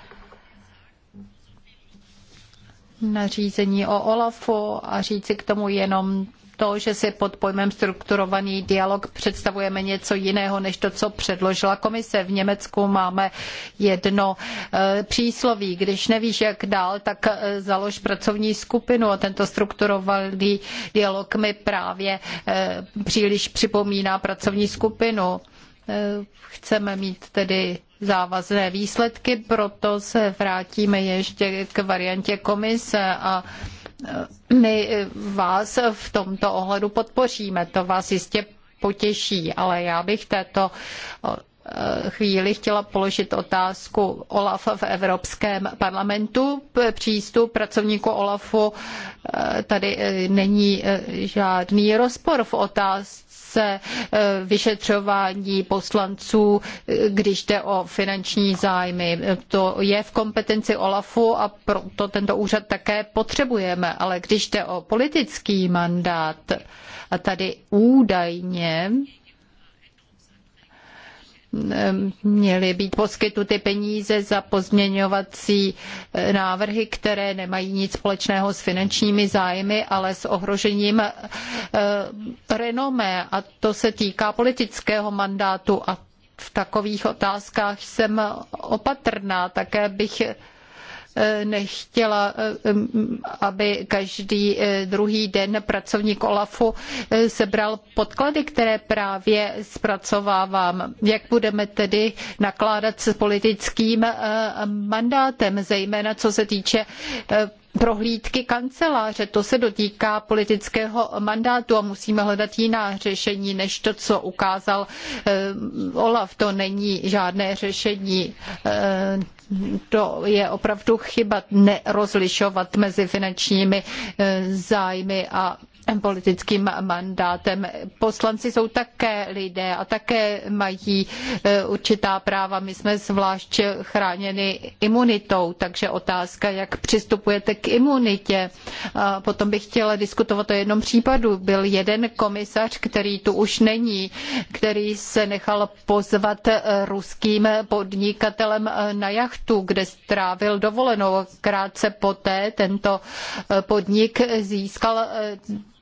nařízení o OLAFu a říci k tomu jenom to, že si pod pojmem strukturovaný dialog představujeme něco jiného, než to, co předložila komise. V Německu máme jedno eh, přísloví, když nevíš, jak dál, tak eh, založ pracovní skupinu a tento strukturovaný dialog mi právě eh, příliš připomíná pracovní skupinu. Chceme mít tedy závazné výsledky, proto se vrátíme ještě k variantě komise a e, my e, vás v tomto ohledu podpoříme. To vás jistě potěší, ale já bych této e, chvíli chtěla položit otázku OLAF v Evropském parlamentu. Přístup pracovníku OLAFu tady není žádný rozpor v otázce se eh, vyšetřování poslanců, eh, když jde o finanční zájmy. To je v kompetenci OLAFu a proto tento úřad také potřebujeme. Ale když jde o politický mandát, a tady údajně měly být poskytnuty peníze za pozměňovací e, návrhy, které nemají nic společného s finančními zájmy, ale s ohrožením e, renomé. A to se týká politického mandátu a v takových otázkách jsem opatrná. Také bych Eh, nechtěla, eh, aby každý eh, druhý den pracovník OLAFu sebral podklady, které právě zpracovávám. Jak budeme tedy nakládat s politickým mandátem, zejména co se týče prohlídky kanceláře. To se dotýká politického mandátu a musíme hledat jiná řešení, než to, co ukázal eh, Olaf. To není žádné řešení. Eh, to je opravdu chyba nerozlišovat mezi finančními eh, zájmy a politickým mandátem. Poslanci jsou také lidé a také mají e, určitá práva. My jsme zvlášť chráněni imunitou, takže otázka, jak přistupujete k imunitě. A potom bych chtěla diskutovat o jednom případu. Byl jeden komisař, který tu už není, který se nechal pozvat e, ruským podnikatelem e, na jachtu, kde strávil dovolenou. Krátce poté tento podnik získal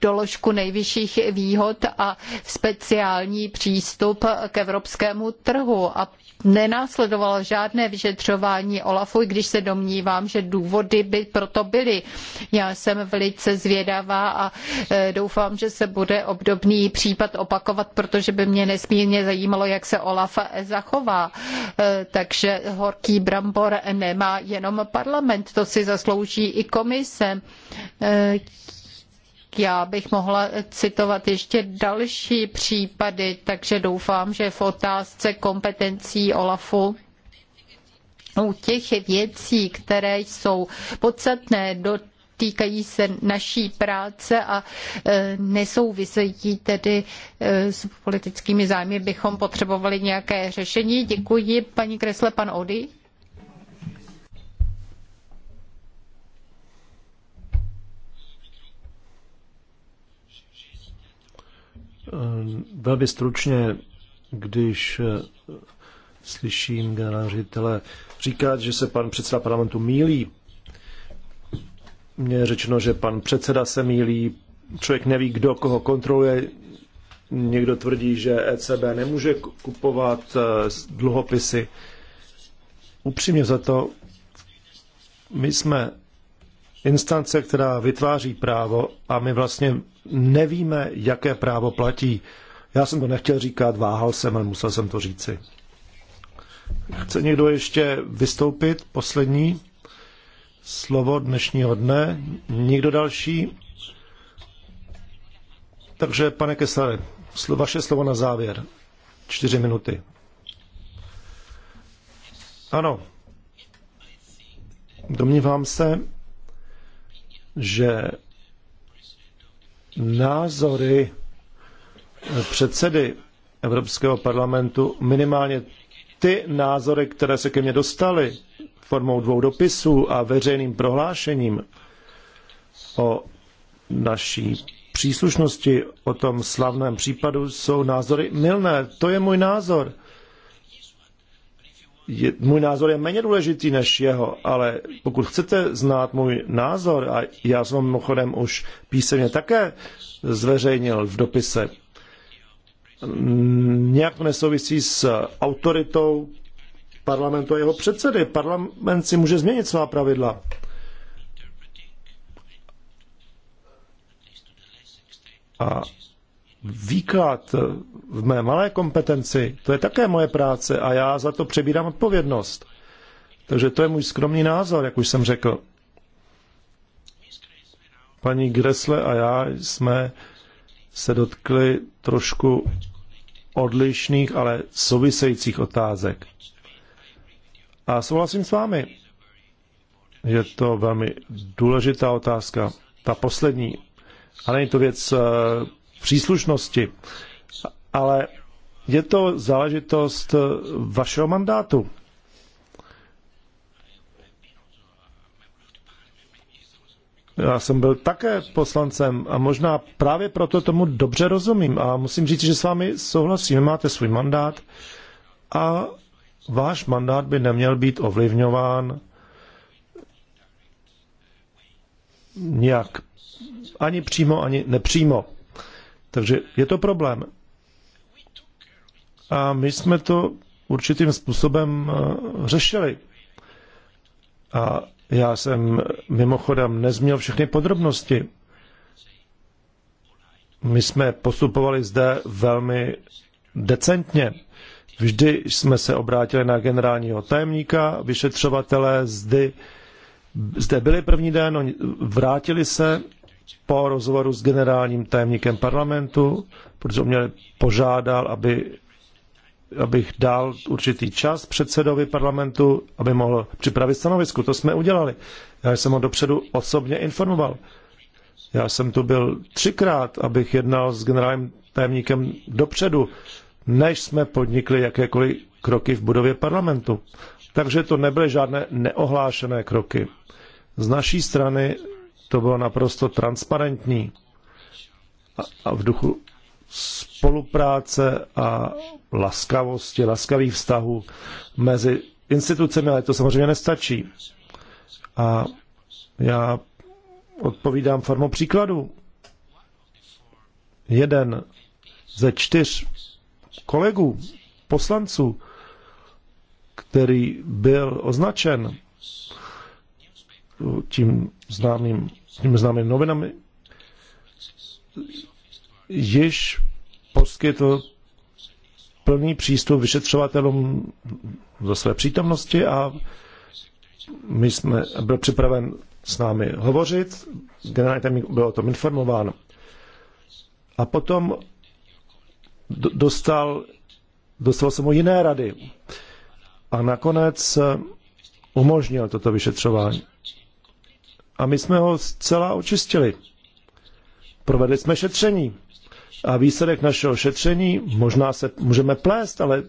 doložku nejvyšších výhod a speciální přístup k evropskému trhu a nenásledovalo žádné vyšetřování Olafu, i když se domnívám, že důvody by proto byly. Já jsem velice zvědavá a e, doufám, že se bude obdobný případ opakovat, protože by mě nesmírně zajímalo, jak se Olaf zachová. E, takže horký brambor nemá jenom parlament, to si zaslouží i komise. E, já bych mohla citovat ještě další případy, takže doufám, že v otázce kompetencí OLAFu u těch věcí, které jsou podstatné do týkají se naší práce a e, nesouvisejí tedy e, s politickými zájmy, bychom potřebovali nějaké řešení. Děkuji, paní Kresle, pan Ody. Eh, velmi stručně, když eh, slyším generální ředitele říkat, že se pan předseda parlamentu mílí, mně je řečeno, že pan předseda se mílí, člověk neví, kdo koho kontroluje, někdo tvrdí, že ECB nemůže kupovat eh, dluhopisy. Upřímně za to, my jsme instance, která vytváří právo a my vlastně nevíme, jaké právo platí. Já jsem to nechtěl říkat, váhal jsem, ale musel jsem to říci. Chce někdo ještě vystoupit? Poslední slovo dnešního dne. Nikdo další? Takže, pane Kesare, vaše slovo na závěr. Čtyři minuty. Ano. Domnívám se, že názory předsedy Evropského parlamentu, minimálně ty názory, které se ke mně dostaly formou dvou dopisů a veřejným prohlášením o naší příslušnosti, o tom slavném případu, jsou názory milné. To je můj názor je, můj názor je méně důležitý než jeho, ale pokud chcete znát můj názor, a já jsem mimochodem už písemně také zveřejnil v dopise, mm, nějak to nesouvisí s autoritou parlamentu a jeho předsedy. Parlament si může změnit svá pravidla. A výklad v mé malé kompetenci, to je také moje práce a já za to přebírám odpovědnost. Takže to je můj skromný názor, jak už jsem řekl. Paní Gresle a já jsme se dotkli trošku odlišných, ale souvisejících otázek. A souhlasím s vámi. Je to velmi důležitá otázka. Ta poslední. A není to věc eh, příslušnosti, ale je to záležitost vašeho mandátu. Já jsem byl také poslancem a možná právě proto tomu dobře rozumím a musím říct, že s vámi souhlasím, máte svůj mandát a váš mandát by neměl být ovlivňován nějak ani přímo, ani nepřímo. Takže je to problém. A my jsme to určitým způsobem eh, řešili. A já jsem mimochodem nezměl všechny podrobnosti. My jsme postupovali zde velmi decentně. Vždy jsme se obrátili na generálního tajemníka, vyšetřovatele, zde zde byli první den, vrátili se po rozhovoru s generálním tajemníkem parlamentu, protože mě požádal, aby, abych dal určitý čas předsedovi parlamentu, aby mohl připravit stanovisku. To jsme udělali. Já jsem ho dopředu osobně informoval. Já jsem tu byl třikrát, abych jednal s generálním tajemníkem dopředu, než jsme podnikli jakékoliv kroky v budově parlamentu. Takže to nebyly žádné neohlášené kroky. Z naší strany to bylo naprosto transparentní a v duchu spolupráce a laskavosti, laskavých vztahů mezi institucemi, ale to samozřejmě nestačí. A já odpovídám formou příkladu. Jeden ze čtyř kolegů, poslanců, který byl označen tím známým, tím známým novinami, již poskytl plný přístup vyšetřovatelům za své přítomnosti a my jsme, byl připraven s námi hovořit, generální tajemník byl o tom informován. A potom dostal, dostal se mu jiné rady. A nakonec umožnil toto vyšetřování a my jsme ho zcela očistili. Provedli jsme šetření a výsledek našeho šetření, možná se můžeme plést, ale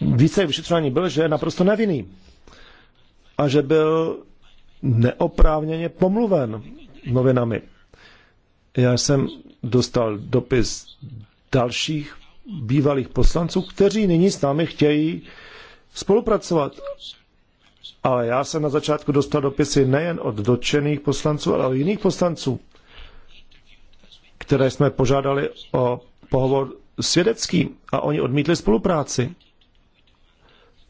více vyšetřování byl, že je naprosto nevinný a že byl neoprávněně pomluven novinami. Já jsem dostal dopis dalších bývalých poslanců, kteří nyní s námi chtějí spolupracovat ale já jsem na začátku dostal dopisy nejen od dotčených poslanců, ale od jiných poslanců, které jsme požádali o pohovor svědecký a oni odmítli spolupráci.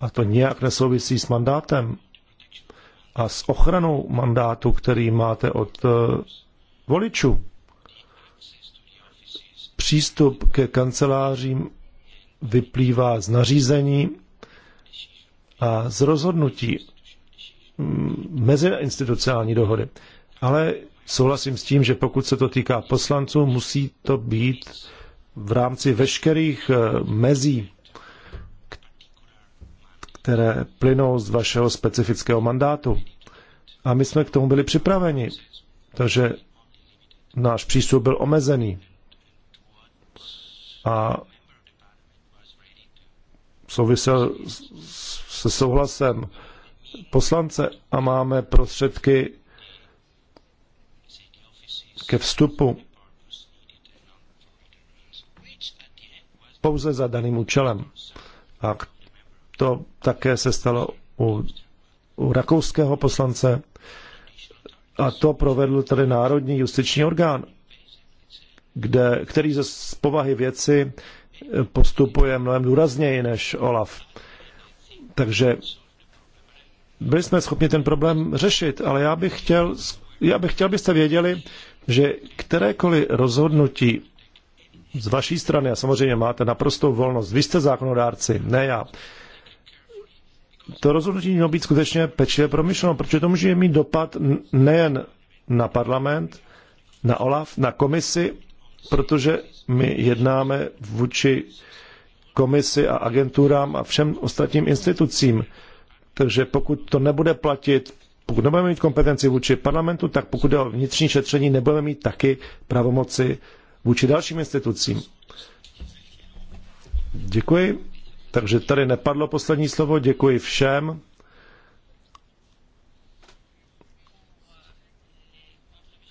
A to nějak nesouvisí s mandátem a s ochranou mandátu, který máte od eh, voličů. Přístup ke kancelářím vyplývá z nařízení a z rozhodnutí meziinstitucionální dohody. Ale souhlasím s tím, že pokud se to týká poslanců, musí to být v rámci veškerých eh, mezí, které plynou z vašeho specifického mandátu. A my jsme k tomu byli připraveni, takže náš přístup byl omezený. A souvisel se souhlasem poslance a máme prostředky ke vstupu pouze za daným účelem. A to také se stalo u, u rakouského poslance a to provedl tedy Národní justiční orgán, kde, který ze z povahy věci postupuje mnohem důrazněji než OLAF. Takže byli jsme schopni ten problém řešit, ale já bych chtěl, já bych chtěl byste věděli, že kterékoliv rozhodnutí z vaší strany, a samozřejmě máte naprostou volnost, vy jste zákonodárci, ne já, to rozhodnutí mělo být skutečně pečlivě promyšleno, protože to může mít dopad nejen na parlament, na OLAF, na komisi, protože my jednáme vůči komisi a agenturám a všem ostatním institucím. Takže pokud to nebude platit, pokud nebudeme mít kompetenci vůči parlamentu, tak pokud je o vnitřní šetření, nebudeme mít taky pravomoci vůči dalším institucím. Děkuji. Takže tady nepadlo poslední slovo. Děkuji všem.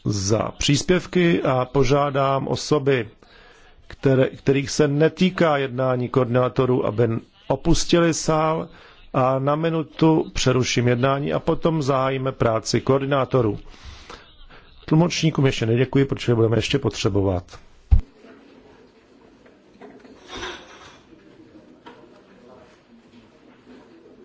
za příspěvky a požádám osoby, které, kterých se netýká jednání koordinátorů, aby opustili sál a na minutu přeruším jednání a potom zahájíme práci koordinátorů. Tlumočníkům ještě neděkuji, protože budeme ještě potřebovat.